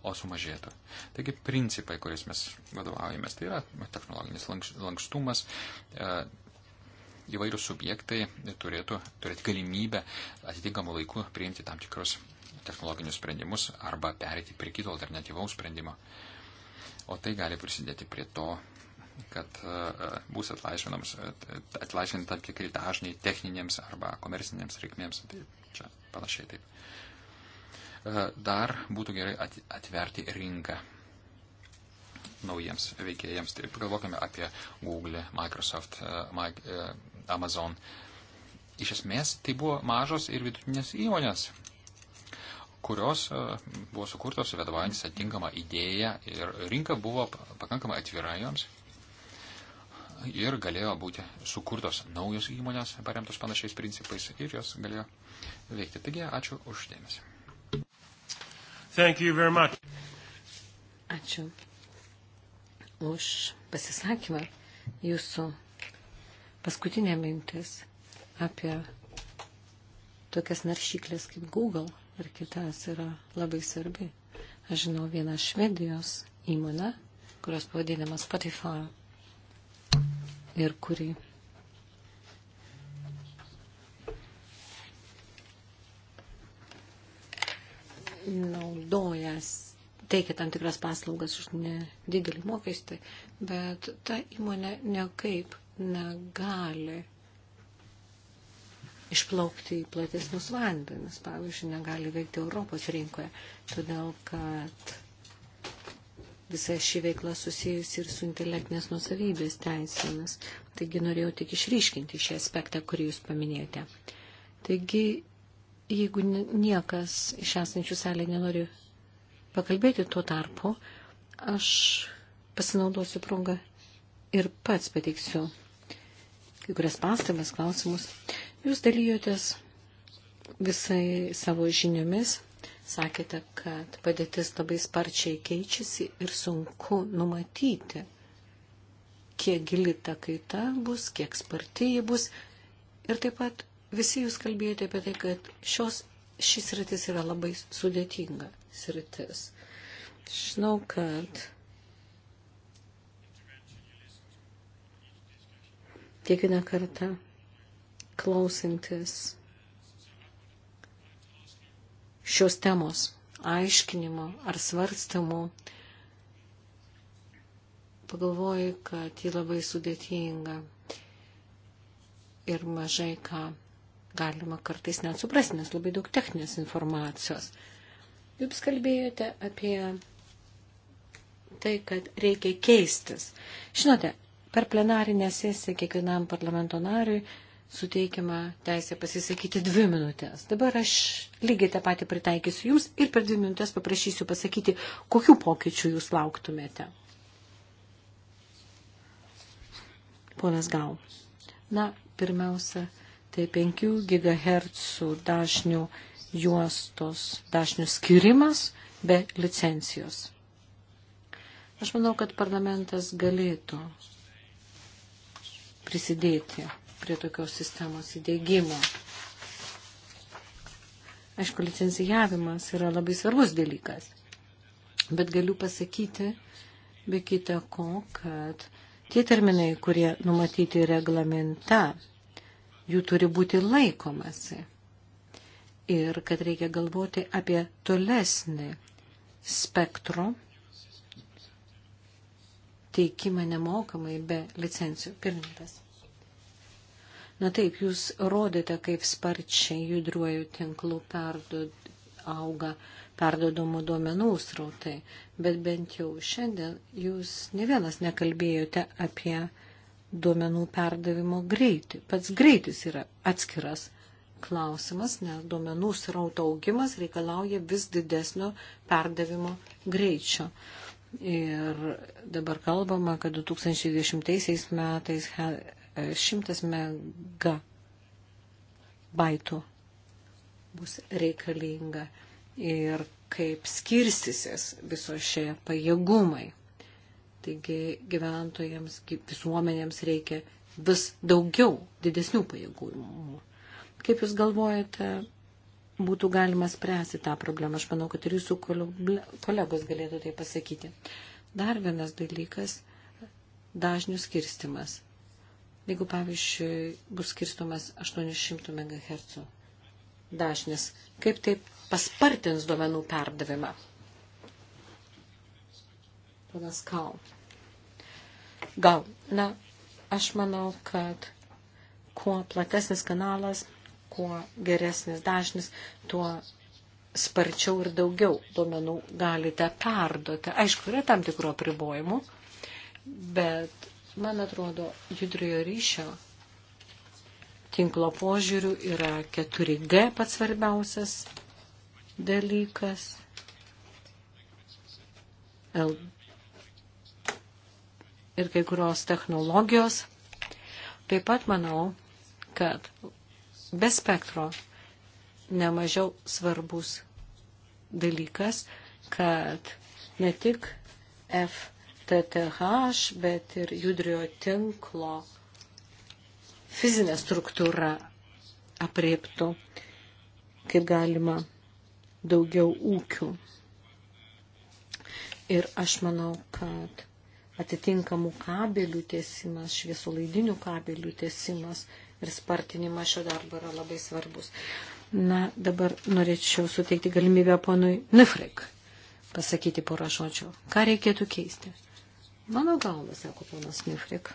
o sumažėtų. Taigi principai, kuriais mes vadovaujamės, tai yra technologinis lankstumas. E, Įvairių subjektai turėtų turėti galimybę atitinkamų laikų priimti tam tikrus technologinius sprendimus arba perėti prie kito alternatyvaus sprendimo. O tai gali prisidėti prie to, kad e, e, bus atlaisvinami tam tikri dažniai techninėms arba komersinėms reikmėms. Tai čia panašiai taip. E, dar būtų gerai atverti rinką naujiems veikėjams. Tai pagalvokime apie Google, Microsoft, e, e, Amazon. Iš esmės tai buvo mažos ir vidutinės įmonės, kurios buvo sukurtos vadovaujantis atitinkamą idėją ir rinka buvo pakankamai atvira joms ir galėjo būti sukurtos naujos įmonės paremtos panašiais principais ir jos galėjo veikti. Taigi, ačiū už dėmesį. Ačiū už pasisakymą jūsų paskutinė mintis apie tokias naršyklės kaip Google ir kitas yra labai svarbi. Aš žinau vieną švedijos įmonę, kurios pavadinimas Spotify ir kuri naudojas, teikia tam tikras paslaugas už nedidelį mokestį, bet ta įmonė niekaip negali išplaukti į platesnius vandenis, pavyzdžiui, negali veikti Europos rinkoje, todėl kad visa ši veikla susijusi ir su intelektinės nusavybės teisėmis. Taigi norėjau tik išryškinti šį aspektą, kurį jūs paminėjote. Taigi Jeigu niekas iš esančių salė nenori pakalbėti tuo tarpu, aš pasinaudosiu progą ir pats pateiksiu kai kurias pastabas, klausimus. Jūs dalyjotės visai savo žiniomis, sakėte, kad padėtis labai sparčiai keičiasi ir sunku numatyti, kiek gili ta kaita bus, kiek sparti ji bus. Ir taip pat Visi jūs kalbėjote apie tai, kad šios, šis sritis yra labai sudėtinga sritis. Žinau, kad kiekvieną kartą klausantis šios temos aiškinimo ar svarstamų, pagalvoju, kad ji labai sudėtinga ir mažai ką galima kartais net suprasti, nes labai daug techninės informacijos. Jūs kalbėjote apie tai, kad reikia keistis. Žinote, per plenarinę sesiją kiekvienam parlamento nariui suteikiama teisė pasisakyti dvi minutės. Dabar aš lygiai tą patį pritaikysiu jums ir per dvi minutės paprašysiu pasakyti, kokiu pokyčiu jūs lauktumėte. Ponas Gau. Na, pirmiausia, tai 5 GHz dažnių juostos, dažnių skirimas be licencijos. Aš manau, kad parlamentas galėtų prisidėti prie tokios sistemos įdėgymo. Aišku, licencijavimas yra labai svarbus dalykas, bet galiu pasakyti, be kita ko, kad tie terminai, kurie numatyti reglamente, jų turi būti laikomasi. Ir kad reikia galvoti apie tolesnį spektro teikimą nemokamai be licencijų. Pirmintas. Na taip, jūs rodėte, kaip sparčiai judriuoju tinklų perdod, auga perdodamų duomenų srautai, bet bent jau šiandien jūs ne vienas nekalbėjote apie uh, duomenų perdavimo greitį. Pats greitis yra atskiras klausimas, nes duomenų srauto augimas reikalauja vis didesnio perdavimo greičio. Ir dabar kalbama, kad 2010 metais 100 e, megabaitų bus reikalinga ir kaip skirstysis viso šie pajėgumai. Taigi gyventojams, visuomenėms reikia vis daugiau didesnių pajėgumų. Kaip Jūs galvojate, būtų galima spręsti tą problemą? Aš manau, kad ir Jūsų kolegos galėtų tai pasakyti. Dar vienas dalykas - dažnių skirstimas. Jeigu, pavyzdžiui, bus skirstumas 800 MHz dažnis, kaip tai paspartins duomenų perdavimą? Panas Kal. Gal, na, aš manau, kad kuo platesnis kanalas, kuo geresnis dažnis, tuo sparčiau ir daugiau duomenų galite perduoti. Aišku, yra tam tikro pribojimų, bet, man atrodo, judriojo ryšio tinklo požiūrių yra 4G pats svarbiausias dalykas. L ir kai kurios technologijos. Taip pat manau, kad be spektro nemažiau svarbus dalykas, kad ne tik FTTH, bet ir judriojo tinklo fizinė struktūra apriektų kaip galima daugiau ūkių. Ir aš manau, kad atitinkamų kabelių tiesimas, šviesolaidinių kabelių tiesimas ir spartinimas šio darbo yra labai svarbus. Na, dabar norėčiau suteikti galimybę ponui Nifrik pasakyti porą žodžių. Ką reikėtų keisti? Mano galva, sako ponas Nifrik.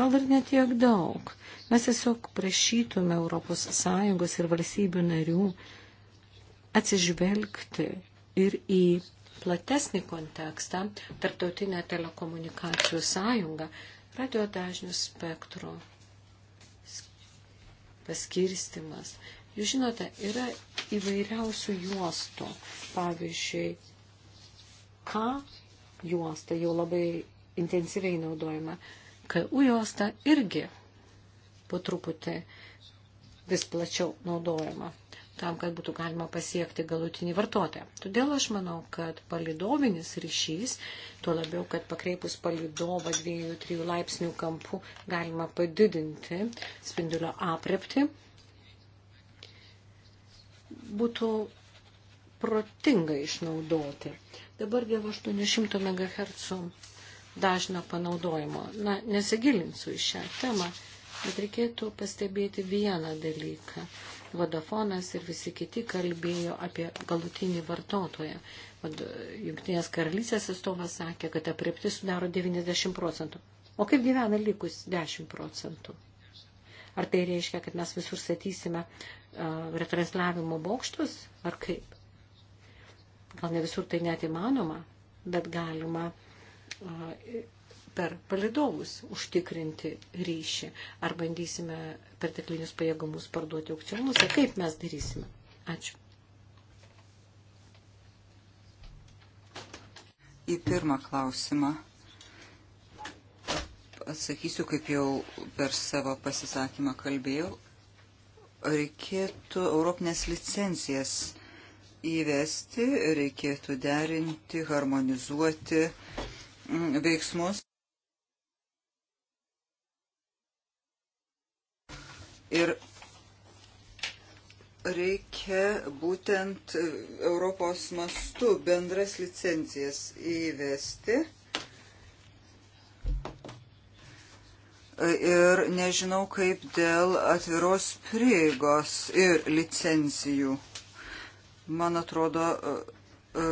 Gal ir netiek daug. Mes tiesiog prašytume Europos Sąjungos ir valstybių narių atsižvelgti ir į platesnį kontekstą, tarptautinę telekomunikacijų sąjungą, radio dažnių spektro paskirstimas. Jūs žinote, yra įvairiausių juostų. Pavyzdžiui, K juosta jau labai intensyviai naudojama. KU juosta irgi po truputį vis plačiau naudojama tam, kad būtų galima pasiekti galutinį vartotoją. Todėl aš manau, kad palidovinis ryšys, tuo labiau, kad pakreipus palidovą 2-3 laipsnių kampų galima padidinti spindulio aprepti, būtų protinga išnaudoti. Dabar dėl 800 MHz dažnio panaudojimo. Na, nesigilinsiu į šią temą, bet reikėtų pastebėti vieną dalyką. Vodafonas ir visi kiti kalbėjo apie galutinį vartotoją. Junktinės karalystės atstovas sakė, kad apripti sudaro 90 procentų. O kaip gyvena likus 10 procentų? Ar tai reiškia, kad mes visur statysime uh, retransliavimo bokštus, ar kaip? Gal ne visur tai net įmanoma, bet galima uh, per palidovus užtikrinti ryšį, ar bandysime perteklinius pajėgumus parduoti aukcionuose, kaip mes darysime. Ačiū. Į pirmą klausimą atsakysiu, kaip jau per savo pasisakymą kalbėjau. Reikėtų Europinės licencijas įvesti, reikėtų derinti, harmonizuoti mm, veiksmus. Ir reikia būtent Europos mastu bendras licencijas įvesti. Ir nežinau, kaip dėl atviros prieigos ir licencijų. Man atrodo, e, e,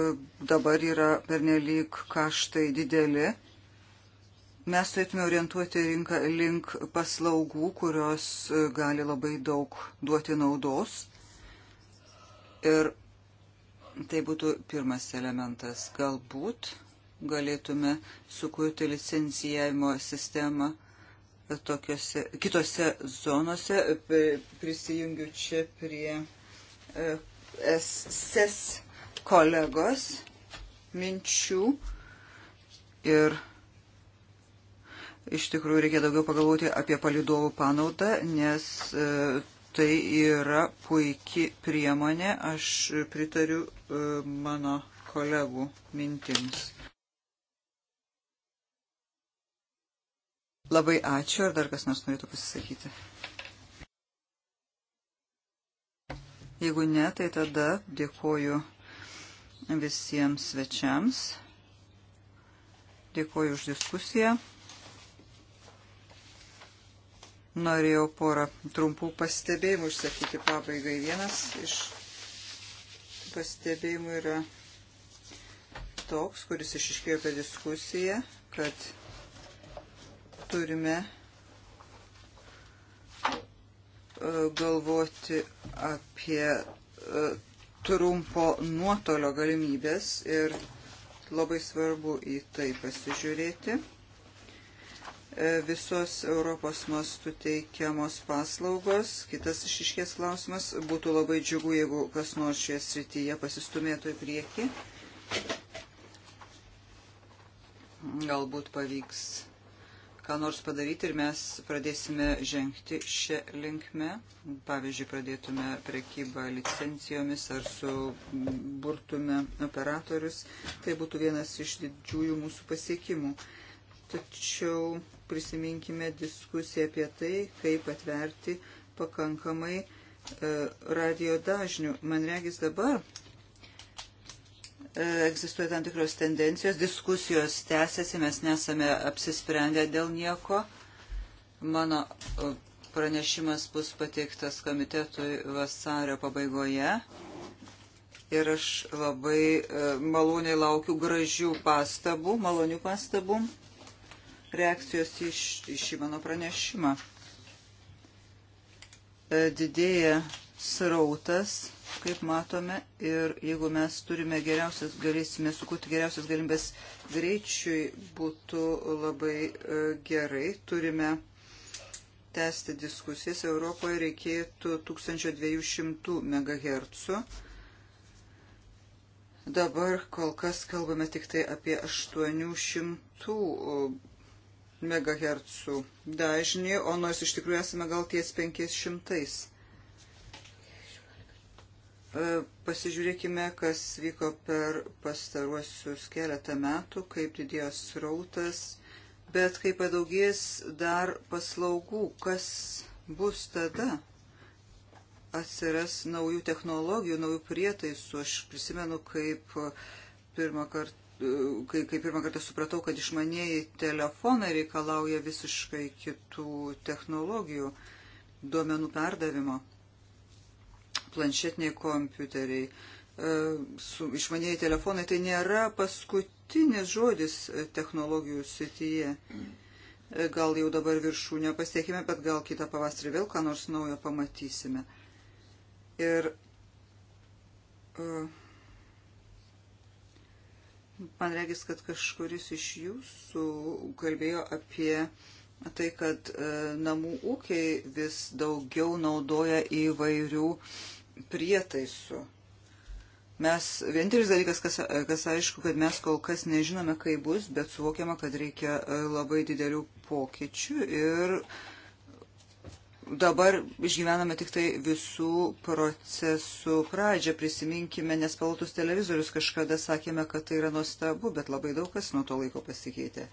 dabar yra pernelyg kaštai dideli Mes turėtume orientuoti rinką link paslaugų, kurios e, gali labai daug duoti naudos. Ir tai būtų pirmas elementas. Galbūt galėtume sukurti licencijavimo sistemą tokiose, kitose zonose. Prisijungiu čia prie SS e, kolegos minčių ir Iš tikrųjų, reikia daugiau pagalvoti apie palidovų panaudą, nes e, tai yra puikia priemonė. Aš pritariu e, mano kolegų mintims. Labai ačiū. Ar dar kas nors norėtų pasisakyti? Jeigu ne, tai tada dėkoju visiems svečiams. Dėkoju už diskusiją. Norėjau porą trumpų pastebėjimų išsakyti pabaigai. Vienas iš pastebėjimų yra toks, kuris išiškėjo per diskusiją, kad turime e, galvoti apie e, trumpo nuotolio galimybės ir labai svarbu į tai pasižiūrėti. E, visos Europos mastų teikiamos paslaugos. Kitas išiškės klausimas būtų labai džiugu, jeigu kas nors šioje srityje pasistumėtų į priekį. Galbūt pavyks ką nors padaryti ir mes pradėsime žengti šią linkmę. Pavyzdžiui, pradėtume prekybą licencijomis ar suburtume operatorius. Tai būtų vienas iš didžiųjų mūsų pasiekimų tačiau prisiminkime diskusiją apie tai, kaip atverti pakankamai e, radio dažnių. Man regis dabar e, egzistuoja tam tikros tendencijos, diskusijos tęsiasi, mes nesame apsisprendę dėl nieko. Mano e, pranešimas bus pateiktas komitetui vasario pabaigoje. Ir aš labai e, maloniai laukiu gražių pastabų, malonių pastabų reakcijos iš, iš šį mano pranešimą. E, didėja srautas, kaip matome, ir jeigu mes turime geriausias, galėsime sukurti geriausias galimybės greičiui, būtų labai e, gerai. Turime tęsti diskusijas. Europoje reikėtų 1200 MHz. Dabar kol kas kalbame tik tai apie 800 MHz dažnį, o nors iš tikrųjų esame gal ties 500. E, pasižiūrėkime, kas vyko per pastaruosius keletą metų, kaip didėjo srautas, bet kai padaugės dar paslaugų, kas bus tada? Atsiras naujų technologijų, naujų prietaisų. Aš prisimenu, kaip pirmą kartą kai, kai pirmą kartą supratau, kad išmanieji telefonai reikalauja visiškai kitų technologijų, duomenų perdavimo, planšetiniai kompiuteriai, e, su išmanieji telefonai, tai nėra paskutinis žodis technologijų sityje. E, gal jau dabar viršūnę pasiekime, bet gal kitą pavasarį vėl ką nors naujo pamatysime. Ir uh, Man regis, kad kažkuris iš jūsų kalbėjo apie tai, kad e, namų ūkiai vis daugiau naudoja įvairių prietaisų. Mes, vienintelis dalykas, kas, e, kas aišku, kad mes kol kas nežinome, kaip bus, bet suvokiama, kad reikia e, labai didelių pokyčių ir uh, dabar išgyvename tik tai visų procesų pradžią. Prisiminkime nespalvotus televizorius. Kažkada sakėme, kad tai yra nuostabu, bet labai daug kas nuo to laiko pasikeitė.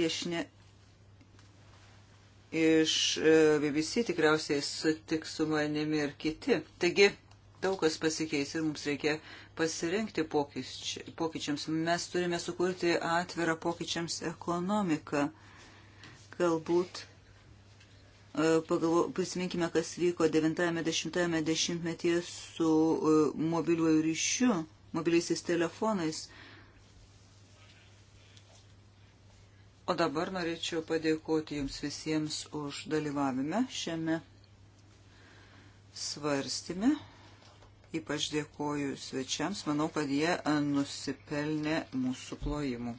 Viešinė iš e, BBC tikriausiai sutiks su manimi ir kiti. Taigi, daug kas pasikeis ir mums reikia pasirinkti pokyčiams. Mes turime sukurti atvirą pokyčiams ekonomiką. Galbūt e, pagalvo, prisiminkime, kas vyko 90-10 dešimtmetyje su e, mobiliuoju ryšiu, mobiliaisiais telefonais. O dabar norėčiau padėkoti Jums visiems už dalyvavimą šiame svarstymė. Ypač dėkoju svečiams, manau, kad jie nusipelnė mūsų plojimų.